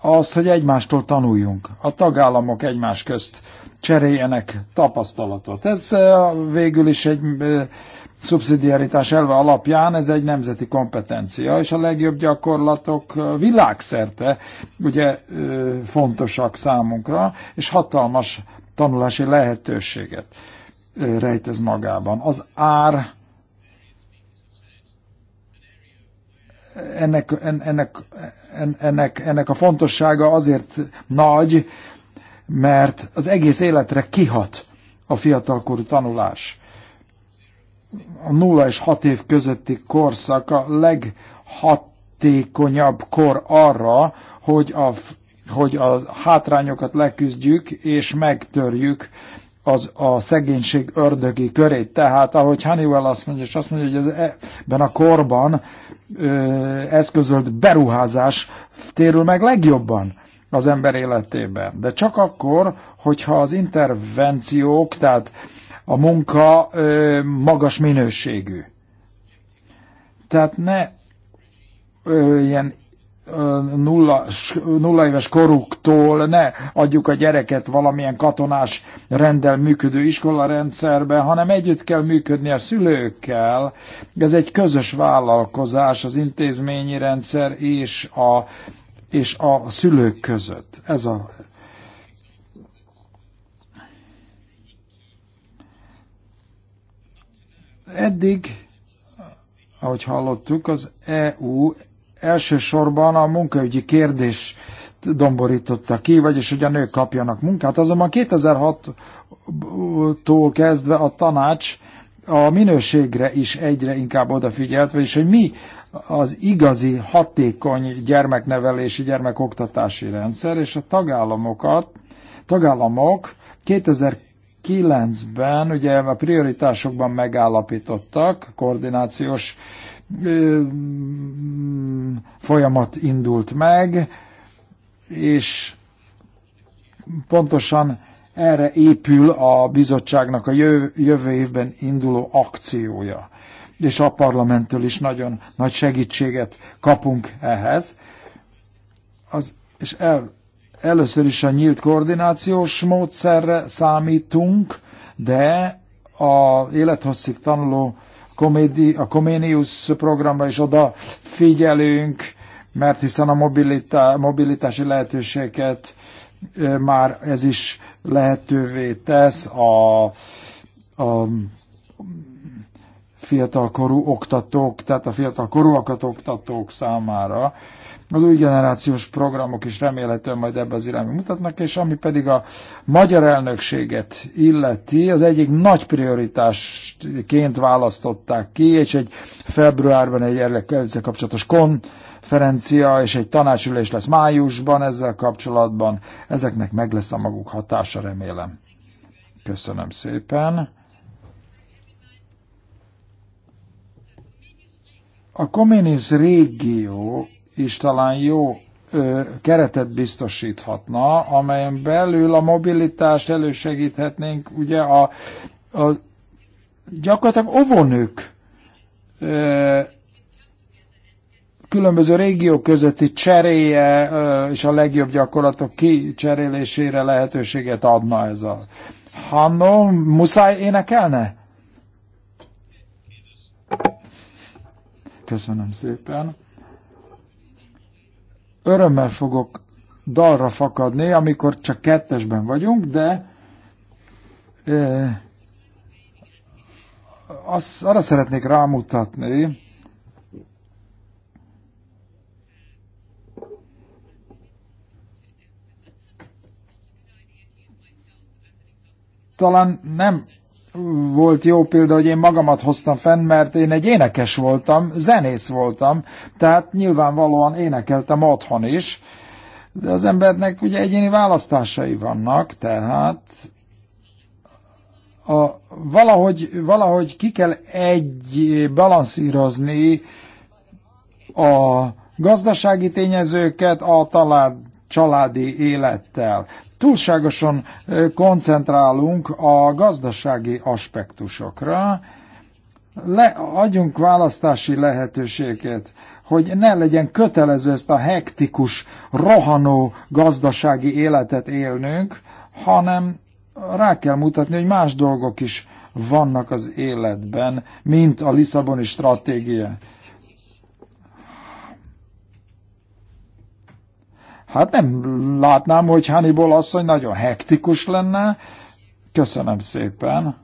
Speaker 9: azt, hogy egymástól tanuljunk. A tagállamok egymás közt cseréljenek tapasztalatot. Ez eh, végül is egy eh, szubszidiaritás elve alapján ez egy nemzeti kompetencia, és a legjobb gyakorlatok eh, világszerte ugye fontosak számunkra, és hatalmas tanulási lehetőséget rejtez magában. Az ár ennek, ennek, ennek, ennek a fontossága azért nagy, mert az egész életre kihat a fiatalkorú tanulás. A 0 és 6 év közötti korszak a leghatékonyabb kor arra, hogy a, hogy a hátrányokat leküzdjük és megtörjük az a szegénység ördögi körét. Tehát ahogy Honeywell azt mondja, és azt mondja, hogy ebben a korban ö, eszközölt beruházás térül meg legjobban az ember életében. De csak akkor, hogyha az intervenciók, tehát a munka ö, magas minőségű. Tehát ne ö, ilyen nulla, nulla éves koruktól ne adjuk a gyereket valamilyen katonás rendel működő iskolarendszerbe, hanem együtt kell működni a szülőkkel. Ez egy közös vállalkozás az intézményi rendszer és a, és a szülők között. Ez a Eddig, ahogy hallottuk, az EU elsősorban a munkaügyi kérdés domborította ki, vagyis hogy a nők kapjanak munkát. Azonban 2006-tól kezdve a tanács a minőségre is egyre inkább odafigyelt, vagyis hogy mi az igazi hatékony gyermeknevelési, gyermekoktatási rendszer, és a tagállamokat, tagállamok 2009-ben ugye a prioritásokban megállapítottak koordinációs uh, folyamat indult meg, és pontosan erre épül a bizottságnak a jövő évben induló akciója. És a parlamenttől is nagyon nagy segítséget kapunk ehhez. Az, és el, először is a nyílt koordinációs módszerre számítunk, de a élethosszig tanuló komédi, a Comenius programra is oda figyelünk, mert hiszen a mobilitá, mobilitási lehetőséget már ez is lehetővé tesz a, a fiatalkorú oktatók, tehát a fiatalkorúakat oktatók számára. Az új generációs programok is remélhetően majd ebbe az irányba mutatnak, és ami pedig a magyar elnökséget illeti, az egyik nagy prioritásként választották ki, és egy februárban egy ezzel kapcsolatos konferencia és egy tanácsülés lesz májusban ezzel kapcsolatban. Ezeknek meg lesz a maguk hatása, remélem. Köszönöm szépen. A Comenius régiók is talán jó ö, keretet biztosíthatna, amelyen belül a mobilitást elősegíthetnénk, ugye a, a gyakorlatilag ovonők ö, különböző régiók közötti cseréje ö, és a legjobb gyakorlatok kicserélésére lehetőséget adna ez a Hannom, muszáj énekelne? Köszönöm szépen örömmel fogok dalra fakadni, amikor csak kettesben vagyunk, de e, az, arra szeretnék rámutatni, talán nem volt jó példa, hogy én magamat hoztam fenn, mert én egy énekes voltam, zenész voltam, tehát nyilvánvalóan énekeltem otthon is, de az embernek ugye egyéni választásai vannak, tehát a, valahogy, valahogy ki kell egy balanszírozni a gazdasági tényezőket a talált családi élettel túlságosan koncentrálunk a gazdasági aspektusokra, le, adjunk választási lehetőséget, hogy ne legyen kötelező ezt a hektikus, rohanó gazdasági életet élnünk, hanem rá kell mutatni, hogy más dolgok is vannak az életben, mint a Lisszaboni stratégia. Hát nem látnám, hogy Hannibal asszony nagyon hektikus lenne. Köszönöm szépen.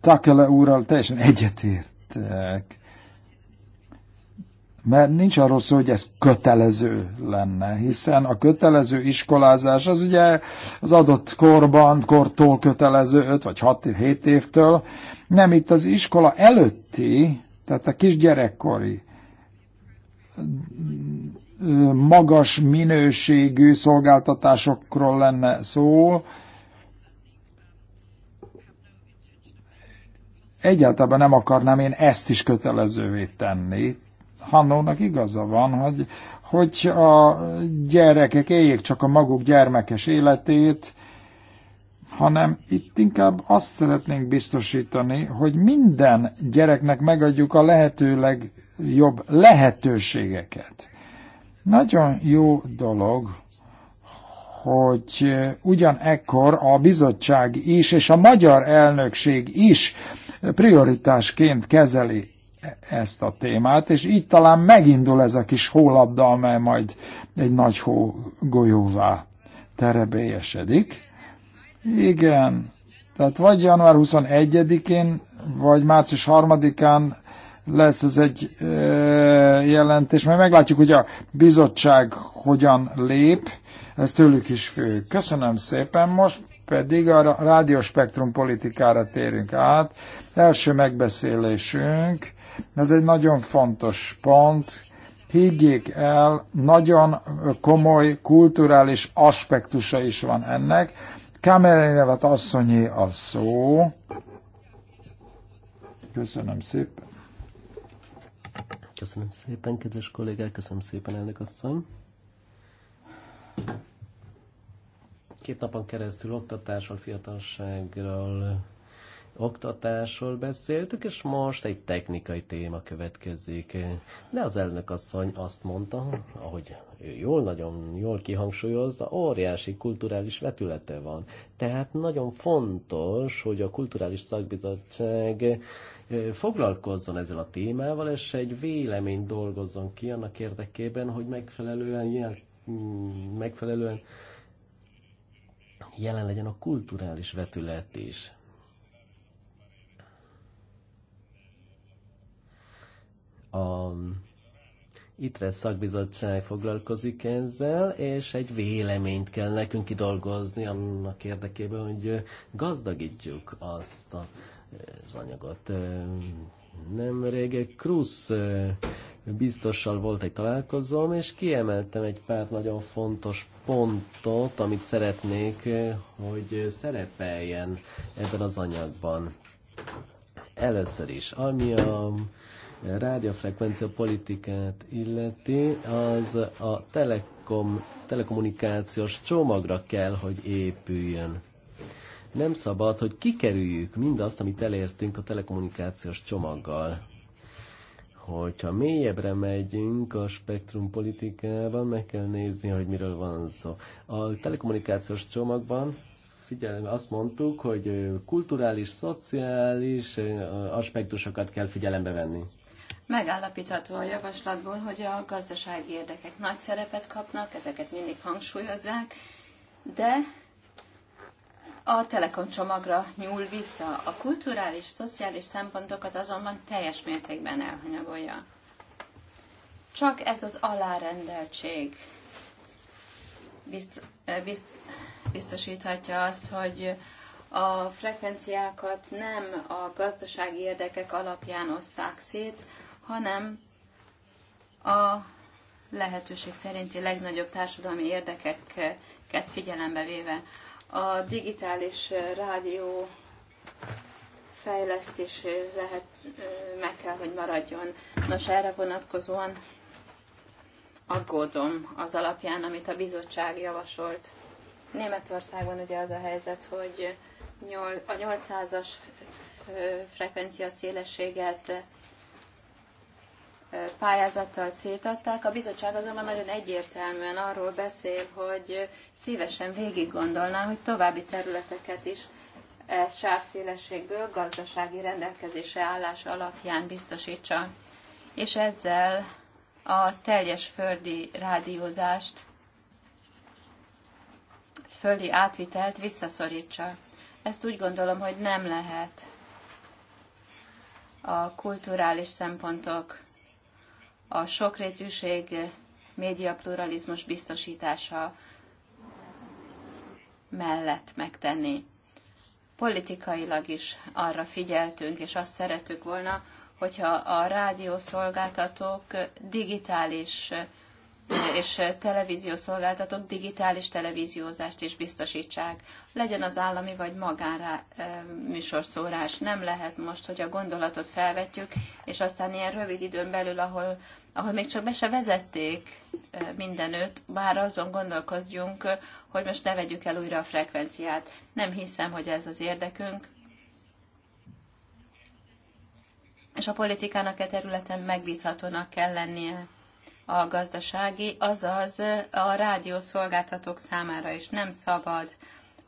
Speaker 9: Takele úrral teljesen egyetértek. Mert nincs arról szó, hogy ez kötelező lenne, hiszen a kötelező iskolázás az ugye az adott korban, kortól kötelező, 5 vagy 6 év, 7 évtől, nem itt az iskola előtti, tehát a kisgyerekkori magas minőségű szolgáltatásokról lenne szó. Egyáltalán nem akarnám én ezt is kötelezővé tenni. Hannónak igaza van, hogy, hogy a gyerekek éljék csak a maguk gyermekes életét, hanem itt inkább azt szeretnénk biztosítani, hogy minden gyereknek megadjuk a lehető jobb lehetőségeket. Nagyon jó dolog, hogy ugyanekkor a bizottság is, és a magyar elnökség is prioritásként kezeli ezt a témát, és így talán megindul ez a kis hólabda, amely majd egy nagy hó golyóvá terebélyesedik. Igen, tehát vagy január 21-én, vagy március 3-án lesz ez egy jelentés, mert meglátjuk, hogy a bizottság hogyan lép, ez tőlük is függ. Köszönöm szépen, most pedig a rádióspektrum politikára térünk át. Első megbeszélésünk, ez egy nagyon fontos pont, higgyék el, nagyon komoly kulturális aspektusa is van ennek. Kamerinevet asszonyé a szó. Köszönöm szépen. Köszönöm szépen, kedves kollégák,
Speaker 11: köszönöm szépen, elnök asszony. Két napon keresztül oktatásról, fiatalságról, oktatásról beszéltük, és most egy technikai téma következik. De az elnök asszony azt mondta, ahogy ő jól, nagyon jól kihangsúlyozta, óriási kulturális vetülete van. Tehát nagyon fontos, hogy a kulturális szakbizottság foglalkozzon ezzel a témával, és egy véleményt dolgozzon ki annak érdekében, hogy megfelelően, jel, mm, megfelelően jelen legyen a kulturális vetület is. A ITRE szakbizottság foglalkozik ezzel, és egy véleményt kell nekünk kidolgozni annak érdekében, hogy gazdagítjuk azt a az anyagot. Nemrég Krusz biztossal volt egy találkozóm, és kiemeltem egy pár nagyon fontos pontot, amit szeretnék, hogy szerepeljen ebben az anyagban. Először is, ami a rádiófrekvencia politikát illeti, az a telekom, telekommunikációs csomagra kell, hogy épüljön. Nem szabad, hogy kikerüljük mindazt, amit elértünk a telekommunikációs csomaggal. Hogyha mélyebbre megyünk a spektrum politikában, meg kell nézni, hogy miről van szó. A telekommunikációs csomagban figyelme, azt mondtuk, hogy kulturális, szociális aspektusokat kell figyelembe venni.
Speaker 6: Megállapítható a javaslatból, hogy a gazdasági érdekek nagy szerepet kapnak, ezeket mindig hangsúlyozzák, de a Telekom csomagra nyúl vissza, a kulturális, szociális szempontokat azonban teljes mértékben elhanyagolja. Csak ez az alárendeltség bizt, eh, bizt, biztosíthatja azt, hogy a frekvenciákat nem a gazdasági érdekek alapján osszák szét, hanem a lehetőség szerinti legnagyobb társadalmi érdekeket figyelembe véve a digitális rádió fejlesztés lehet, meg kell, hogy maradjon. Nos, erre vonatkozóan aggódom az alapján, amit a bizottság javasolt. Németországban ugye az a helyzet, hogy a 800-as frekvencia szélességet pályázattal szétadták. A bizottság azonban nagyon egyértelműen arról beszél, hogy szívesen végig gondolnám, hogy további területeket is e sávszélességből gazdasági rendelkezésre állás alapján biztosítsa. És ezzel a teljes földi rádiózást, földi átvitelt visszaszorítsa. Ezt úgy gondolom, hogy nem lehet a kulturális szempontok a sokrétűség, médiapluralizmus biztosítása mellett megtenni. Politikailag is arra figyeltünk, és azt szeretük volna, hogyha a rádiószolgáltatók digitális és televíziószolgáltatók digitális televíziózást is biztosítsák. Legyen az állami vagy magánra műsorszórás. Nem lehet most, hogy a gondolatot felvetjük, és aztán ilyen rövid időn belül, ahol, ahol még csak be se vezették mindenütt, bár azon gondolkodjunk, hogy most ne vegyük el újra a frekvenciát. Nem hiszem, hogy ez az érdekünk, és a politikának e területen megbízhatónak kell lennie a gazdasági, azaz a rádiószolgáltatók számára is nem szabad,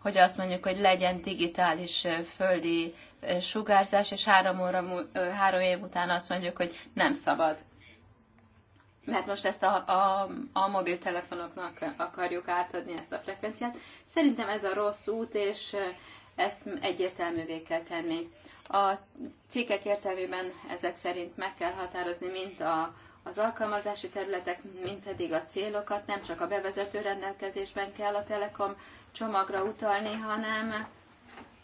Speaker 6: hogy azt mondjuk, hogy legyen digitális földi sugárzás, és három, óra, három év után azt mondjuk, hogy nem szabad. Mert most ezt a, a, a mobiltelefonoknak akarjuk átadni ezt a frekvenciát. Szerintem ez a rossz út, és ezt egyértelművé kell tenni. A cikkek értelmében ezek szerint meg kell határozni, mint a, az alkalmazási területek, mint pedig a célokat nem csak a bevezető rendelkezésben kell a Telekom csomagra utalni, hanem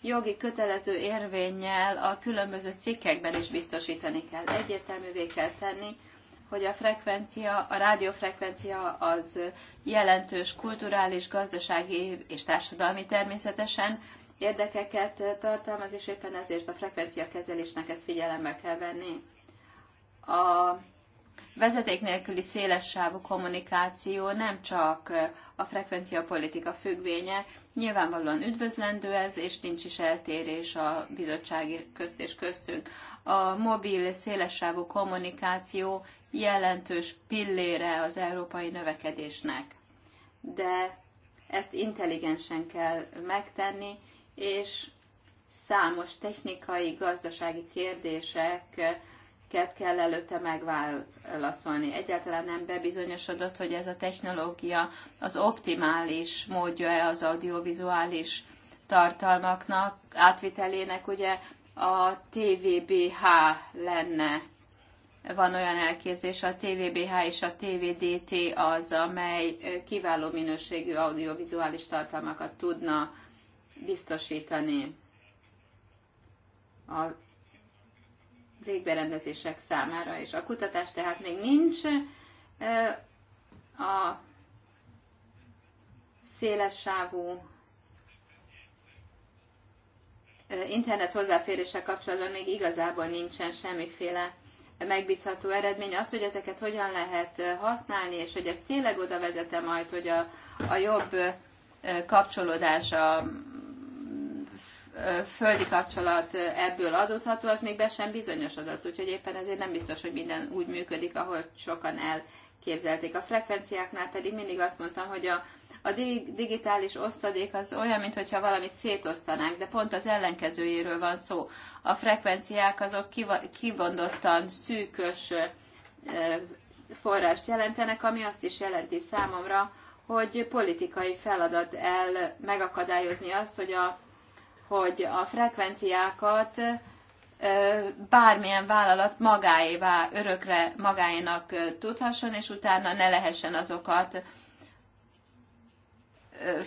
Speaker 6: jogi kötelező érvényel a különböző cikkekben is biztosítani kell. Egyértelművé kell tenni, hogy a frekvencia, a rádiófrekvencia az jelentős kulturális, gazdasági és társadalmi természetesen érdekeket tartalmaz, és éppen ezért a frekvencia kezelésnek ezt figyelembe kell venni. A vezeték nélküli sávú kommunikáció nem csak a frekvenciapolitika függvénye, nyilvánvalóan üdvözlendő ez, és nincs is eltérés a bizottság közt és köztünk. A mobil sávú kommunikáció jelentős pillére az európai növekedésnek, de ezt intelligensen kell megtenni, és számos technikai, gazdasági kérdések ket kell előtte megválaszolni. Egyáltalán nem bebizonyosodott, hogy ez a technológia az optimális módja az audiovizuális tartalmaknak, átvitelének, ugye a TVBH lenne. Van olyan elképzés, a TVBH és a TVDT az, amely kiváló minőségű audiovizuális tartalmakat tudna biztosítani a végberendezések számára és A kutatás tehát még nincs a széles sávú internet hozzáférése kapcsolatban még igazából nincsen semmiféle megbízható eredmény. Az, hogy ezeket hogyan lehet használni, és hogy ez tényleg oda vezete majd, hogy a, a jobb kapcsolódás a földi kapcsolat ebből adódható, az még be sem bizonyosodott, úgyhogy éppen ezért nem biztos, hogy minden úgy működik, ahogy sokan elképzelték. A frekvenciáknál pedig mindig azt mondtam, hogy a, a digitális osztadék az olyan, mintha valamit szétosztanánk, de pont az ellenkezőjéről van szó. A frekvenciák azok kivondottan szűkös forrást jelentenek, ami azt is jelenti számomra, hogy politikai feladat el megakadályozni azt, hogy a hogy a frekvenciákat bármilyen vállalat magáévá, örökre magáénak tudhasson, és utána ne lehessen azokat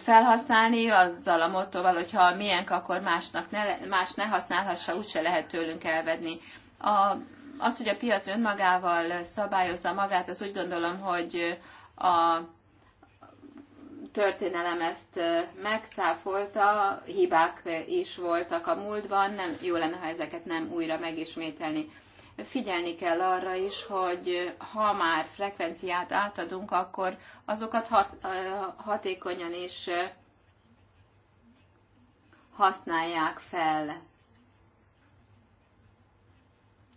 Speaker 6: felhasználni, azzal a mottoval, hogy ha akkor másnak ne, más ne használhassa, úgyse lehet tőlünk elvedni. A, az, hogy a piac önmagával szabályozza magát, az úgy gondolom, hogy a történelem ezt megcáfolta, hibák is voltak a múltban, nem jó lenne, ha ezeket nem újra megismételni. Figyelni kell arra is, hogy ha már frekvenciát átadunk, akkor azokat hat, hatékonyan is használják fel.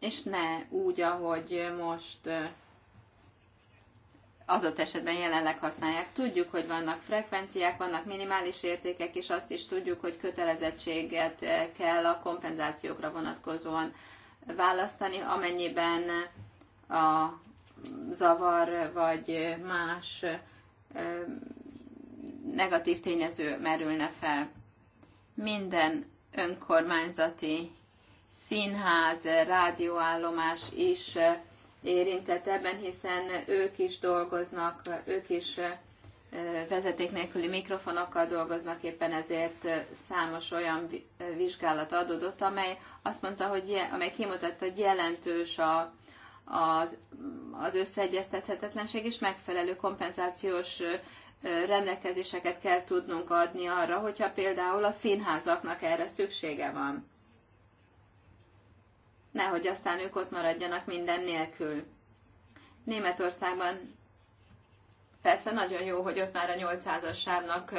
Speaker 6: És ne úgy, ahogy most adott esetben jelenleg használják. Tudjuk, hogy vannak frekvenciák, vannak minimális értékek, és azt is tudjuk, hogy kötelezettséget eh, kell a kompenzációkra vonatkozóan választani, amennyiben a zavar vagy más eh, negatív tényező merülne fel. Minden önkormányzati színház, rádióállomás is eh, érintett ebben, hiszen ők is dolgoznak, ők is vezeték nélküli mikrofonokkal dolgoznak, éppen ezért számos olyan vizsgálat adódott, amely azt mondta, hogy amely kimutatta, hogy jelentős a, az, az összeegyeztethetetlenség, és megfelelő kompenzációs rendelkezéseket kell tudnunk adni arra, hogyha például a színházaknak erre szüksége van nehogy aztán ők ott maradjanak minden nélkül. Németországban persze nagyon jó, hogy ott már a 800-as sávnak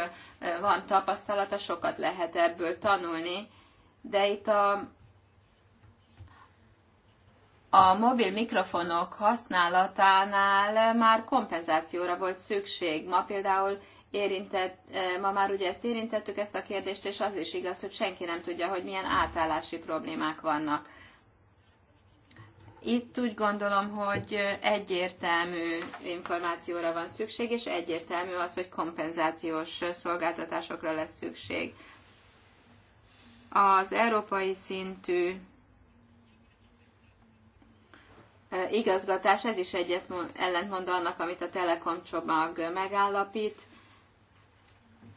Speaker 6: van tapasztalata, sokat lehet ebből tanulni, de itt a, a mobil mikrofonok használatánál már kompenzációra volt szükség. Ma például érintett, ma már ugye ezt érintettük, ezt a kérdést, és az is igaz, hogy senki nem tudja, hogy milyen átállási problémák vannak. Itt úgy gondolom, hogy egyértelmű információra van szükség, és egyértelmű az, hogy kompenzációs szolgáltatásokra lesz szükség. Az európai szintű e, igazgatás, ez is egyet ellentmond annak, amit a Telekom csomag megállapít.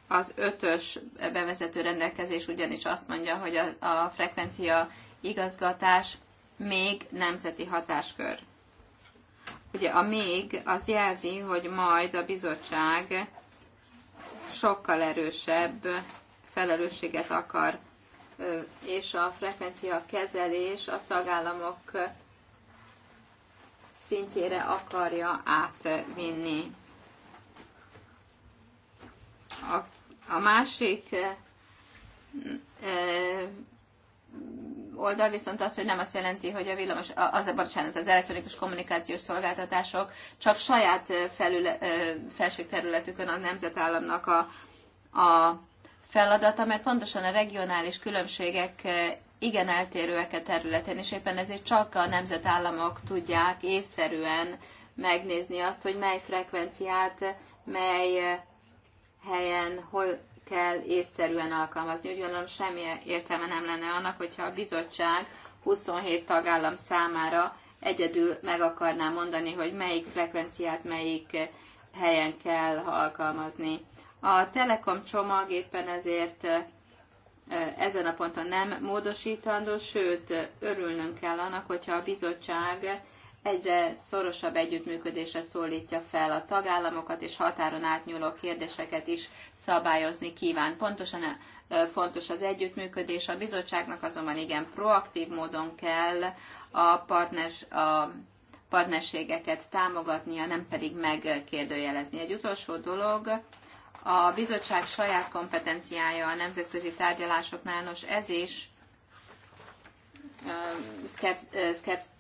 Speaker 6: Az ötös bevezető rendelkezés ugyanis azt mondja, hogy a, a frekvencia igazgatás még nemzeti hatáskör. Ugye a még az jelzi, hogy majd a bizottság sokkal erősebb felelősséget akar, és a frekvencia kezelés a tagállamok szintjére akarja átvinni. A, a másik oldal viszont az, hogy nem azt jelenti, hogy a villamos, az a bocsánat, az elektronikus kommunikációs szolgáltatások csak saját felüle, felségterületükön a nemzetállamnak a, a feladata, mert pontosan a regionális különbségek igen eltérőek a területen, és éppen ezért csak a nemzetállamok tudják észszerűen megnézni azt, hogy mely frekvenciát, mely helyen, hol kell észszerűen alkalmazni. Úgy gondolom semmi értelme nem lenne annak, hogyha a bizottság 27 tagállam számára egyedül meg akarná mondani, hogy melyik frekvenciát melyik helyen kell alkalmazni. A Telekom csomag éppen ezért ezen a ponton nem módosítandó, sőt örülnünk kell annak, hogyha a bizottság egyre szorosabb együttműködésre szólítja fel a tagállamokat, és határon átnyúló kérdéseket is szabályozni kíván. Pontosan e, e, fontos az együttműködés, a bizottságnak azonban igen proaktív módon kell a, partners, a partnerségeket támogatnia, nem pedig megkérdőjelezni. Egy utolsó dolog, a bizottság saját kompetenciája a nemzetközi tárgyalásoknál, nos ez is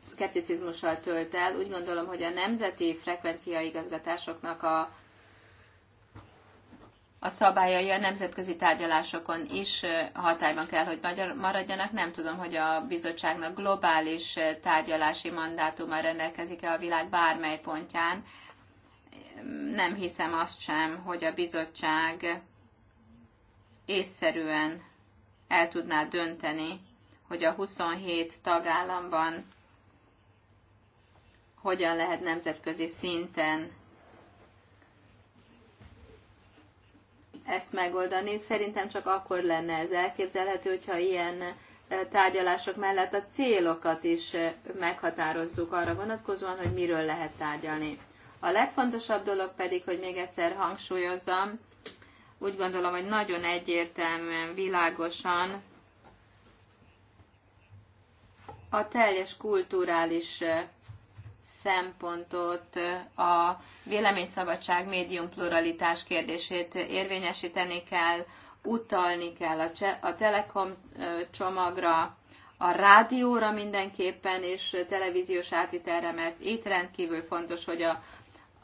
Speaker 6: szkepticizmussal tölt el. Úgy gondolom, hogy a nemzeti frekvenciaigazgatásoknak a, a szabályai a nemzetközi tárgyalásokon is hatályban kell, hogy maradjanak. Nem tudom, hogy a bizottságnak globális tárgyalási mandátuma rendelkezik-e a világ bármely pontján. Nem hiszem azt sem, hogy a bizottság észszerűen el tudná dönteni hogy a 27 tagállamban hogyan lehet nemzetközi szinten ezt megoldani. Szerintem csak akkor lenne ez elképzelhető, hogyha ilyen e, tárgyalások mellett a célokat is e, meghatározzuk arra vonatkozóan, hogy miről lehet tárgyalni. A legfontosabb dolog pedig, hogy még egyszer hangsúlyozzam, úgy gondolom, hogy nagyon egyértelműen, világosan a teljes kulturális szempontot, a véleményszabadság, médium pluralitás kérdését érvényesíteni kell, utalni kell a, Telekom csomagra, a rádióra mindenképpen, és televíziós átvitelre, mert itt rendkívül fontos, hogy a,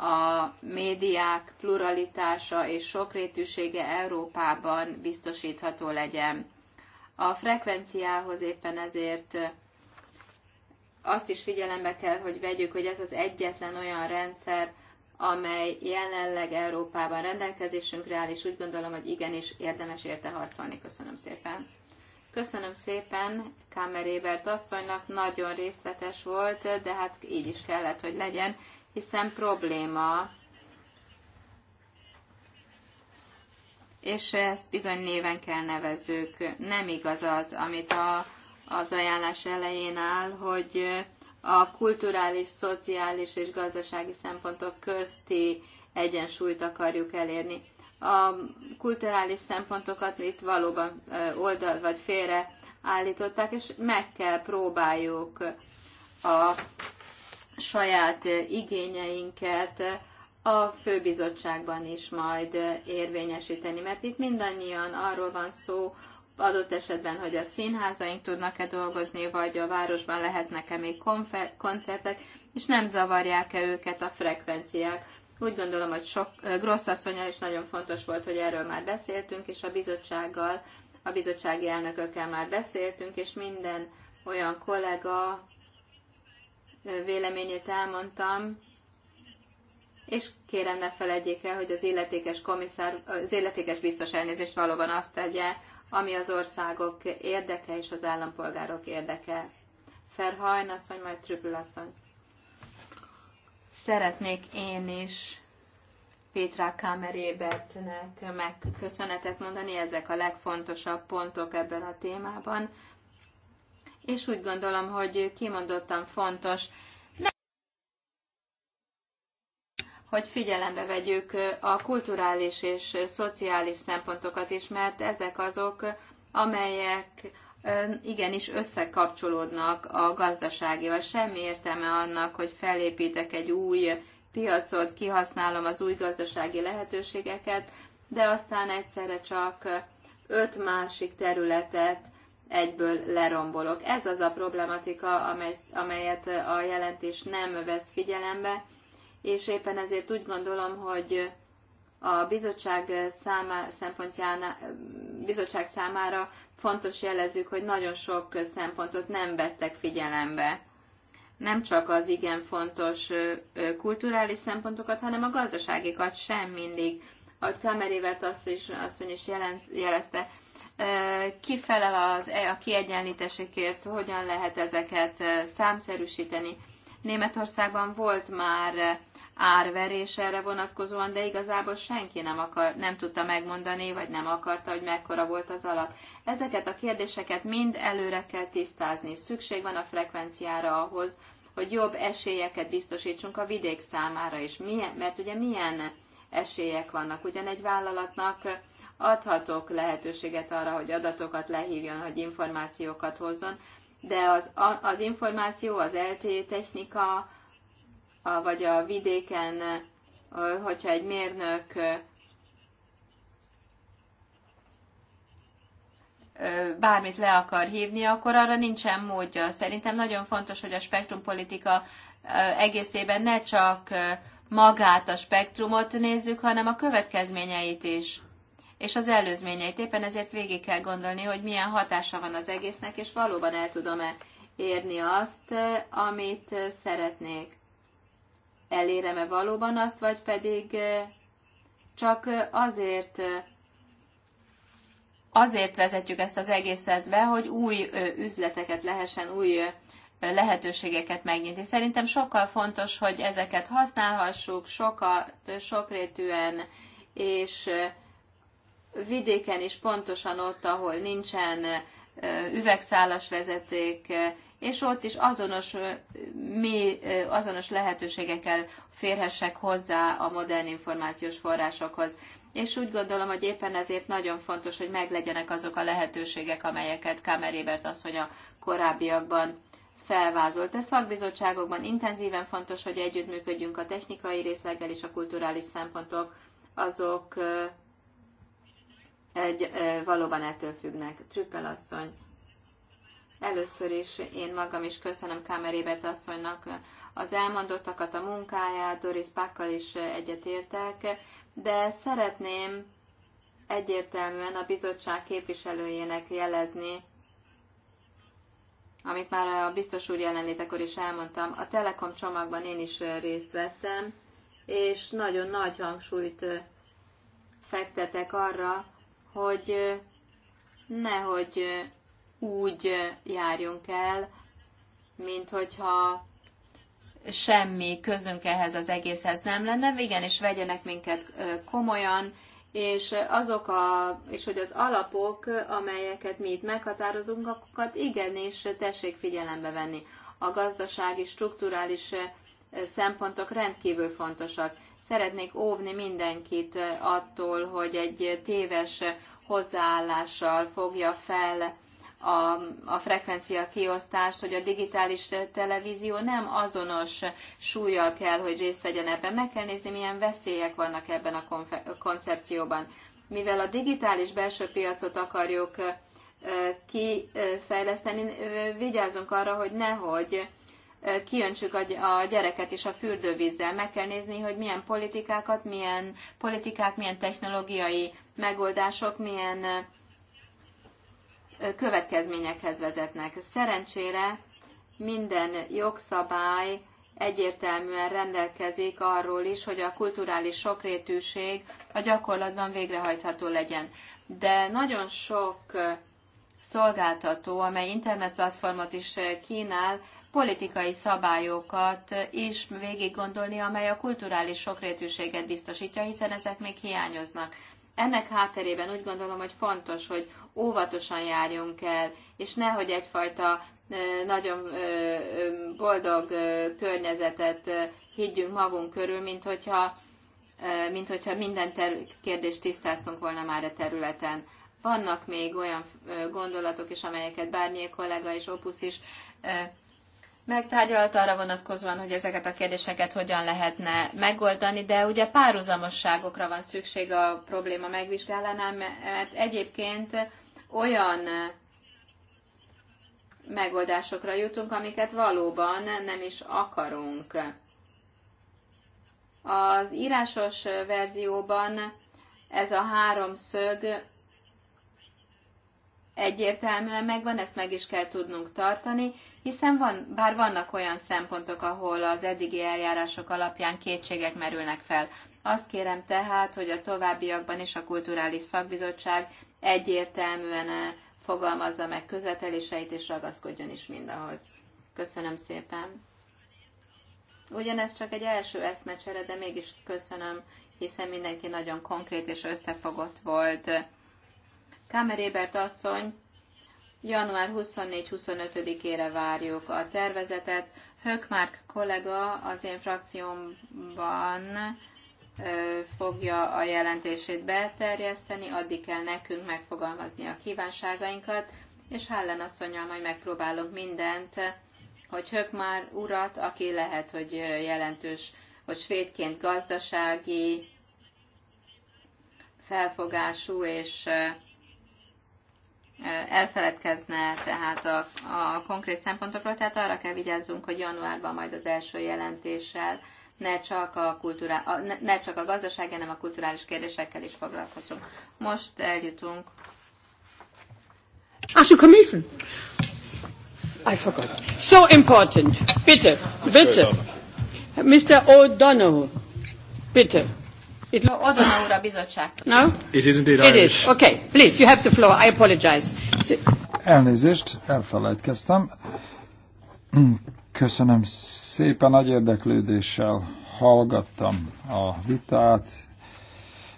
Speaker 6: a médiák pluralitása és sokrétűsége Európában biztosítható legyen. A frekvenciához éppen ezért azt is figyelembe kell, hogy vegyük, hogy ez az egyetlen olyan rendszer, amely jelenleg Európában rendelkezésünkre áll, és úgy gondolom, hogy igenis érdemes érte harcolni. Köszönöm szépen. Köszönöm szépen Kámer Ébert asszonynak, nagyon részletes volt, de hát így is kellett, hogy legyen, hiszen probléma, és ezt bizony néven kell nevezzük. Nem igaz az, amit a az ajánlás elején áll, hogy a kulturális, szociális és gazdasági szempontok közti egyensúlyt akarjuk elérni. A kulturális szempontokat itt valóban oldal vagy félre állították, és meg kell próbáljuk a saját igényeinket a főbizottságban is majd érvényesíteni, mert itt mindannyian arról van szó, adott esetben, hogy a színházaink tudnak-e dolgozni, vagy a városban lehetnek-e még koncertek, és nem zavarják-e őket a frekvenciák. Úgy gondolom, hogy sok eh, grosszasszonyal is nagyon fontos volt, hogy erről már beszéltünk, és a bizottsággal, a bizottsági elnökökkel már beszéltünk, és minden olyan kollega eh, véleményét elmondtam, és kérem ne felejtjék el, hogy az illetékes komisszár, az illetékes biztos elnézést valóban azt tegye, ami az országok érdeke és az állampolgárok érdeke. Ferhajn asszony, majd Trübül asszony. Szeretnék én is Pétrá Kamerébertnek megköszönetet mondani, ezek a legfontosabb pontok ebben a témában. És úgy gondolom, hogy kimondottan fontos hogy figyelembe vegyük a kulturális és szociális szempontokat is, mert ezek azok, amelyek igenis összekapcsolódnak a gazdaságival. Semmi értelme annak, hogy felépítek egy új piacot, kihasználom az új gazdasági lehetőségeket, de aztán egyszerre csak öt másik területet egyből lerombolok. Ez az a problematika, amelyet a jelentés nem vesz figyelembe, és éppen ezért úgy gondolom, hogy a bizottság, számá, szempontján, bizottság számára fontos jelezzük, hogy nagyon sok szempontot nem vettek figyelembe. Nem csak az igen fontos kulturális szempontokat, hanem a gazdaságikat sem mindig. Ahogy Kamerévert azt is, asszony is jelent, jelezte, ki felel az, e, a kiegyenlítésekért, hogyan lehet ezeket számszerűsíteni. Németországban volt már árverés erre vonatkozóan, de igazából senki nem, akar, nem tudta megmondani, vagy nem akarta, hogy mekkora volt az alap. Ezeket a kérdéseket mind előre kell tisztázni. Szükség van a frekvenciára ahhoz, hogy jobb esélyeket biztosítsunk a vidék számára is. Milyen, mert ugye milyen esélyek vannak. Ugyan egy vállalatnak adhatok lehetőséget arra, hogy adatokat lehívjon, hogy információkat hozzon, de az, az információ, az LTE technika, a, vagy a vidéken, hogyha egy mérnök bármit le akar hívni, akkor arra nincsen módja. Szerintem nagyon fontos, hogy a spektrumpolitika egészében ne csak magát a spektrumot nézzük, hanem a következményeit is, és az előzményeit. Éppen ezért végig kell gondolni, hogy milyen hatása van az egésznek, és valóban el tudom-e érni azt, amit szeretnék elérem-e valóban azt, vagy pedig csak azért azért vezetjük ezt az egészet be, hogy új üzleteket lehessen, új lehetőségeket megnyitni. Szerintem sokkal fontos, hogy ezeket használhassuk sokat, sokrétűen, és vidéken is pontosan ott, ahol nincsen üvegszálas vezeték, és ott is azonos, mi, azonos lehetőségekkel férhessek hozzá a modern információs forrásokhoz. És úgy gondolom, hogy éppen ezért nagyon fontos, hogy meglegyenek azok a lehetőségek, amelyeket Kámer Ébert asszony a korábbiakban felvázolt. A szakbizottságokban intenzíven fontos, hogy együttműködjünk a technikai részleggel és a kulturális szempontok, azok egy, valóban ettől függnek. Trüppel asszony Először is én magam is köszönöm Kámerébert asszonynak az elmondottakat, a munkáját, Doris Pákkal is egyetértek, de szeretném egyértelműen a bizottság képviselőjének jelezni, amit már a biztos úr jelenlétekor is elmondtam, a Telekom csomagban én is részt vettem, és nagyon nagy hangsúlyt fektetek arra, hogy nehogy úgy járjunk el, mint hogyha semmi közünk ehhez az egészhez nem lenne. Igen, és vegyenek minket komolyan, és azok a, és hogy az alapok, amelyeket mi itt meghatározunk, azokat igenis tessék figyelembe venni. A gazdasági, strukturális szempontok rendkívül fontosak. Szeretnék óvni mindenkit attól, hogy egy téves hozzáállással fogja fel a, a frekvencia kiosztást, hogy a digitális televízió nem azonos súlyjal kell, hogy részt vegyen ebben. Meg kell nézni, milyen veszélyek vannak ebben a koncepcióban. Mivel a digitális belső piacot akarjuk kifejleszteni, vigyázzunk arra, hogy nehogy kiöntsük a gyereket is a fürdővízzel. Meg kell nézni, hogy milyen politikákat, milyen politikák, milyen technológiai megoldások, milyen következményekhez vezetnek. Szerencsére minden jogszabály egyértelműen rendelkezik arról is, hogy a kulturális sokrétűség a gyakorlatban végrehajtható legyen. De nagyon sok szolgáltató, amely internetplatformot is kínál, politikai szabályokat is végig gondolni, amely a kulturális sokrétűséget biztosítja, hiszen ezek még hiányoznak. Ennek hátterében úgy gondolom, hogy fontos, hogy óvatosan járjunk el, és nehogy egyfajta nagyon boldog környezetet higgyünk magunk körül, mint hogyha, mint hogyha minden ter- kérdést tisztáztunk volna már a területen. Vannak még olyan gondolatok is, amelyeket Bárnyék kollega és Opusz is megtárgyalta arra vonatkozóan, hogy ezeket a kérdéseket hogyan lehetne megoldani, de ugye párhuzamosságokra van szükség a probléma megvizsgálánál, mert egyébként olyan megoldásokra jutunk, amiket valóban nem is akarunk. Az írásos verzióban ez a háromszög egyértelműen megvan, ezt meg is kell tudnunk tartani, hiszen van, bár vannak olyan szempontok, ahol az eddigi eljárások alapján kétségek merülnek fel. Azt kérem tehát, hogy a továbbiakban is a Kulturális Szakbizottság egyértelműen eh, fogalmazza meg közleteléseit, és ragaszkodjon is mindahhoz. Köszönöm szépen. Ugyanez csak egy első eszmecsere, de mégis köszönöm, hiszen mindenki nagyon konkrét és összefogott volt. Kámer Ébert asszony január 24-25-ére várjuk a tervezetet. Hökmark kollega az én frakciómban fogja a jelentését beterjeszteni, addig kell nekünk megfogalmazni a kívánságainkat, és Hallen asszonyal majd megpróbálok mindent, hogy Hökmár urat, aki lehet, hogy jelentős, hogy svédként gazdasági felfogású és elfeledkezne tehát a, a konkrét szempontokról, tehát arra kell vigyázzunk, hogy januárban majd az első jelentéssel ne csak a, kulturá, ne, ne csak a gazdaság, hanem a kulturális kérdésekkel is foglalkozunk. Most eljutunk.
Speaker 1: Ach, du kommst. I forgot. So important. Bitte, bitte. Mr. O'Donnell. bitte.
Speaker 6: It Adona úr bizottság.
Speaker 8: No? It is indeed
Speaker 9: Irish. It is.
Speaker 6: Okay, please, you have the floor. I
Speaker 3: apologize.
Speaker 9: Elnézést, elfelejtkeztem. Köszönöm szépen, nagy érdeklődéssel hallgattam a vitát,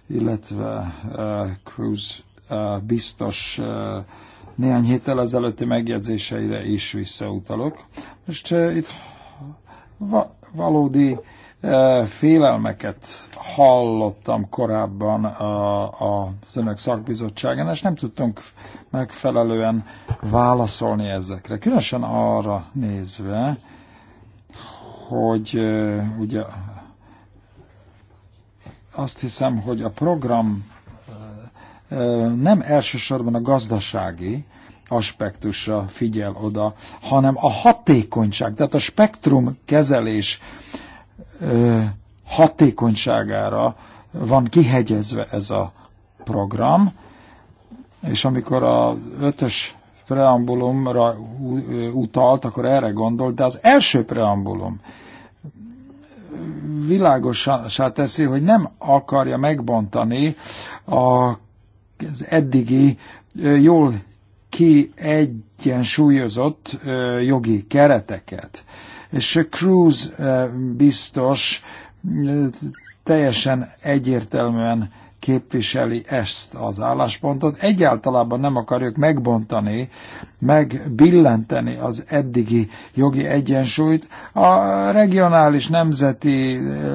Speaker 9: illetve uh, Cruz uh, biztos uh, néhány héttel ezelőtti megjegyzéseire is visszautalok. Most uh, itt va- valódi Félelmeket hallottam korábban a, a önök szakbizottságán, és nem tudtunk megfelelően válaszolni ezekre. Különösen arra nézve, hogy ugye azt hiszem, hogy a program nem elsősorban a gazdasági aspektusra figyel oda, hanem a hatékonyság, tehát a spektrum kezelés hatékonyságára van kihegyezve ez a program, és amikor a ötös preambulumra utalt, akkor erre gondolt, de az első preambulum világosá teszi, hogy nem akarja megbontani az eddigi jól kiegyensúlyozott jogi kereteket és Cruz eh, biztos teljesen egyértelműen képviseli ezt az álláspontot. Egyáltalában nem akarjuk megbontani, megbillenteni az eddigi jogi egyensúlyt. A regionális, nemzeti, eh,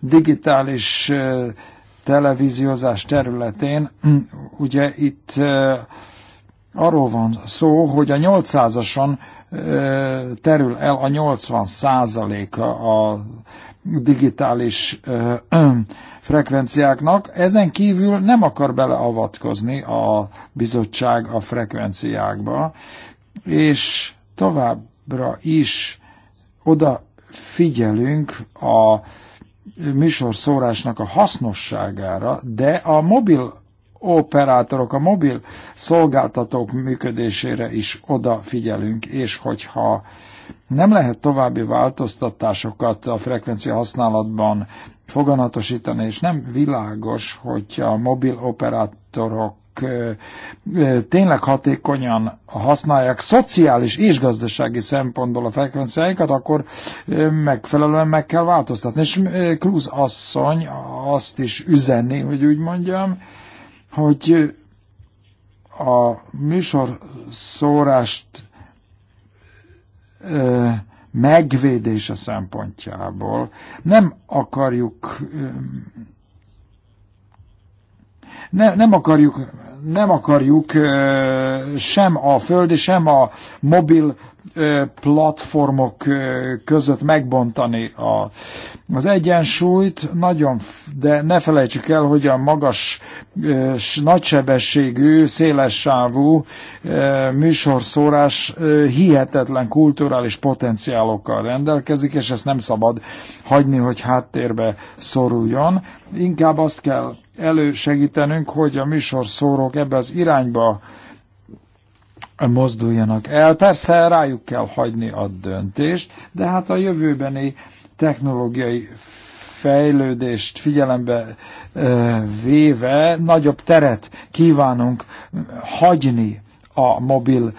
Speaker 9: digitális eh, televíziózás területén, ugye itt arról van szó, hogy a 800-ason terül el a 80 százaléka a digitális ö, ö, frekvenciáknak. Ezen kívül nem akar beleavatkozni a bizottság a frekvenciákba, és továbbra is oda figyelünk a műsorszórásnak a hasznosságára, de a mobil operátorok, a mobil szolgáltatók működésére is odafigyelünk, és hogyha nem lehet további változtatásokat a frekvencia használatban foganatosítani, és nem világos, hogy a mobil operátorok tényleg hatékonyan használják szociális és gazdasági szempontból a frekvenciáikat, akkor megfelelően meg kell változtatni. És Cruz asszony azt is üzenni, hogy úgy mondjam, hogy a műsor szórást ö, megvédése szempontjából nem akarjuk ö, ne, nem akarjuk nem akarjuk sem a földi, sem a mobil platformok között megbontani a, az egyensúlyt, nagyon, de ne felejtsük el, hogy a magas, nagysebességű, szélessávú műsorszórás hihetetlen kulturális potenciálokkal rendelkezik, és ezt nem szabad hagyni, hogy háttérbe szoruljon. Inkább azt kell elősegítenünk, hogy a műsorszóró országok ebbe az irányba mozduljanak el. Persze rájuk kell hagyni a döntést, de hát a jövőbeni technológiai fejlődést figyelembe véve nagyobb teret kívánunk hagyni a mobil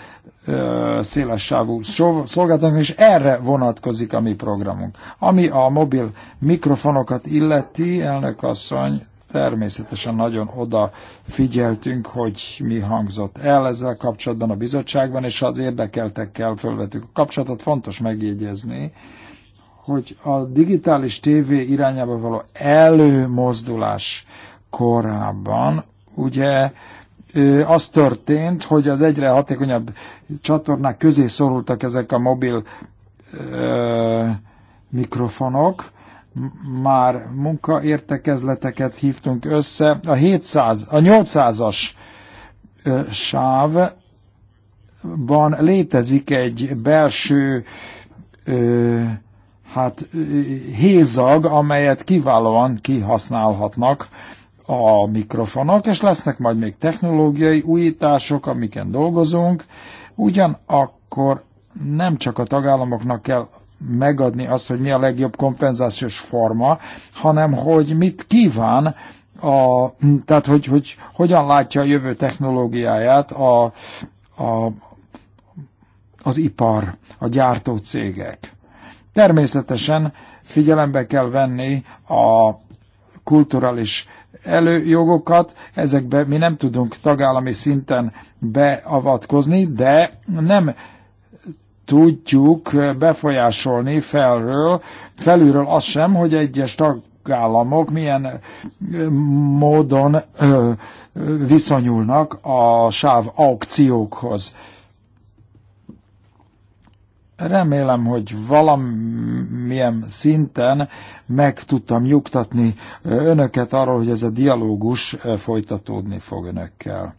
Speaker 9: szélessávú szolgáltatók, és erre vonatkozik a mi programunk. Ami a mobil mikrofonokat illeti, elnök asszony, Természetesen nagyon oda figyeltünk, hogy mi hangzott el ezzel kapcsolatban a bizottságban, és az érdekeltekkel fölvettük a kapcsolatot. Fontos megjegyezni, hogy a digitális tévé irányába való előmozdulás korábban ugye az történt, hogy az egyre hatékonyabb csatornák közé szorultak ezek a mobil ö, mikrofonok, már munkaértekezleteket hívtunk össze. A 700, a 800-as sávban létezik egy belső hát hézag, amelyet kiválóan kihasználhatnak a mikrofonok, és lesznek majd még technológiai újítások, amiken dolgozunk. Ugyanakkor nem csak a tagállamoknak kell megadni azt, hogy mi a legjobb kompenzációs forma, hanem hogy mit kíván, a, tehát hogy, hogy hogyan látja a jövő technológiáját a, a, az ipar, a gyártó cégek. Természetesen figyelembe kell venni a kulturális előjogokat, ezekbe mi nem tudunk tagállami szinten beavatkozni, de nem tudjuk befolyásolni felről, felülről azt sem, hogy egyes tagállamok milyen módon ö, viszonyulnak a sáv aukciókhoz. Remélem, hogy valamilyen szinten meg tudtam nyugtatni önöket arról, hogy ez a dialógus folytatódni fog önökkel.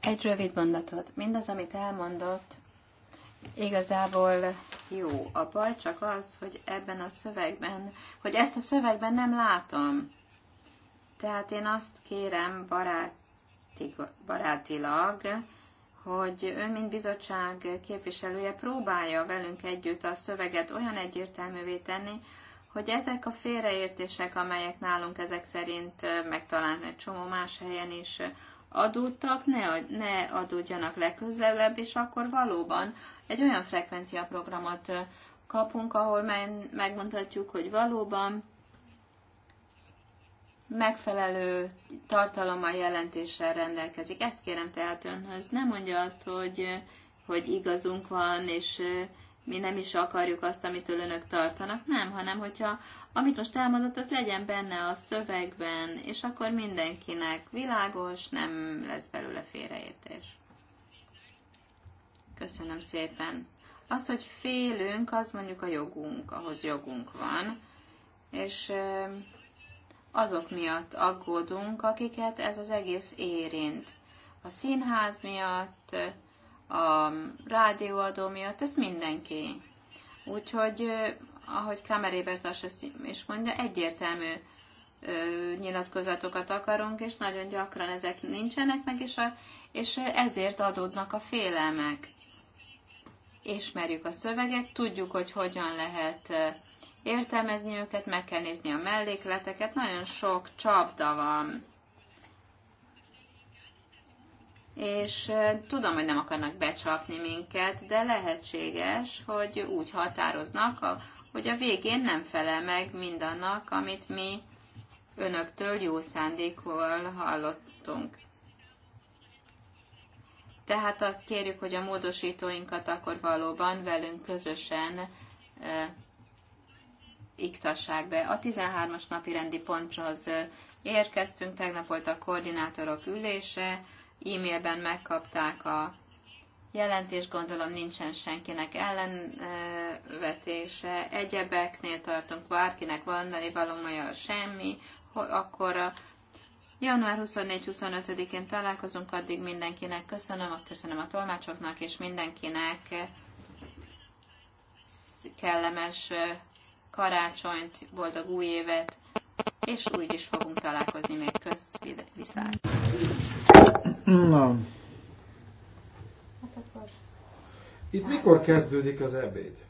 Speaker 6: Egy rövid mondatot. Mindaz, amit elmondott, igazából jó. A baj csak az, hogy ebben a szövegben, hogy ezt a szövegben nem látom. Tehát én azt kérem baráti, barátilag, hogy ön, mint bizottság képviselője próbálja velünk együtt a szöveget olyan egyértelművé tenni, hogy ezek a félreértések, amelyek nálunk ezek szerint megtalán egy csomó más helyen is adódtak, ne, ne adódjanak legközelebb, és akkor valóban egy olyan frekvenciaprogramot kapunk, ahol megmondhatjuk, hogy valóban megfelelő tartalommal jelentéssel rendelkezik. Ezt kérem tehát önhöz. Nem mondja azt, hogy, hogy igazunk van, és mi nem is akarjuk azt, amitől önök tartanak, nem, hanem hogyha amit most elmondott, az legyen benne a szövegben, és akkor mindenkinek világos, nem lesz belőle félreértés. Köszönöm szépen. Az, hogy félünk, az mondjuk a jogunk, ahhoz jogunk van, és azok miatt aggódunk, akiket ez az egész érint. A színház miatt, a rádióadó miatt, ez mindenki. Úgyhogy, ahogy Kamerébert is mondja, egyértelmű nyilatkozatokat akarunk, és nagyon gyakran ezek nincsenek meg, és, a, és ezért adódnak a félelmek. Ismerjük a szövegek, tudjuk, hogy hogyan lehet értelmezni őket, meg kell nézni a mellékleteket, nagyon sok csapda van és tudom, hogy nem akarnak becsapni minket, de lehetséges, hogy úgy határoznak, hogy a végén nem felel meg mindannak, amit mi önöktől jó szándékból hallottunk. Tehát azt kérjük, hogy a módosítóinkat akkor valóban velünk közösen e, iktassák be. A 13-as napi rendi ponthoz érkeztünk, tegnap volt a koordinátorok ülése, e-mailben megkapták a jelentést, gondolom nincsen senkinek ellenvetése, egyebeknél tartunk, bárkinek mondani valója semmi, akkor a január 24-25-én találkozunk, addig mindenkinek köszönöm, köszönöm a tolmácsoknak, és mindenkinek kellemes karácsonyt, boldog új évet, és úgy is fogunk találkozni még köz, viszlát.
Speaker 9: Na. Hát Itt mikor kezdődik az ebéd?